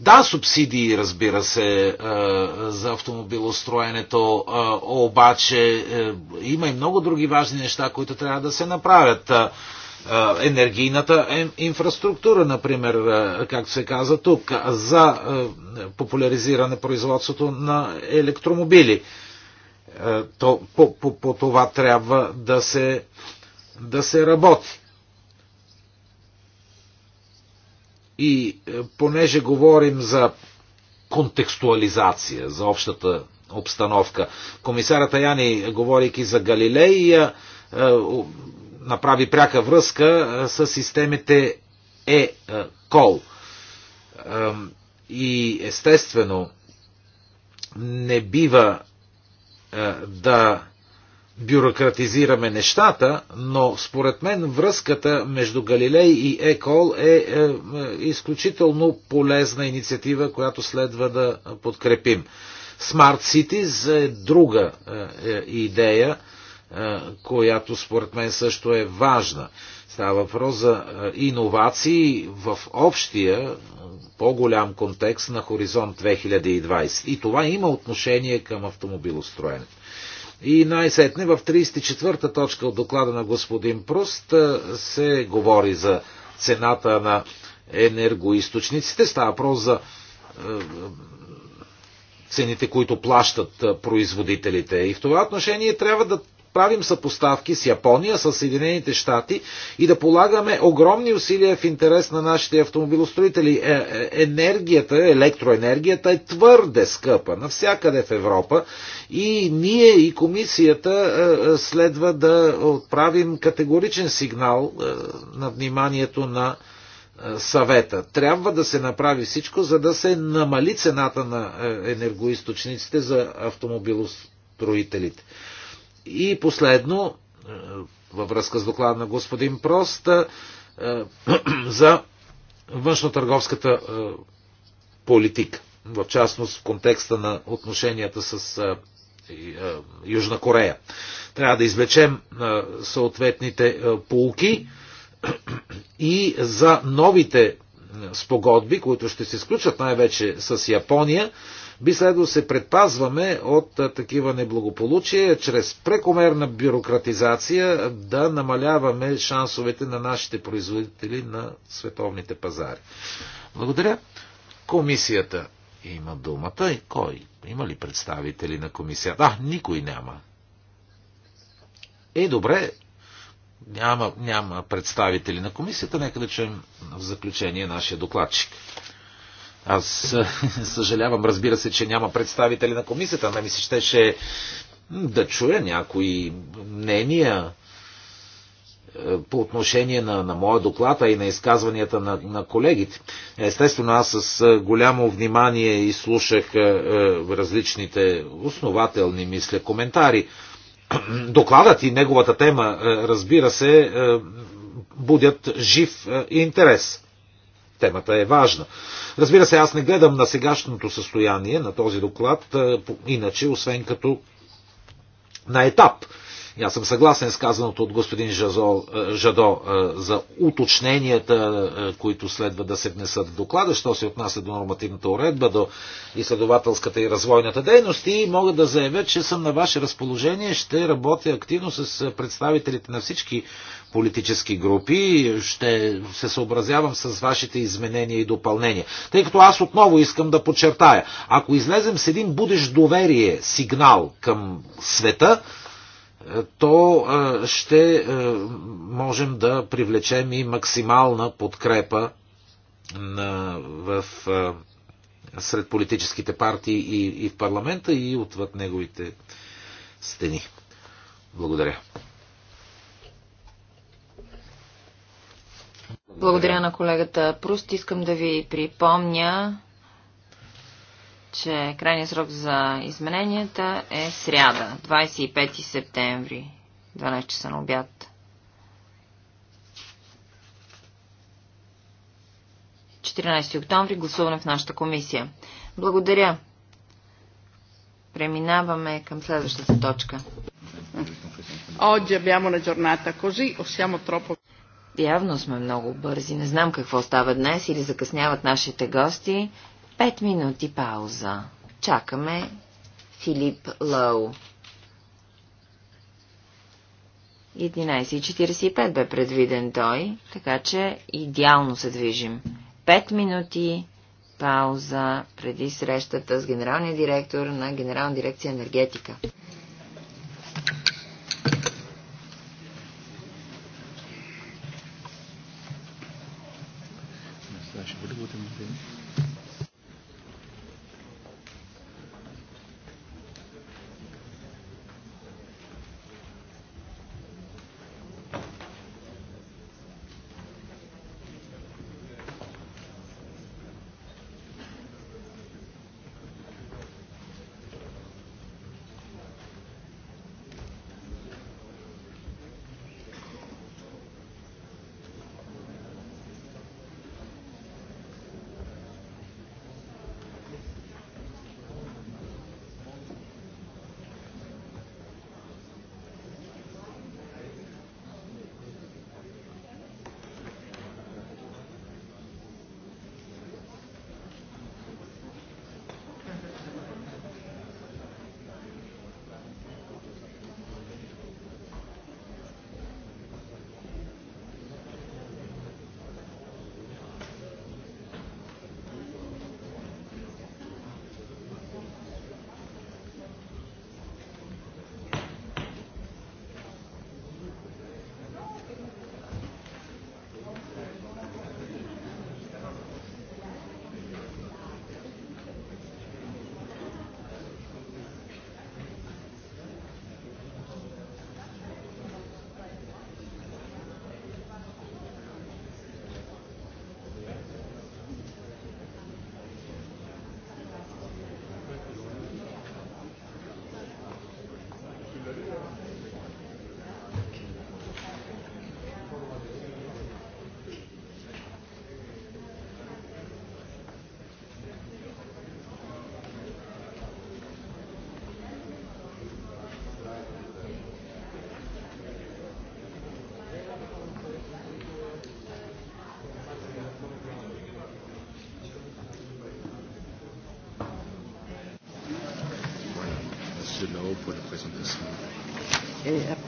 Да, субсидии, разбира се, за автомобилостроенето, обаче е, има и много други важни неща, които трябва да се направят енергийната инфраструктура, например, както се каза тук, за популяризиране производството на електромобили. То, по, по, по това трябва да се, да се работи. И понеже говорим за контекстуализация, за общата обстановка, комисарата Яни, говорейки за Галилей, направи пряка връзка с системите ЕКОЛ. И естествено, не бива да бюрократизираме нещата, но според мен връзката между Галилей и Екол е, е, е изключително полезна инициатива, която следва да подкрепим. Smart Cities е друга е, е идея, която според мен също е важна. Става въпрос за иновации в общия по-голям контекст на Хоризонт 2020. И това има отношение към автомобилостроенето. И най-сетне в 34-та точка от доклада на господин Прост се говори за цената на енергоисточниците. Става въпрос за цените, които плащат производителите. И в това отношение трябва да правим съпоставки с Япония, с Съединените щати и да полагаме огромни усилия в интерес на нашите автомобилостроители. Е, е, енергията, електроенергията е твърде скъпа навсякъде в Европа и ние и комисията е, следва да отправим категоричен сигнал на вниманието на съвета. Трябва да се направи всичко, за да се намали цената на енергоисточниците за автомобилостроителите. И последно, е, във връзка с доклада на господин Прост, е, е, за външно-търговската политика, в частност в контекста на отношенията с Южна Корея. Трябва да извлечем съответните полки и за новите спогодби, които ще се изключат най-вече с Япония, би следвало да се предпазваме от такива неблагополучия, чрез прекомерна бюрократизация да намаляваме шансовете на нашите производители на световните пазари. Благодаря. Комисията има думата. И кой? Има ли представители на комисията? А, никой няма. Е, добре. Няма, няма представители на комисията. Нека да чуем в заключение нашия докладчик. Аз съжалявам, разбира се, че няма представители на комисията. Не ми се щеше да чуя някои мнения е, по отношение на, на моя доклад, а и на изказванията на, на колегите. Естествено, аз с е, голямо внимание изслушах е, различните основателни, мисля, коментари. Докладът и неговата тема, разбира се, будят жив интерес темата е важна. Разбира се, аз не гледам на сегашното състояние на този доклад, иначе, освен като на етап. Аз съм съгласен с казаното от господин Жазо, е, Жадо е, за уточненията, е, които следва да се внесат в доклада, що се отнася до нормативната уредба, до изследователската и развойната дейност и мога да заявя, че съм на ваше разположение, ще работя активно с представителите на всички политически групи, ще се съобразявам с вашите изменения и допълнения. Тъй като аз отново искам да подчертая, ако излезем с един будеш доверие сигнал към света, то ще можем да привлечем и максимална подкрепа на, в, сред политическите партии и, и в парламента и отвъд неговите стени. Благодаря. Благодаря на колегата Пруст. Искам да ви припомня, че крайният срок за измененията е сряда, 25 септември, 12 часа на обяд. 14 октомври гласуване в нашата комисия. Благодаря. Преминаваме към следващата точка. Явно сме много бързи. Не знам какво става днес или закъсняват нашите гости, Пет минути пауза. Чакаме Филип Лоу. 11.45 бе предвиден той, така че идеално се движим. Пет минути пауза преди срещата с генералния директор на Генерална дирекция енергетика.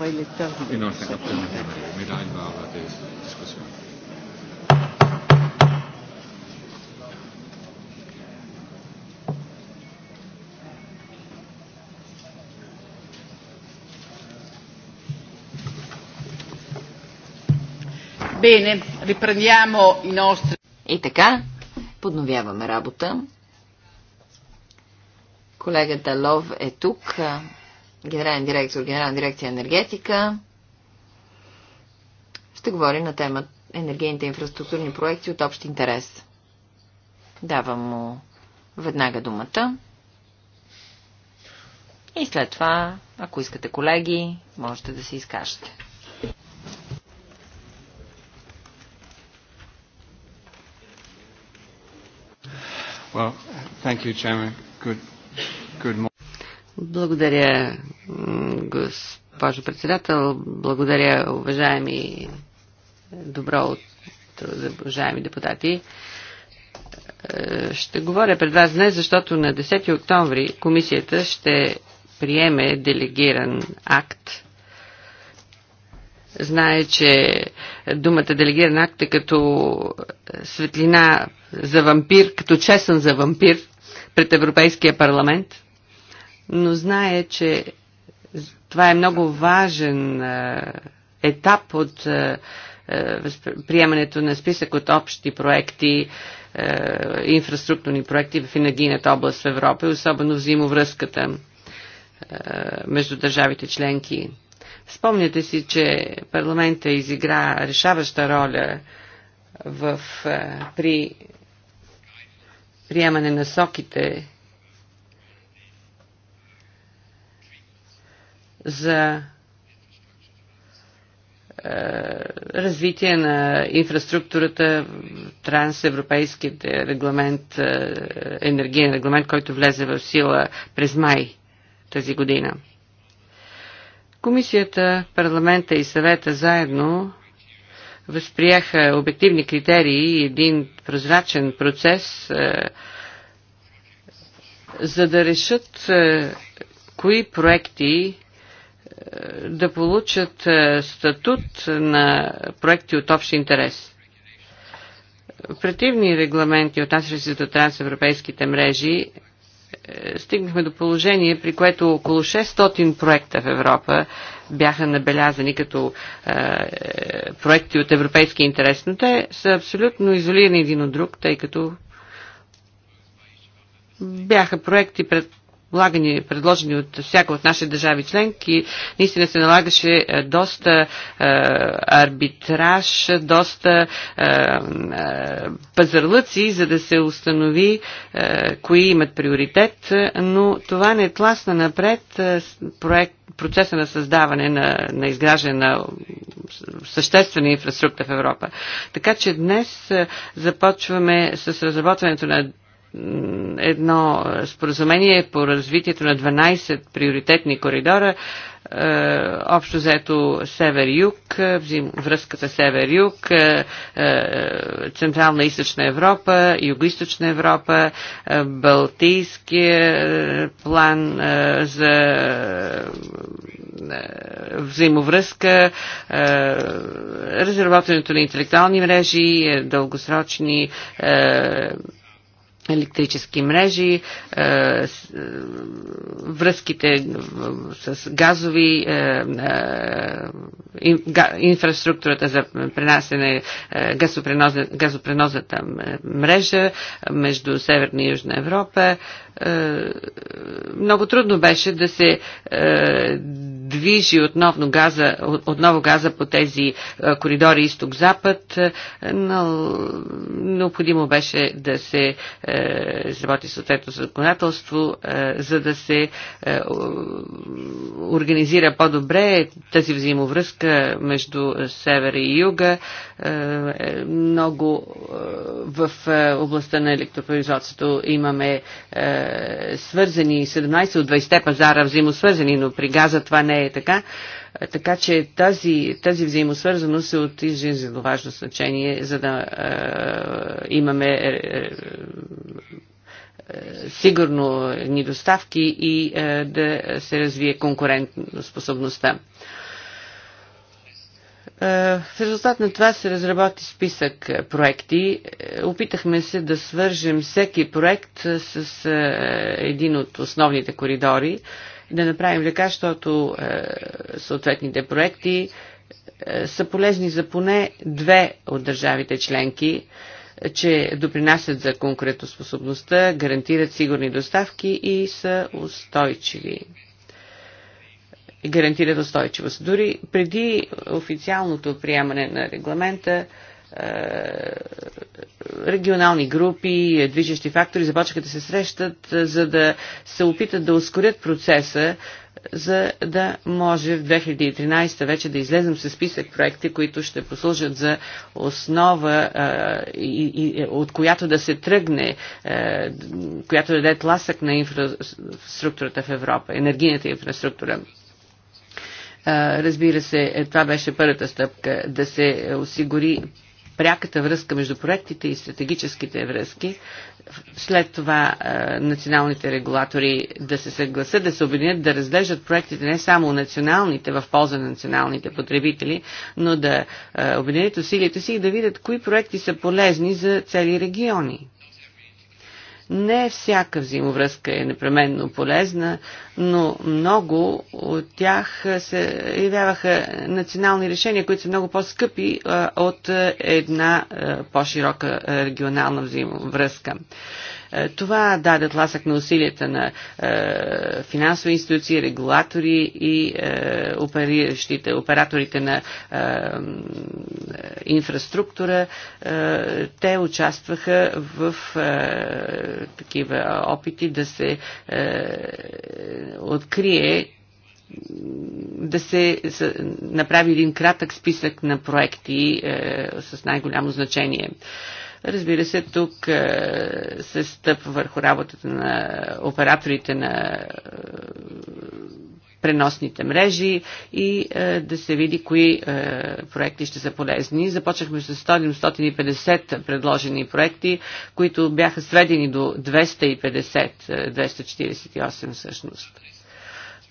poi le torno. No, mi dai il vava di discussione. Bene, riprendiamo i nostri... И така, подновяваме работа. Колегата Лов е тук генерален директор, генерална дирекция енергетика. Ще говори на тема енергийните инфраструктурни проекти от общ интерес. Давам му веднага думата. И след това, ако искате колеги, можете да се изкажете. Well, thank you, Chairman. Good, good morning. Благодаря, госпожо председател. Благодаря, уважаеми добро от уважаеми депутати. Ще говоря пред вас днес, защото на 10 октомври комисията ще приеме делегиран акт. Знае, че думата делегиран акт е като светлина за вампир, като чесън за вампир пред Европейския парламент – но знае, че това е много важен етап от приемането на списък от общи проекти, инфраструктурни проекти в енергийната област в Европа, особено взаимовръзката между държавите членки. Спомняте си, че парламента изигра решаваща роля в, при приемане на соките за е, развитие на инфраструктурата, трансевропейският регламент, е, енергиен регламент, който влезе в сила през май тази година. Комисията, парламента и съвета заедно възприеха обективни критерии и един прозрачен процес, е, за да решат кои проекти да получат е, статут на проекти от общ интерес. Противни регламенти, отнасящи се до трансевропейските мрежи, е, стигнахме до положение, при което около 600 проекта в Европа бяха набелязани като е, е, проекти от европейски интерес, но те са абсолютно изолирани един от друг, тъй като бяха проекти пред влагани, предложени от всяка от нашите държави членки, наистина се налагаше е, доста е, арбитраж, доста е, е, пазарлъци, за да се установи е, кои имат приоритет, но това не е тласна напред е, проект, процеса на създаване, на, на изграждане на съществена инфраструктура в Европа. Така че днес е, започваме с разработването на едно споразумение по развитието на 12 приоритетни коридора, е, общо заето север-юг, връзката север-юг, е, е, Централна и Източна Европа, юго источна Европа, Балтийския план за взаимовръзка, разработването на интелектуални мрежи, дългосрочни електрически мрежи, е, е, връзките с газови, е, инфраструктурата за пренасене, газопренозната мрежа между Северна и Южна Европа, е, много трудно беше да се е, движи отново газа, отново газа по тези е, коридори изток-запад, но необходимо беше да се изработи съответно законодателство, за да се организира по-добре тази взаимовръзка между Север и юга, много в областта на електропроизводството имаме свързани, 17 от 20 пазара взаимосвързани, но при газа това не е така. Така че тази, тази взаимосвързаност е от изжизнено важно значение, за да е, имаме е, е, е, сигурно ни доставки и е, да се развие конкурентно способността. Е, в резултат на това се разработи списък е, проекти. Е, опитахме се да свържем всеки проект с един от основните коридори, да направим така, защото съответните проекти са полезни за поне две от държавите членки, че допринасят за конкурентоспособността, гарантират сигурни доставки и са устойчиви гарантират устойчивост. Дори преди официалното приемане на регламента, е, регионални групи, движещи фактори започнаха да се срещат, е, за да се опитат да ускорят процеса, за да може в 2013 вече да излезем с списък проекти, които ще послужат за основа, е, от която да се тръгне, която да даде тласък на инфраструктурата в Европа, енергийната инфраструктура Разбира се, е, това беше първата стъпка да се осигури пряката връзка между проектите и стратегическите връзки. След това националните регулатори да се съгласят, да се объединят, да разглеждат проектите не само националните в полза на националните потребители, но да обединят усилията си и да видят кои проекти са полезни за цели региони. Не всяка взаимовръзка е непременно полезна, но много от тях се явяваха национални решения, които са много по-скъпи от една по-широка регионална взаимовръзка. Е, това даде тласък на усилията на е, финансови институции, регулатори и е, опериращите, операторите на инфраструктура. Те участваха в такива опити да се открие да се направи един кратък списък на проекти е, с най-голямо значение. Е, Разбира се, тук е, се стъпва върху работата на операторите на е, преносните мрежи и е, да се види кои е, проекти ще са полезни. Започнахме с 150 предложени проекти, които бяха сведени до 250, 248 е, всъщност.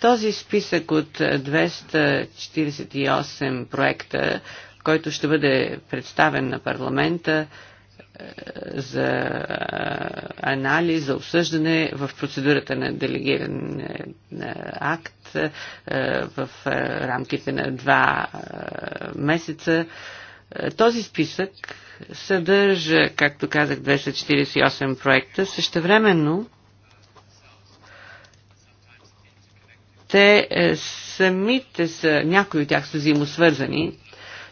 Този списък от 248 проекта, който ще бъде представен на парламента, за анализ, за обсъждане в процедурата на делегиран акт в рамките на два месеца. Този списък съдържа, както казах, 248 проекта. Същевременно те е, самите са, някои от тях са взаимосвързани,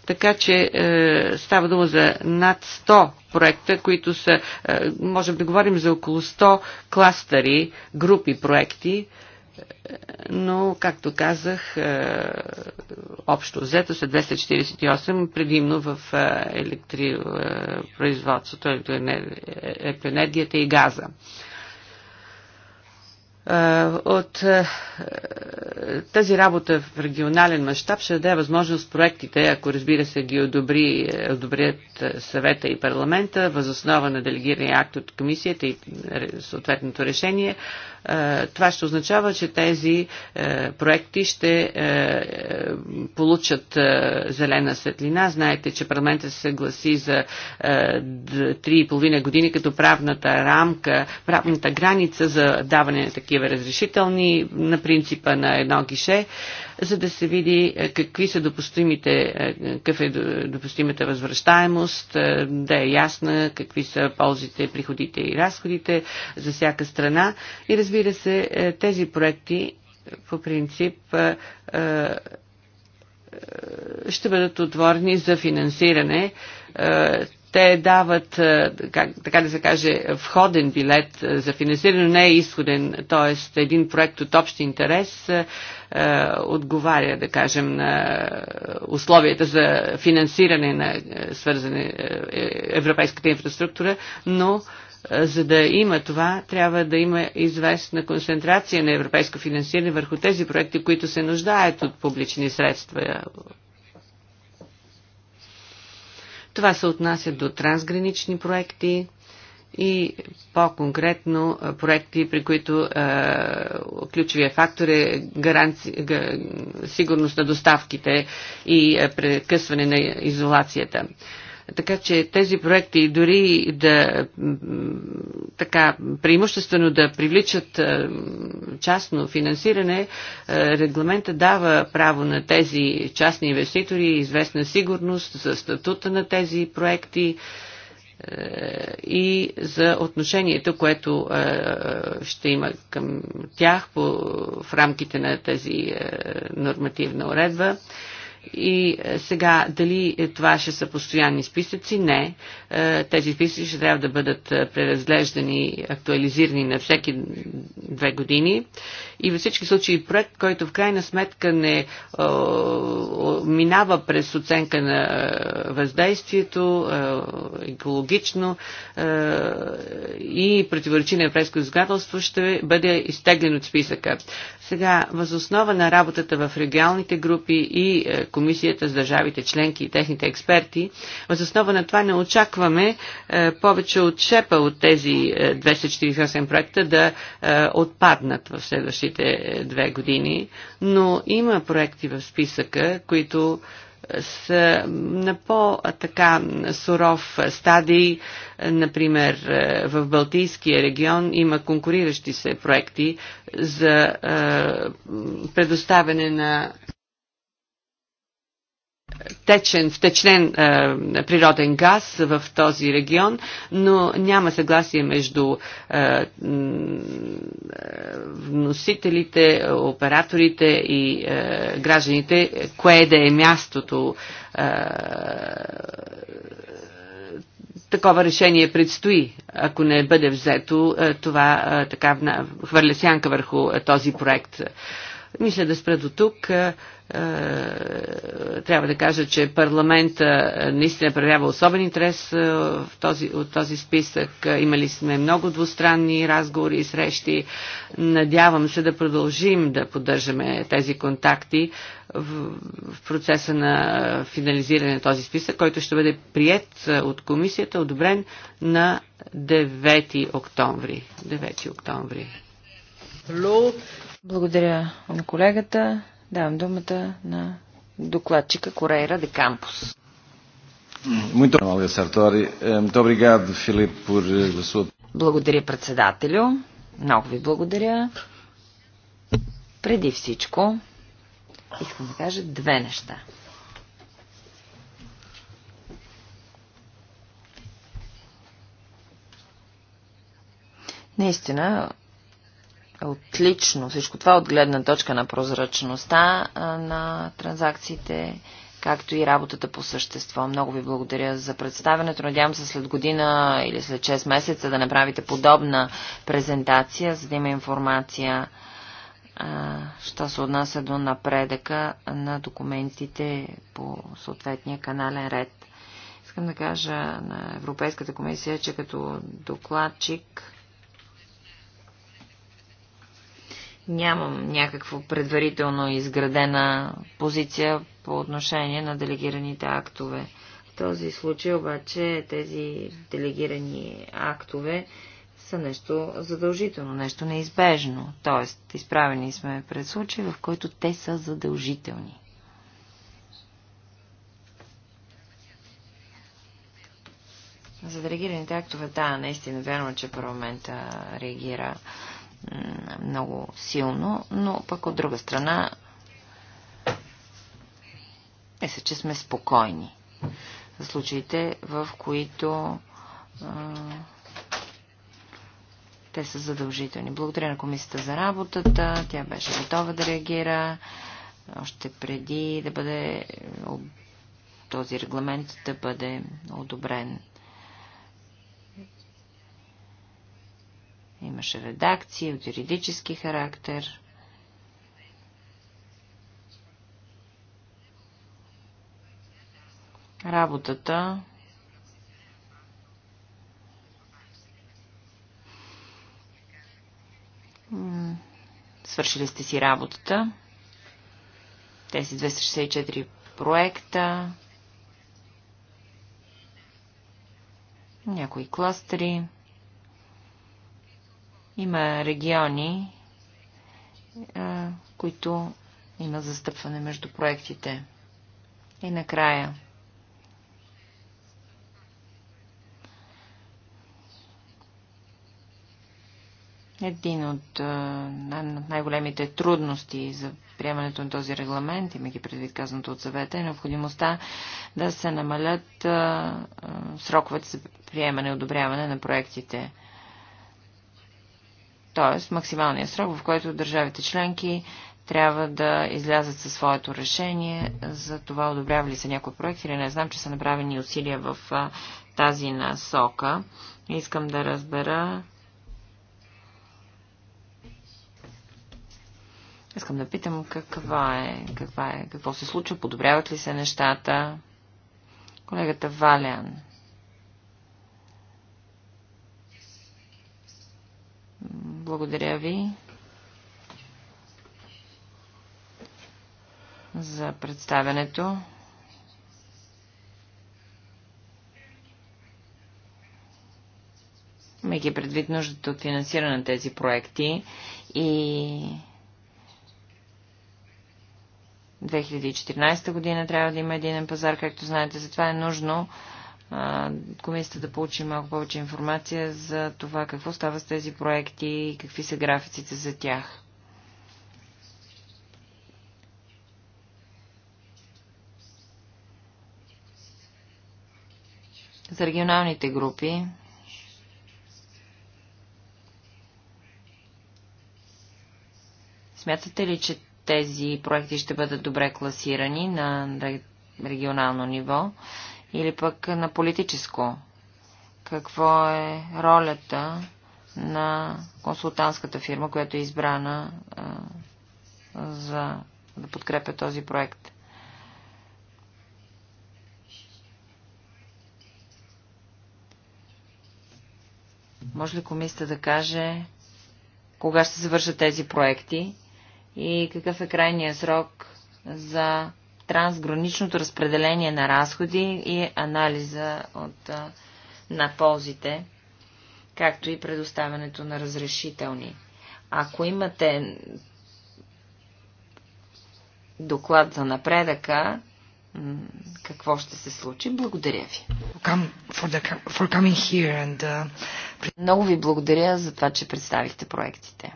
така че е, става дума за над 100 проекта, които са, е, можем да говорим за около 100 кластери, групи проекти, е, но, както казах, е, общо взето са 248, предимно в е, електри, е, производството, електроенергията е, и газа. Е, е, от е, тази работа в регионален мащаб ще даде възможност проектите, ако разбира се ги одобри, е, одобрят съвета и парламента, възоснова на делегирания акт от комисията и съответното решение, е, това ще означава, че тези е, проекти ще е, получат зелена светлина. Знаете, че парламентът се гласи за 3,5 години като правната рамка, правната граница за даване на такива разрешителни на принципа на едно гише за да се види какви са допустимите, какъв е допустимата възвръщаемост, да е ясна какви са ползите, приходите и разходите за всяка страна. И разбира Разбира се, е, тези проекти е, по принцип е, ще бъдат отворени за финансиране. Те дават, как, така да се каже, входен билет за финансиране, но не е изходен. т.е. един проект от общ интерес отговаря, да кажем, на условията за финансиране на свързане европейската инфраструктура, но е, за да има това, трябва да има известна концентрация на европейско финансиране върху тези проекти, които се нуждаят от публични средства. Това се отнася до трансгранични проекти и по-конкретно е, проекти, при които е, ключовия фактор е гаранци, га, сигурност на доставките и е, прекъсване на изолацията. Е, така че тези проекти дори да така преимуществено да привличат е, частно финансиране, е, регламента дава право на тези частни инвеститори известна сигурност за статута на тези проекти е, и за отношението, което ще има към тях в рамките на тази нормативна уредба. И е, сега, дали е, това ще са постоянни списъци? Не. Е, тези списъци ще трябва да бъдат преразглеждани, актуализирани на всеки две години. И във всички случаи проект, който в крайна сметка не минава през оценка на въздействието, екологично и противоречи на европейско изгадалство, ще бъде изтеглен от списъка. Сега, възоснова на работата в регионалните групи и е, комисията с държавите членки и техните експерти, възоснова на това не очакваме е, повече от шепа от тези 248 е, проекта да отпаднат в следващите две години, но има проекти в списъка, които с на по-така суров стадий. Например, е, в Балтийския регион има конкуриращи се проекти за е, предоставяне на течен, втечнен е, природен газ в този регион, но няма съгласие между е, вносителите, операторите и е, гражданите, кое да е мястото. Е, такова решение предстои, ако не бъде взето, е, това е, така хвърля сянка върху е, този проект. Мисля да спра до тук. Е, е, трябва да кажа, че парламента наистина проявява особен интерес е, в този, от този списък. Имали сме много двустранни разговори и срещи. Надявам се да продължим да поддържаме тези контакти в, в процеса на финализиране на този списък, който ще бъде прият е, от комисията, одобрен на 9 октомври. 9 октомври. Благодаря на колегата. Давам думата на докладчика Корейра де Кампус. Е, е, благодаря, председателю. Много ви благодаря. Преди всичко, искам да кажа две неща. Наистина, отлично. Всичко това от гледна точка на прозрачността на транзакциите, както и работата по същество. Много ви благодаря за представенето. Надявам се след година или след 6 месеца да направите подобна презентация, за да има информация що се отнася до напредъка на документите по съответния канален ред. Искам да кажа на Европейската комисия, че като докладчик Нямам някаква предварително изградена позиция по отношение на делегираните актове. В този случай обаче тези делегирани актове са нещо задължително, нещо неизбежно. Тоест, изправени сме пред случай, в който те са задължителни. За делегираните актове, да, наистина вярно, че парламента реагира много силно, но пък от друга страна се, че сме спокойни за случаите, в които а, те са задължителни. Благодаря на комисията за работата. Тя беше готова да реагира още преди да бъде този регламент да бъде одобрен. Имаше редакции от юридически характер. Работата Свършили сте си работата. Тези 264 проекта. Някои кластери. Има региони, които има застъпване между проектите. И накрая. Един от най-големите трудности за приемането на този регламент, имайки предвид казаното от съвета, е необходимостта да се намалят сроковете за приемане и одобряване на проектите т.е. максималния срок, в който държавите членки трябва да излязат със своето решение за това одобрява ли се някой проект или не. Знам, че са направени усилия в тази насока. Искам да разбера. Искам да питам каква е, каква е, какво се случва, подобряват ли се нещата. Колегата Валян. Благодаря ви за представянето. имайки предвид нуждата от финансиране на тези проекти и 2014 година трябва да има един пазар, както знаете. Затова е нужно комисията да получи малко повече информация за това какво става с тези проекти и какви са графиците за тях. За регионалните групи Смятате ли, че тези проекти ще бъдат добре класирани на регионално ниво или пък на политическо. Какво е ролята на консултантската фирма, която е избрана а, за да подкрепя този проект? Може ли комисията да каже кога ще се завършат тези проекти и какъв е крайният срок за трансграничното разпределение на разходи и анализа от, на ползите, както и предоставянето на разрешителни. Ако имате доклад за напредъка, какво ще се случи. Благодаря ви. Uh, Много ви благодаря за това, че представихте проектите.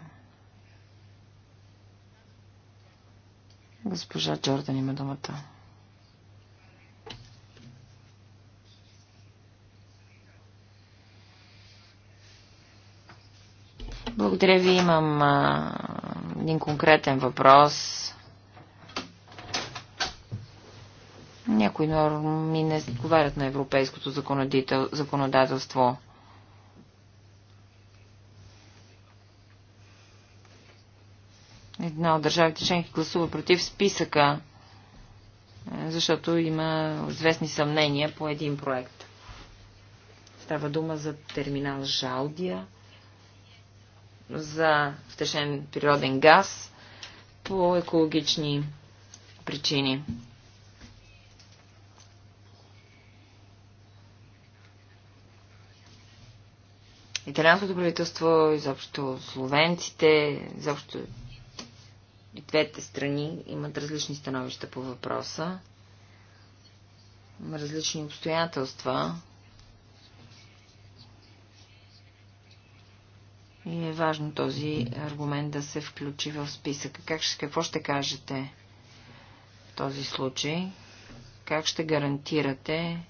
Госпожа Джордан има думата. Благодаря ви. Имам а, един конкретен въпрос. Някои норми не отговарят на европейското законодателство. една от държавите членки гласува против списъка, е, защото има известни съмнения по един проект. Става дума за терминал Жалдия, за втешен природен газ по екологични причини. италианското правителство, изобщо словенците, изобщо и двете страни имат различни становища по въпроса. Има различни обстоятелства. И е важно този аргумент да се включи в списъка. Как, какво ще кажете в този случай? Как ще гарантирате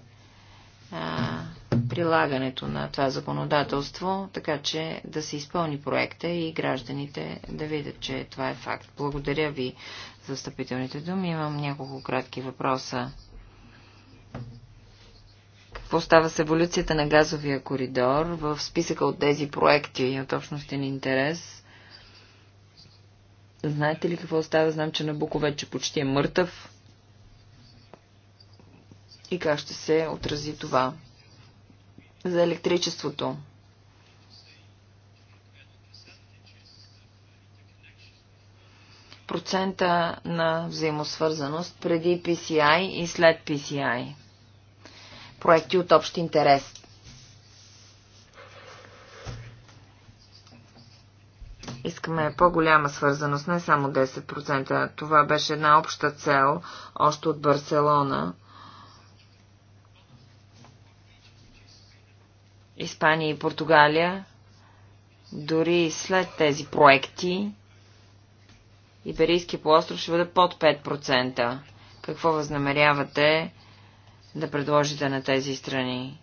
а, прилагането на това законодателство, така че да се изпълни проекта и гражданите да видят, че това е факт. Благодаря ви за встъпителните думи. Имам няколко кратки въпроса. Какво става с еволюцията на газовия коридор в списъка от тези проекти и от общностен интерес? Знаете ли какво става? Знам, че Набуко вече почти е мъртъв. И как ще се отрази това за електричеството. Процента на взаимосвързаност преди PCI и след PCI. Проекти от общ интерес. Искаме по-голяма свързаност, не само 10%. Това беше една обща цел още от Барселона – Испания и Португалия, дори след тези проекти, Иберийски полуостров ще бъде под 5%. Какво възнамерявате да предложите на тези страни?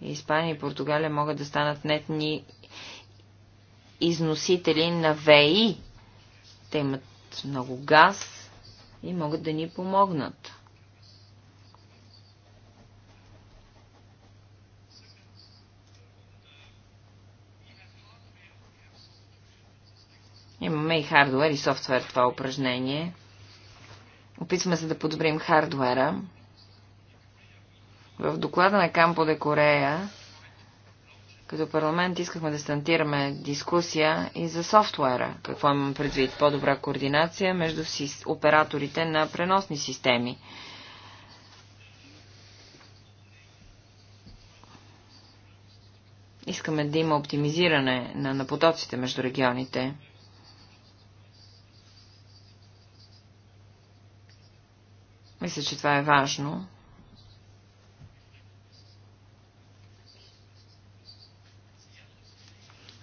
Испания и Португалия могат да станат нетни износители на ВИ. Те имат много газ и могат да ни помогнат. Включваме и хардвер и софтуер това упражнение. Опитваме се да подобрим хардвера. В доклада на Кампо де Корея, като парламент искахме да стантираме дискусия и за софтуера. Какво имам предвид? По-добра координация между операторите на преносни системи. Искаме да има оптимизиране на потоците между регионите. Мисля, че това е важно.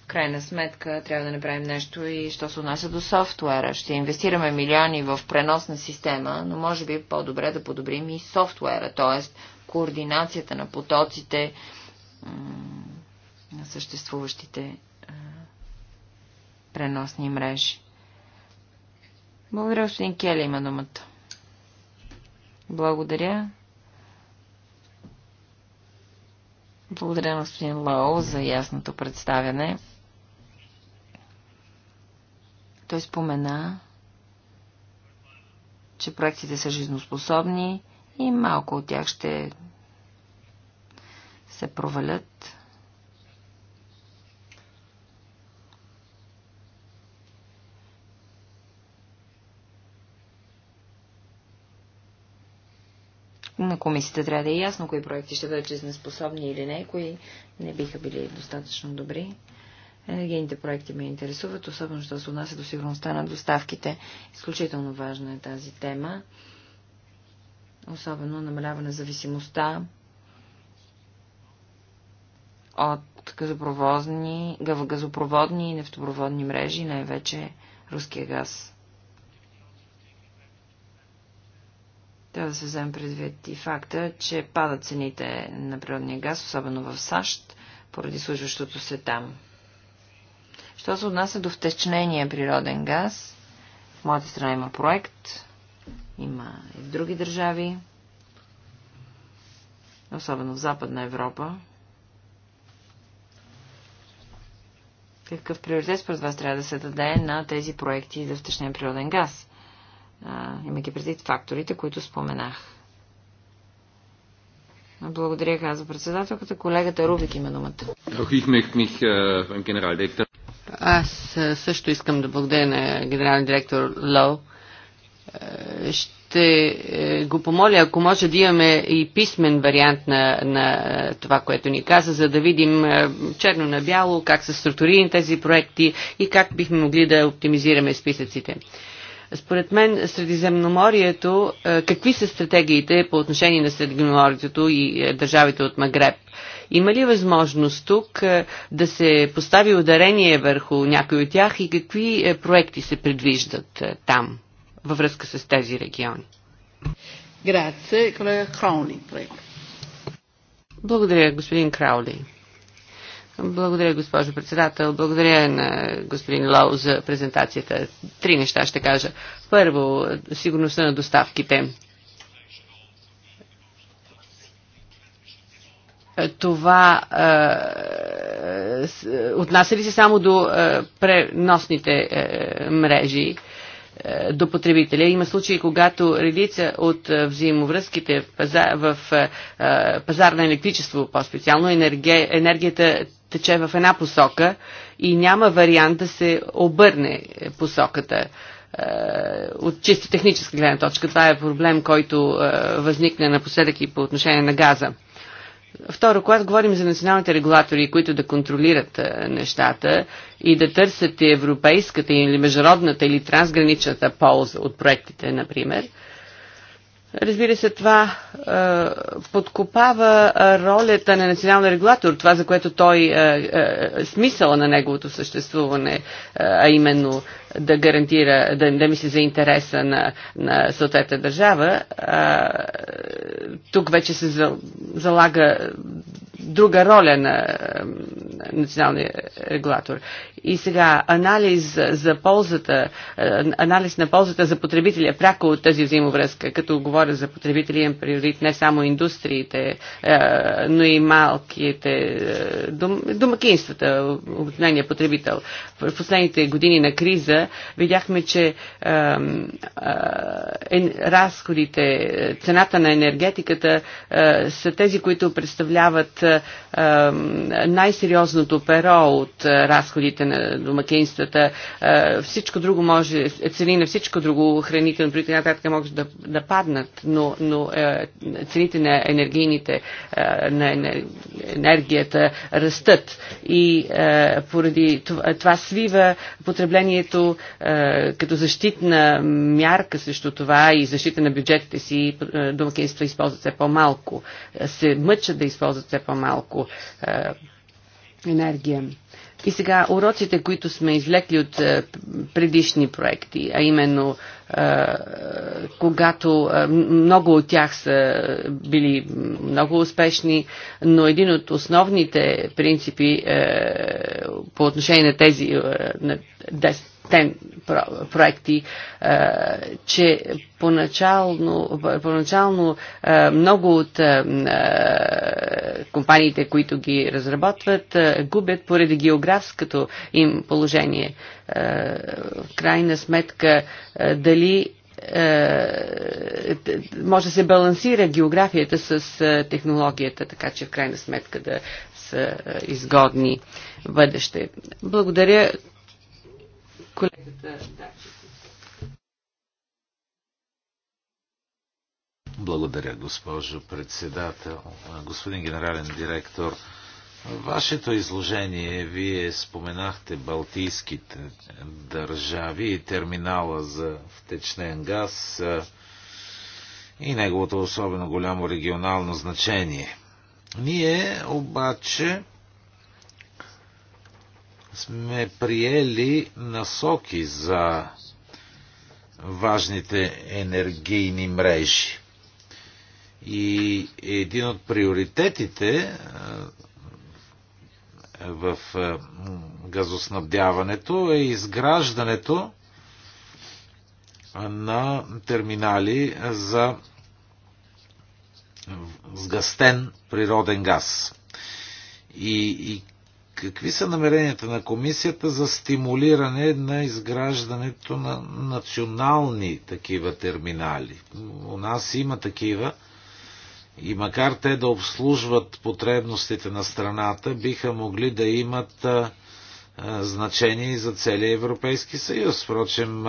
крайна сметка трябва да направим нещо и що се отнася до софтуера. Ще инвестираме милиони в преносна система, но може би е по-добре да подобрим и софтуера, т.е. координацията на потоците на съществуващите преносни мрежи. Благодаря, господин Кели, има думата. Благодаря. Благодаря на господин Лао за ясното представяне. Той спомена, че проектите са жизнеспособни и малко от тях ще се провалят. комисията трябва да е ясно, кои проекти ще бъдат жизнеспособни или не, кои не биха били достатъчно добри. Енергийните проекти ме интересуват, особено що се отнася до сигурността на доставките. Изключително важна е тази тема. Особено намаляване зависимостта от газопроводни, газопроводни и нефтопроводни мрежи, най-вече руския газ. Трябва да се вземе предвид и факта, че падат цените на природния газ, особено в САЩ, поради служващото се там. Що се отнася до втечнения природен газ, в моята страна има проект, има и в други държави, особено в Западна Европа. Какъв приоритет според вас трябва да се даде на тези проекти за втечнен природен газ? а, имайки предвид факторите, които споменах. Благодаря, каза председателката. Колегата Рубик има думата. Äh, Аз също искам да благодаря на генерален директор Лоу. Е, ще е, го помоля, ако може да имаме и писмен вариант на, на е, това, което ни каза, за да видим черно на бяло как са структурирани тези проекти и как бихме могли да оптимизираме списъците. Според мен Средиземноморието, е, какви са стратегиите по отношение на Средиземноморието и е, държавите от Магреб? Има ли възможност тук е, да се постави ударение върху някой от тях и какви проекти се предвиждат там във връзка с тези региони? Благодаря, господин Краули. Благодаря, госпожо председател. Благодаря на господин Лао за презентацията. Три неща ще кажа. Първо, сигурността на доставките. това е, отнася ли се само до е, преносните е, мрежи е, до потребителя? Има случаи, когато редица от е, взаимовръзките в, пазар, в е, пазар на електричество, по-специално енергия, енергията тече в една посока и няма вариант да се обърне посоката е, от чисто техническа гледна точка. Това е проблем, който е, възникне напоследък и по отношение на газа. Второ, когато говорим за националните регулатори, които да контролират е, нещата и да търсят европейската или международната или трансграничната полза от проектите, например, Разбира се, това е, подкопава е, ролята на националния регулатор, това за което той е, е, смисъла на неговото съществуване, е, а именно да гарантира, да, да мисли за интереса на, на съответната държава. А, тук вече се за, залага друга роля на националния регулатор. И сега анализ за ползата, анализ на ползата за потребителя пряко от тази взаимовръзка. Като говоря за потребители, имам приорит не само индустриите, но и малките домакинствата, обикновения потребител. В последните години на криза видяхме, че е, е, разходите, цената на енергетиката е, са тези, които представляват е, най-сериозното перо от разходите на домакинствата, всичко друго може, цени на всичко друго, хранително, при нататък могат да, да паднат, но, но цените на енергийните, на енергията растат и поради това, това свива потреблението като защитна мярка срещу това и защита на бюджетите си домакинства използват все по-малко, се мъчат да използват все по-малко малко е, енергия. И сега уроците, които сме извлекли от е, предишни проекти, а именно е, когато е, много от тях са били много успешни, но един от основните принципи е по отношение на тези е, на 10 те проекти, е, че поначално, поначално е, много от е, компаниите, които ги разработват, губят поради географското им положение. в крайна сметка, дали може да се балансира географията с технологията, така че в крайна сметка да са изгодни в бъдеще. Благодаря Колегата Благодаря, госпожо председател. Господин генерален директор, Вашето изложение, вие споменахте Балтийските държави и терминала за втечнен газ и неговото особено голямо регионално значение. Ние обаче сме приели насоки за важните енергийни мрежи. И един от приоритетите в газоснабдяването е изграждането на терминали за сгъстен природен газ. И, и Какви са намеренията на комисията за стимулиране на изграждането на национални такива терминали? У нас има такива и макар те да обслужват потребностите на страната, биха могли да имат значение и за целия Европейски съюз. Впрочем,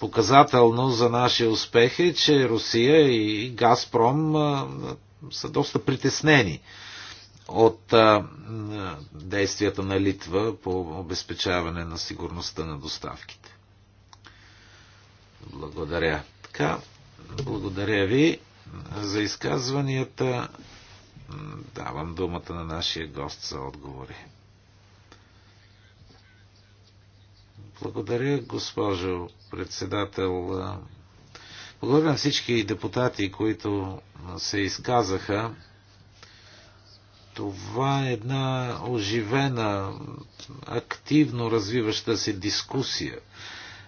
показателно за нашия успех е, че Русия и Газпром са доста притеснени от а, действията на Литва по обезпечаване на сигурността на доставките. Благодаря. Така, благодаря ви за изказванията. Давам думата на нашия гост за отговори. Благодаря, госпожо председател. Благодаря на всички депутати, които се изказаха. Това е една оживена, активно развиваща се дискусия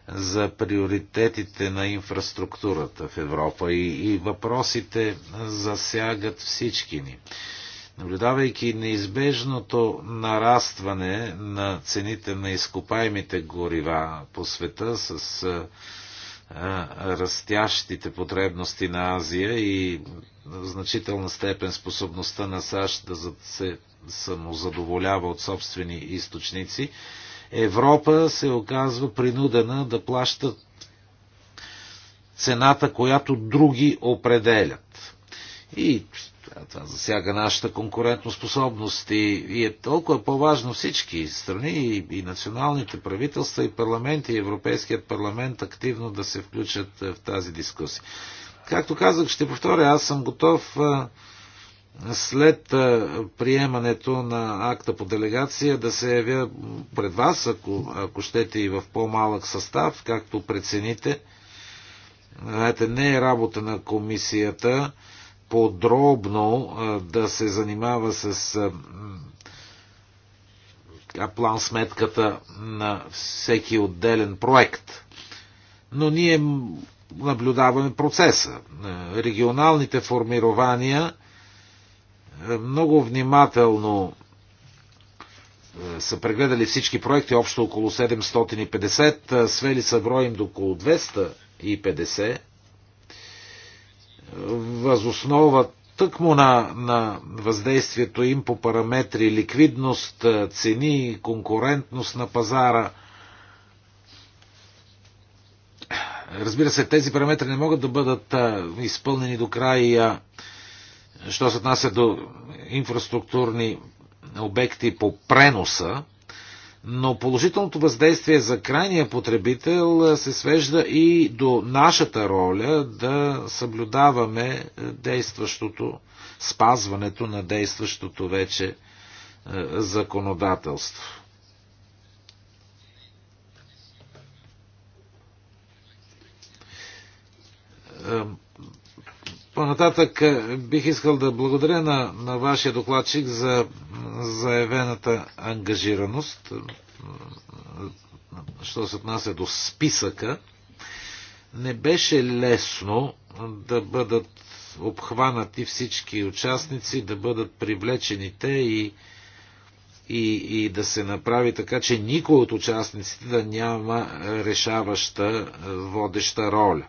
за приоритетите на инфраструктурата в Европа и, и въпросите засягат всички ни. Наблюдавайки неизбежното нарастване на цените на изкопаемите горива по света с растящите потребности на Азия и в значителна степен способността на САЩ да се самозадоволява от собствени източници, Европа се оказва принудена да плаща цената, която други определят. И това засяга нашата конкурентоспособност и, и е толкова по-важно всички страни и, и националните правителства и парламенти, и Европейският парламент активно да се включат е, в тази дискусия. Както казах, ще повторя, аз съм готов е, след е, приемането на акта по делегация да се явя пред вас, ако, ако щете и в по-малък състав, както прецените. Знаете, не е работа на комисията подробно да се занимава с план сметката на всеки отделен проект. Но ние наблюдаваме процеса. Регионалните формирования много внимателно са прегледали всички проекти, общо около 750, свели са броим до около 250 възоснова тъкмо на, на въздействието им по параметри ликвидност, цени, конкурентност на пазара. Разбира се, тези параметри не могат да бъдат изпълнени до край, що се отнася до инфраструктурни обекти по преноса, но положителното въздействие за крайния потребител се свежда и до нашата роля да съблюдаваме действащото, спазването на действащото вече законодателство. Um по-нататък е, бих искал да благодаря на, на вашия докладчик за заявената ангажираност, е, е, що се отнася до списъка. Не беше лесно да бъдат обхванати всички участници, да бъдат привлечени те и, и, и да се направи така, че никой от участниците да няма решаваща водеща роля.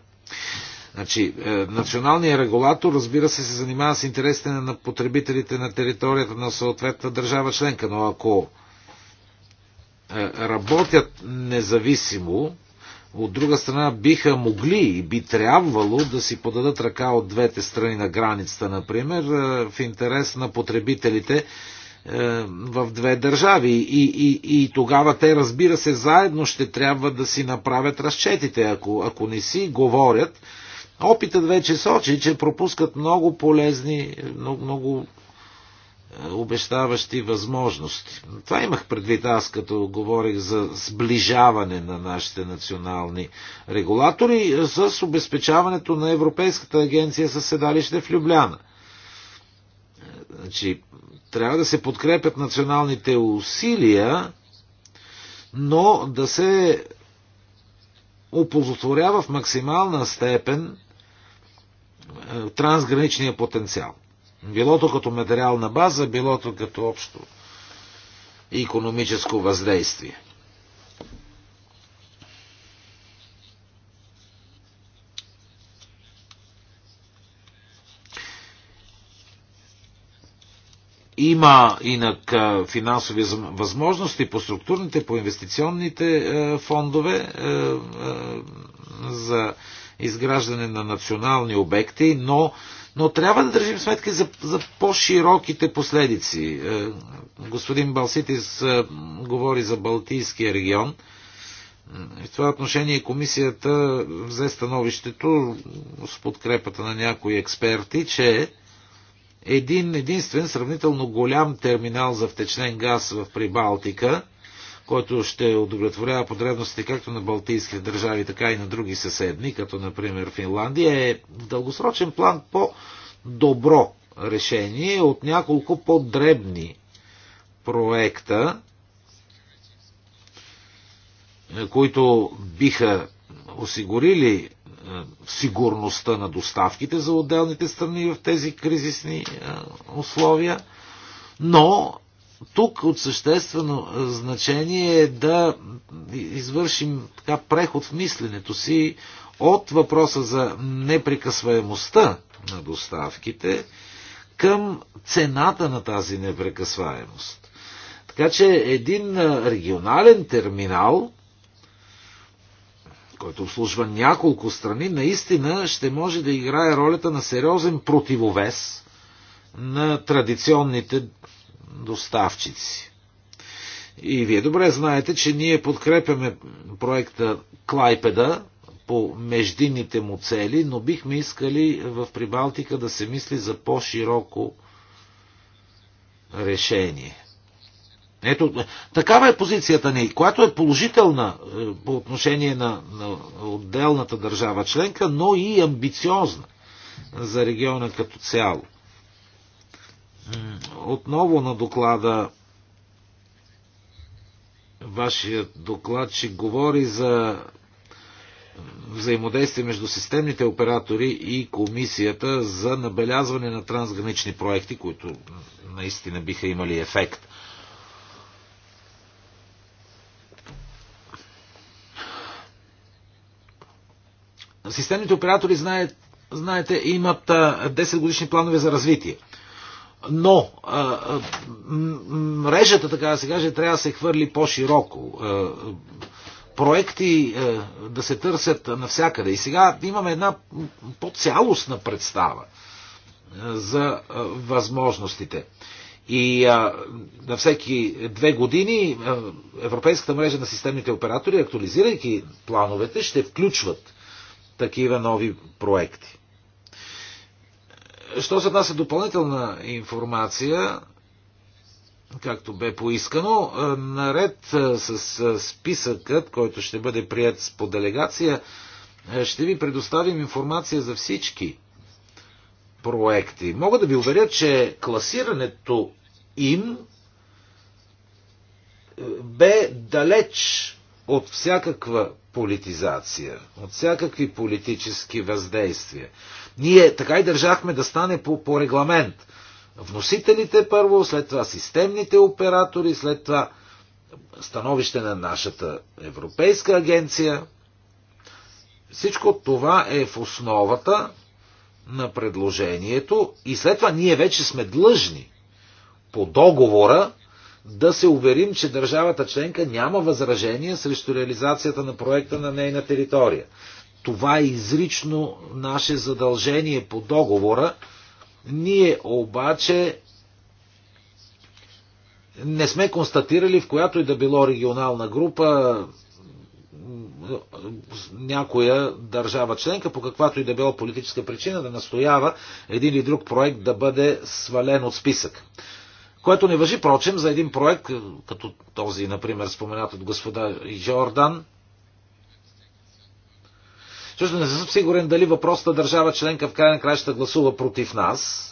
Значи, е, националният регулатор, разбира се, се занимава с интересите на потребителите на територията на съответната държава членка, но ако е, работят независимо, от друга страна биха могли и би трябвало да си подадат ръка от двете страни на границата, например, е, в интерес на потребителите в две държави. И, и, и тогава те, разбира се, заедно ще трябва да си направят разчетите. Ако, ако не си говорят, Опитът вече сочи, че пропускат много полезни, много, много е, обещаващи възможности. Това имах предвид аз, като говорих за сближаване на нашите национални регулатори е, с обезпечаването на Европейската агенция със седалище в Любляна. Е, значи, трябва да се подкрепят националните усилия, но да се оползотворява в максимална степен е, трансграничния потенциал. Билото като материална база, билото като общо економическо въздействие. Има инак е, финансови възможности по структурните, по инвестиционните е, фондове за изграждане на национални обекти, но, но трябва да държим сметка за, за по-широките последици. Е, господин Балситис е, говори за Балтийския регион. Е, в това отношение комисията взе становището с подкрепата на някои експерти, че един единствен сравнително голям терминал за втечнен газ в Прибалтика – който ще удовлетворява потребностите както на балтийските държави, така и на други съседни, като например Финландия, е в дългосрочен план по-добро решение от няколко по-дребни проекта, е, които биха осигурили е, сигурността на доставките за отделните страни в тези кризисни е, условия, но тук от съществено значение е да извършим така преход в мисленето си от въпроса за непрекъсваемостта на доставките към цената на тази непрекъсваемост. Така че един регионален терминал, който обслужва няколко страни, наистина ще може да играе ролята на сериозен противовес на традиционните доставчици. И вие добре знаете, че ние подкрепяме проекта Клайпеда по междинните му цели, но бихме искали в Прибалтика да се мисли за по-широко решение. Ето, такава е позицията ни, която е положителна е, по отношение на, на отделната държава членка, но и амбициозна за региона като цяло. Отново на доклада вашият че говори за взаимодействие между системните оператори и комисията за набелязване на трансгранични проекти, които наистина биха имали ефект. Системните оператори, знаете, имат 10 годишни планове за развитие но мрежата, така да се каже, трябва да се хвърли по-широко. Проекти да се търсят навсякъде. И сега имаме една по-цялостна представа за възможностите. И а, на всеки две години а, Европейската мрежа на системните оператори, актуализирайки плановете, ще включват такива нови проекти. Що се отнася допълнителна информация, както бе поискано, е, наред е, с е, списъкът, който ще бъде прият по делегация, ще ви предоставим информация за всички проекти. Мога да ви уверя, че класирането им бе далеч от всякаква политизация, от всякакви политически въздействия. Ние така и държахме да стане по, по регламент. Вносителите първо, след това системните оператори, след това становище на нашата Европейска агенция. Всичко това е в основата на предложението и след това ние вече сме длъжни по договора да се уверим, че държавата членка няма възражение срещу реализацията на проекта на нейна територия. Това е изрично наше задължение по договора. Ние обаче не сме констатирали в която и да било регионална група някоя държава членка, по каквато и да било политическа причина, да настоява един или друг проект да бъде свален от списък. Което не въжи, прочим, за един проект, е, като този, например, споменат от господа Жордан. Също не съм сигурен дали въпросната държава членка в крайна край ще гласува против нас,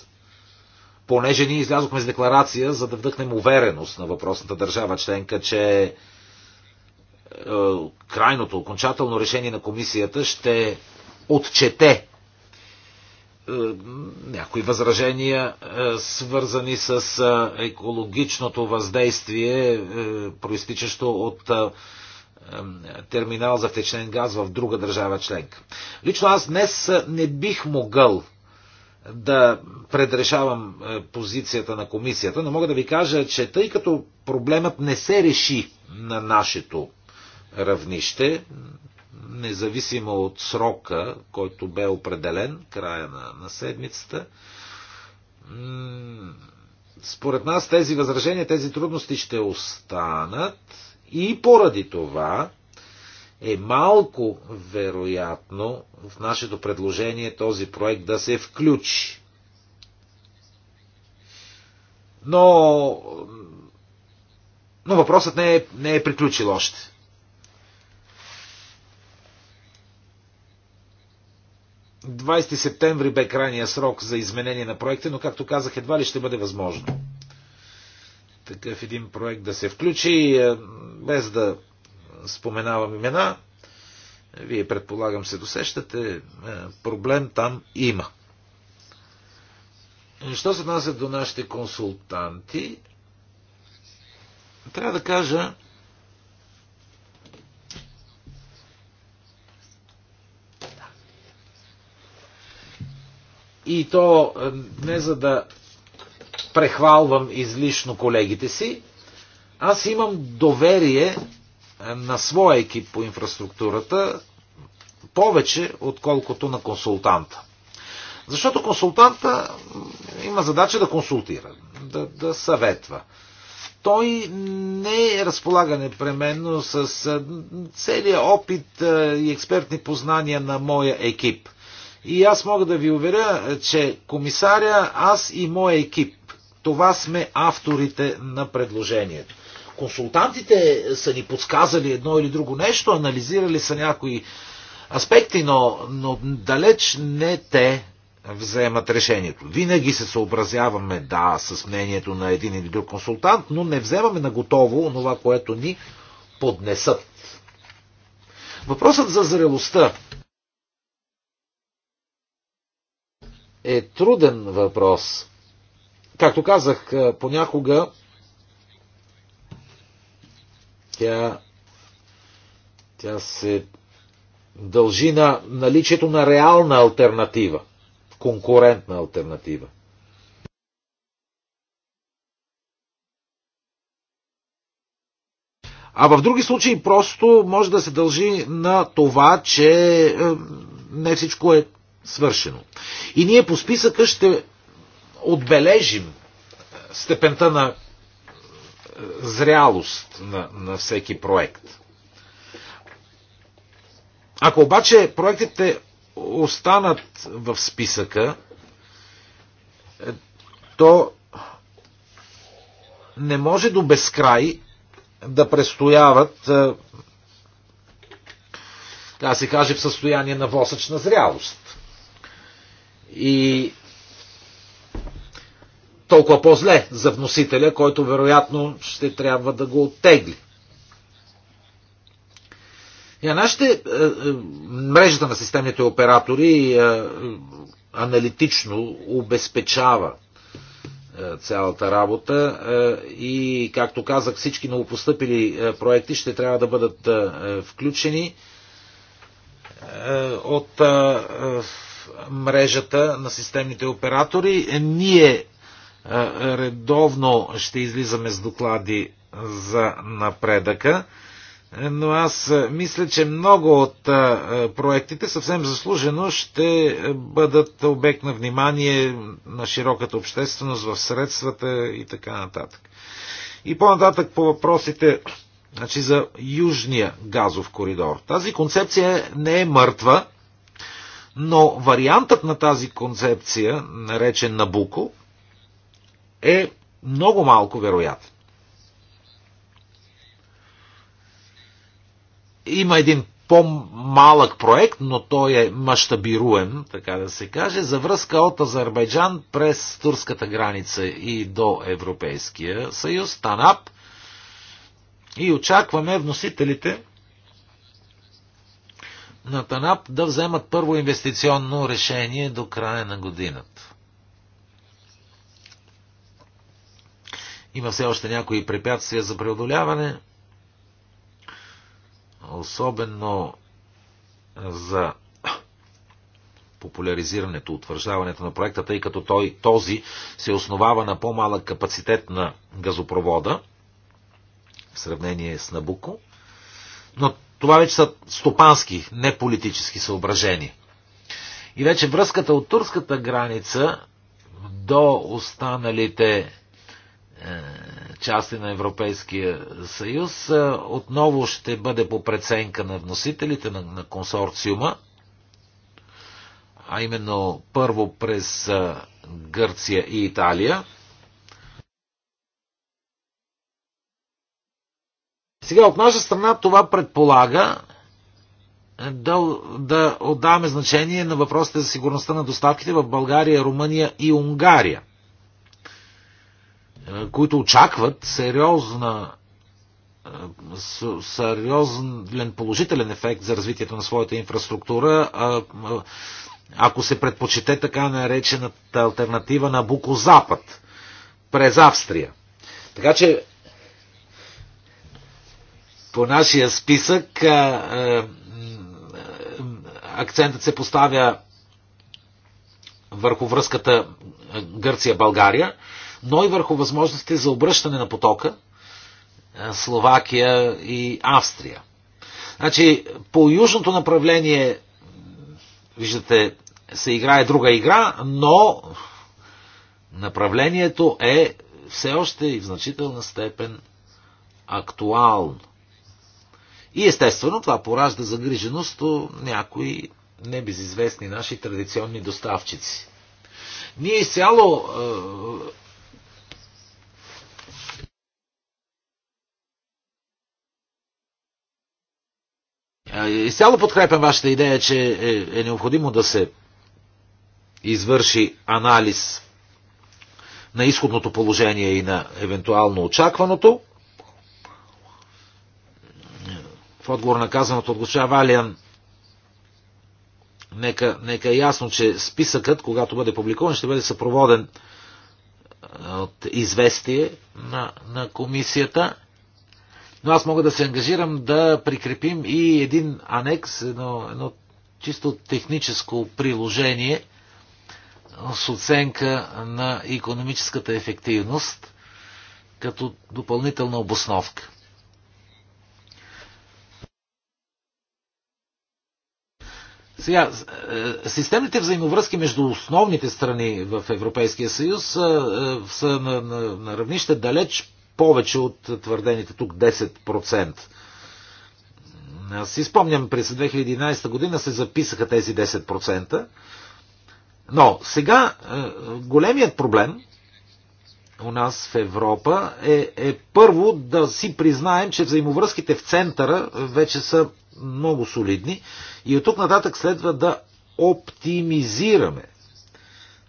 понеже ние излязохме с декларация, за да вдъхнем увереност на въпросната държава членка, че е, крайното, окончателно решение на комисията ще отчете е, някои възражения, е, свързани с е, екологичното въздействие, проистичащо от терминал за втечнен газ в друга държава членка. Лично аз днес не бих могъл да предрешавам позицията на комисията, но мога да ви кажа, че тъй като проблемът не се реши на нашето равнище, независимо от срока, който бе определен, края на, на седмицата. Според нас тези възражения, тези трудности ще останат и поради това е малко вероятно в нашето предложение този проект да се включи. Но, но въпросът не е, не е приключил още. 20 септември бе крайния срок за изменение на проекта, но както казах, едва ли ще бъде възможно такъв един проект да се включи, е, без да споменавам имена. Вие предполагам се досещате, е, проблем там има. Що се отнася до нашите консултанти, трябва да кажа, И то е, не за да прехвалвам излишно колегите си, аз имам доверие е, на своя екип по инфраструктурата повече, отколкото на консултанта. Защото консултанта има задача да консултира, да, да съветва. Той не е разполага непременно с целият опит е, и експертни познания на моя екип. И аз мога да ви уверя, че комисаря, аз и моя екип, това сме авторите на предложението. Консултантите са ни подсказали едно или друго нещо, анализирали са някои аспекти, но, но далеч не те вземат решението. Винаги се съобразяваме, да, с мнението на един или друг консултант, но не вземаме на готово това, което ни поднесат. Въпросът за зрелостта е труден въпрос. Както казах, понякога тя, тя се дължи на наличието на реална альтернатива, конкурентна альтернатива. А в други случаи просто може да се дължи на това, че не всичко е свършено. И ние по списъка ще отбележим степента на е, зрялост на, на всеки проект. Ако обаче проектите останат в списъка, е, то не може до безкрай да престояват, е, да се каже, в състояние на восъчна зрялост и толкова по-зле за вносителя, който вероятно ще трябва да го оттегли. И нашите, е, е, мрежата на системните оператори е, аналитично обезпечава цялата работа и, както казах, всички новопостъпили проекти ще трябва да бъдат включени от мрежата на системните оператори. Ние е, редовно ще излизаме с доклади за напредъка, но аз е, мисля, че много от е, проектите съвсем заслужено ще бъдат обект на внимание на широката общественост в средствата и така нататък. И по-нататък по въпросите значи за Южния газов коридор. Тази концепция не е мъртва, но вариантът на тази концепция, наречен Набуко, е много малко вероятен. Има един по-малък проект, но той е мащабируем, така да се каже, за връзка от Азербайджан през турската граница и до Европейския съюз, ТАНАП. И очакваме вносителите на ТАНАП да вземат първо инвестиционно решение до края на годината. Има все още някои препятствия за преодоляване, особено за популяризирането, утвърждаването на проекта, тъй като той, този се основава на по-малък капацитет на газопровода в сравнение с Набуко. Но това вече са стопански, не политически съображения. И вече връзката от турската граница до останалите е, части на Европейския съюз е, отново ще бъде по преценка на вносителите на, на консорциума, а именно първо през е, Гърция и Италия, Сега от наша страна това предполага е, да, да отдаваме значение на въпросите за сигурността на доставките в България, Румъния и Унгария, е, които очакват сериозна е, сериозен положителен ефект за развитието на своята инфраструктура, ако се предпочете така наречената альтернатива на Буко-Запад през Австрия. Така че по нашия списък акцентът се поставя върху връзката Гърция-България, но и върху възможностите за обръщане на потока Словакия и Австрия. Значи, по южното направление, виждате, се играе друга игра, но направлението е все още и в значителна степен актуално. И естествено това поражда загриженост у някои небезизвестни наши традиционни доставчици. Ние изцяло е, е, Изцяло подкрепям вашата идея, че е, е необходимо да се извърши анализ на изходното положение и на евентуално очакваното. в отговор на казаното от госпожа Валиан, нека, нека е ясно, че списъкът, когато бъде публикуван, ще бъде съпроводен от известие на, на комисията. Но аз мога да се ангажирам да прикрепим и един анекс, едно, едно чисто техническо приложение с оценка на економическата ефективност като допълнителна обосновка. Сега, е, системните взаимовръзки между основните страни в Европейския съюз са, е, е, са на, на, на равнище далеч повече от твърдените тук 10%. Аз си спомням, през 2011 година се записаха тези 10%, но сега големият проблем у нас в Европа е, е първо да си признаем, че взаимовръзките в центъра вече са много солидни и от тук нататък следва да оптимизираме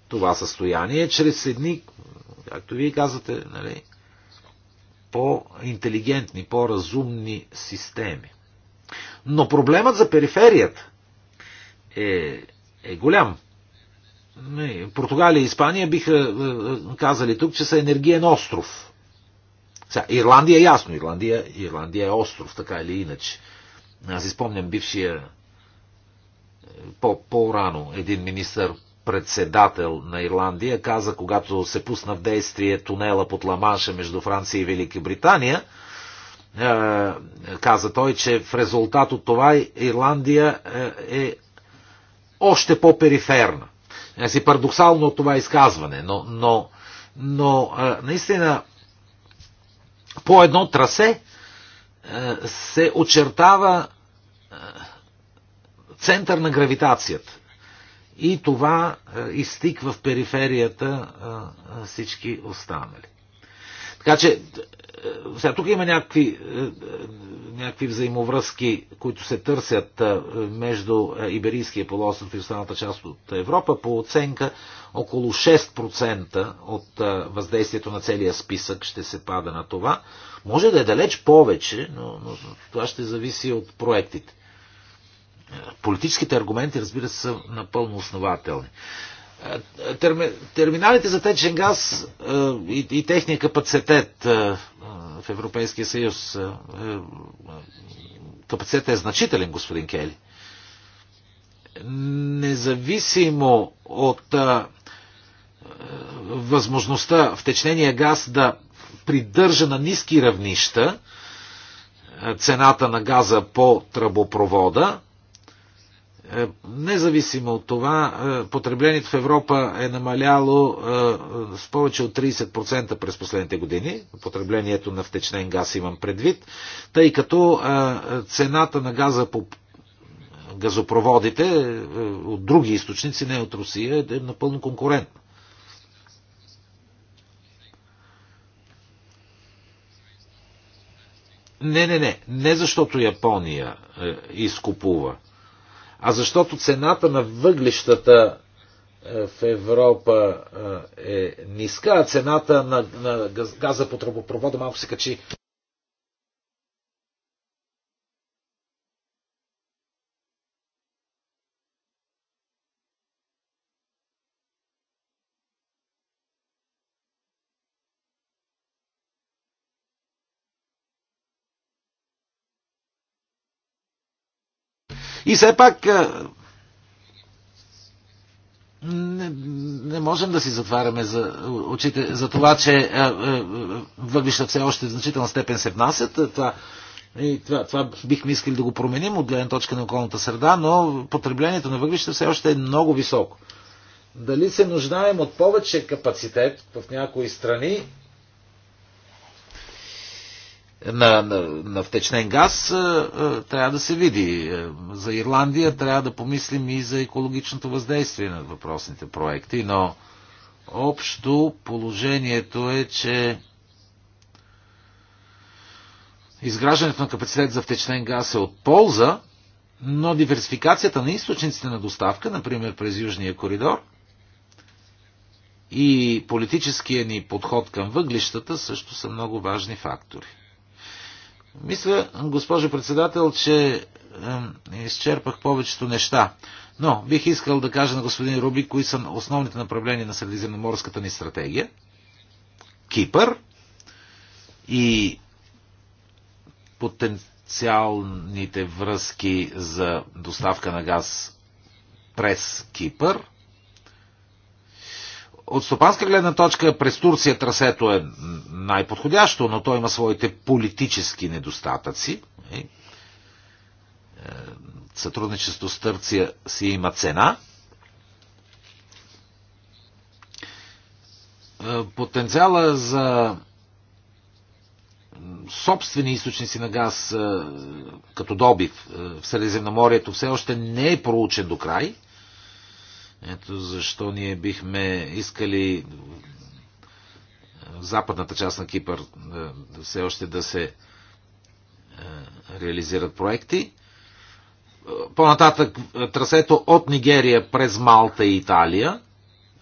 това състояние чрез едни, както вие казвате, нали, по-интелигентни, по-разумни системи. Но проблемът за периферията е, е голям. Португалия и Испания биха е, е, казали тук, че са енергиен остров. Сега, Ирландия е ясно. Ирландия, Ирландия е остров, така или иначе. Аз изпомням бившия е, по-рано -по един министър председател на Ирландия каза, когато се пусна в действие тунела под Ламанша между Франция и Великобритания, каза той, че в резултат от това Ирландия е още по-периферна си парадоксално от това изказване, но, но, но наистина по едно трасе се очертава център на гравитацията. И това изтиква в периферията всички останали. Така че е, сега тук има някакви, е, е, някакви взаимовръзки, които се търсят между Иберийския полуостров и останалата част от Европа. По оценка около 6% от въздействието на целия списък ще се пада на това. Може да е далеч повече, но, но това ще зависи от проектите. Политическите аргументи, разбира се, са напълно основателни терминалите за течен газ е, и, техния капацитет е, е, в Европейския съюз. Капацитетът е значителен, господин Кели. Независимо от възможността в течнения газ да придържа на ниски равнища цената на газа по тръбопровода, е, независимо от това, е, потреблението в Европа е намаляло е, с повече от 30% през последните години, потреблението на втечнен газ имам предвид, тъй като цената на газа по газопроводите от други източници, не от Русия, е напълно конкурентна. Не, не, не. Не защото Япония е, изкупува а защото цената на въглищата е, в Европа е, е ниска, а цената на, на газа по тръбопровода малко се качи. И все пак не, не можем да си затваряме за очите за това, че въглища все още в значителна степен се внасят. Това, и това, това бихме искали да го променим от гледна точка на околната среда, но потреблението на въглища все още е много високо. Дали се нуждаем от повече капацитет в някои страни? на, на, на втечнен газ трябва да се види. Е, за Ирландия трябва да помислим и за екологичното въздействие на въпросните проекти, но общо положението е, че изграждането на капацитет за втечнен газ е от полза, но диверсификацията на източниците на доставка, например през Южния коридор, и политическия ни подход към въглищата също са много важни фактори. Мисля, госпожо председател, че изчерпах повечето неща. Но бих искал да кажа на господин Руби, кои са основните направления на средиземноморската ни стратегия. Кипър и потенциалните връзки за доставка на газ през Кипър – от стопанска гледна точка през Турция трасето е най-подходящо, но то има своите политически недостатъци. Е, е, сътрудничество с Турция си има цена. Е, потенциала за собствени източници на газ като добив в Средиземноморието все още не е проучен до край. Ето защо ние бихме искали в западната част на Кипър е, все още да се е, реализират проекти. Е, по-нататък трасето от Нигерия през Малта и Италия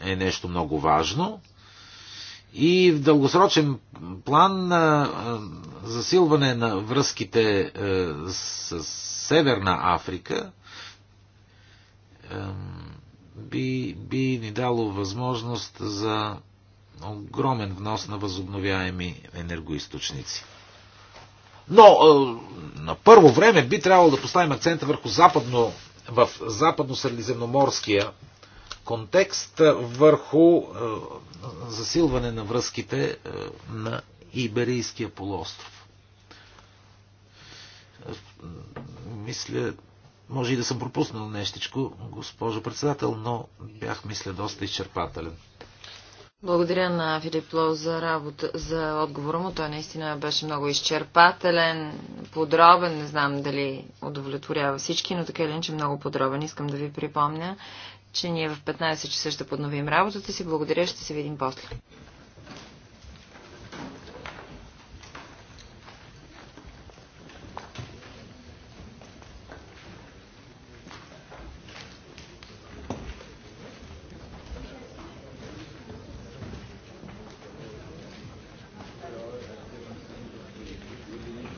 е нещо много важно. И в дългосрочен план на засилване на връзките с Северна Африка би, би ни дало възможност за огромен внос на възобновяеми енергоисточници. Но е, на първо време би трябвало да поставим акцента върху западно, в западно-средиземноморския контекст, е, върху е, засилване на връзките е, на Иберийския полуостров. Мисля, може и да съм пропуснал нещичко, госпожо председател, но бях, мисля, доста изчерпателен. Благодаря на Филип Лоу за, работа, за отговора му. Той наистина беше много изчерпателен, подробен. Не знам дали удовлетворява всички, но така или иначе много подробен. Искам да ви припомня, че ние в 15 часа ще подновим работата си. Благодаря, ще се видим после.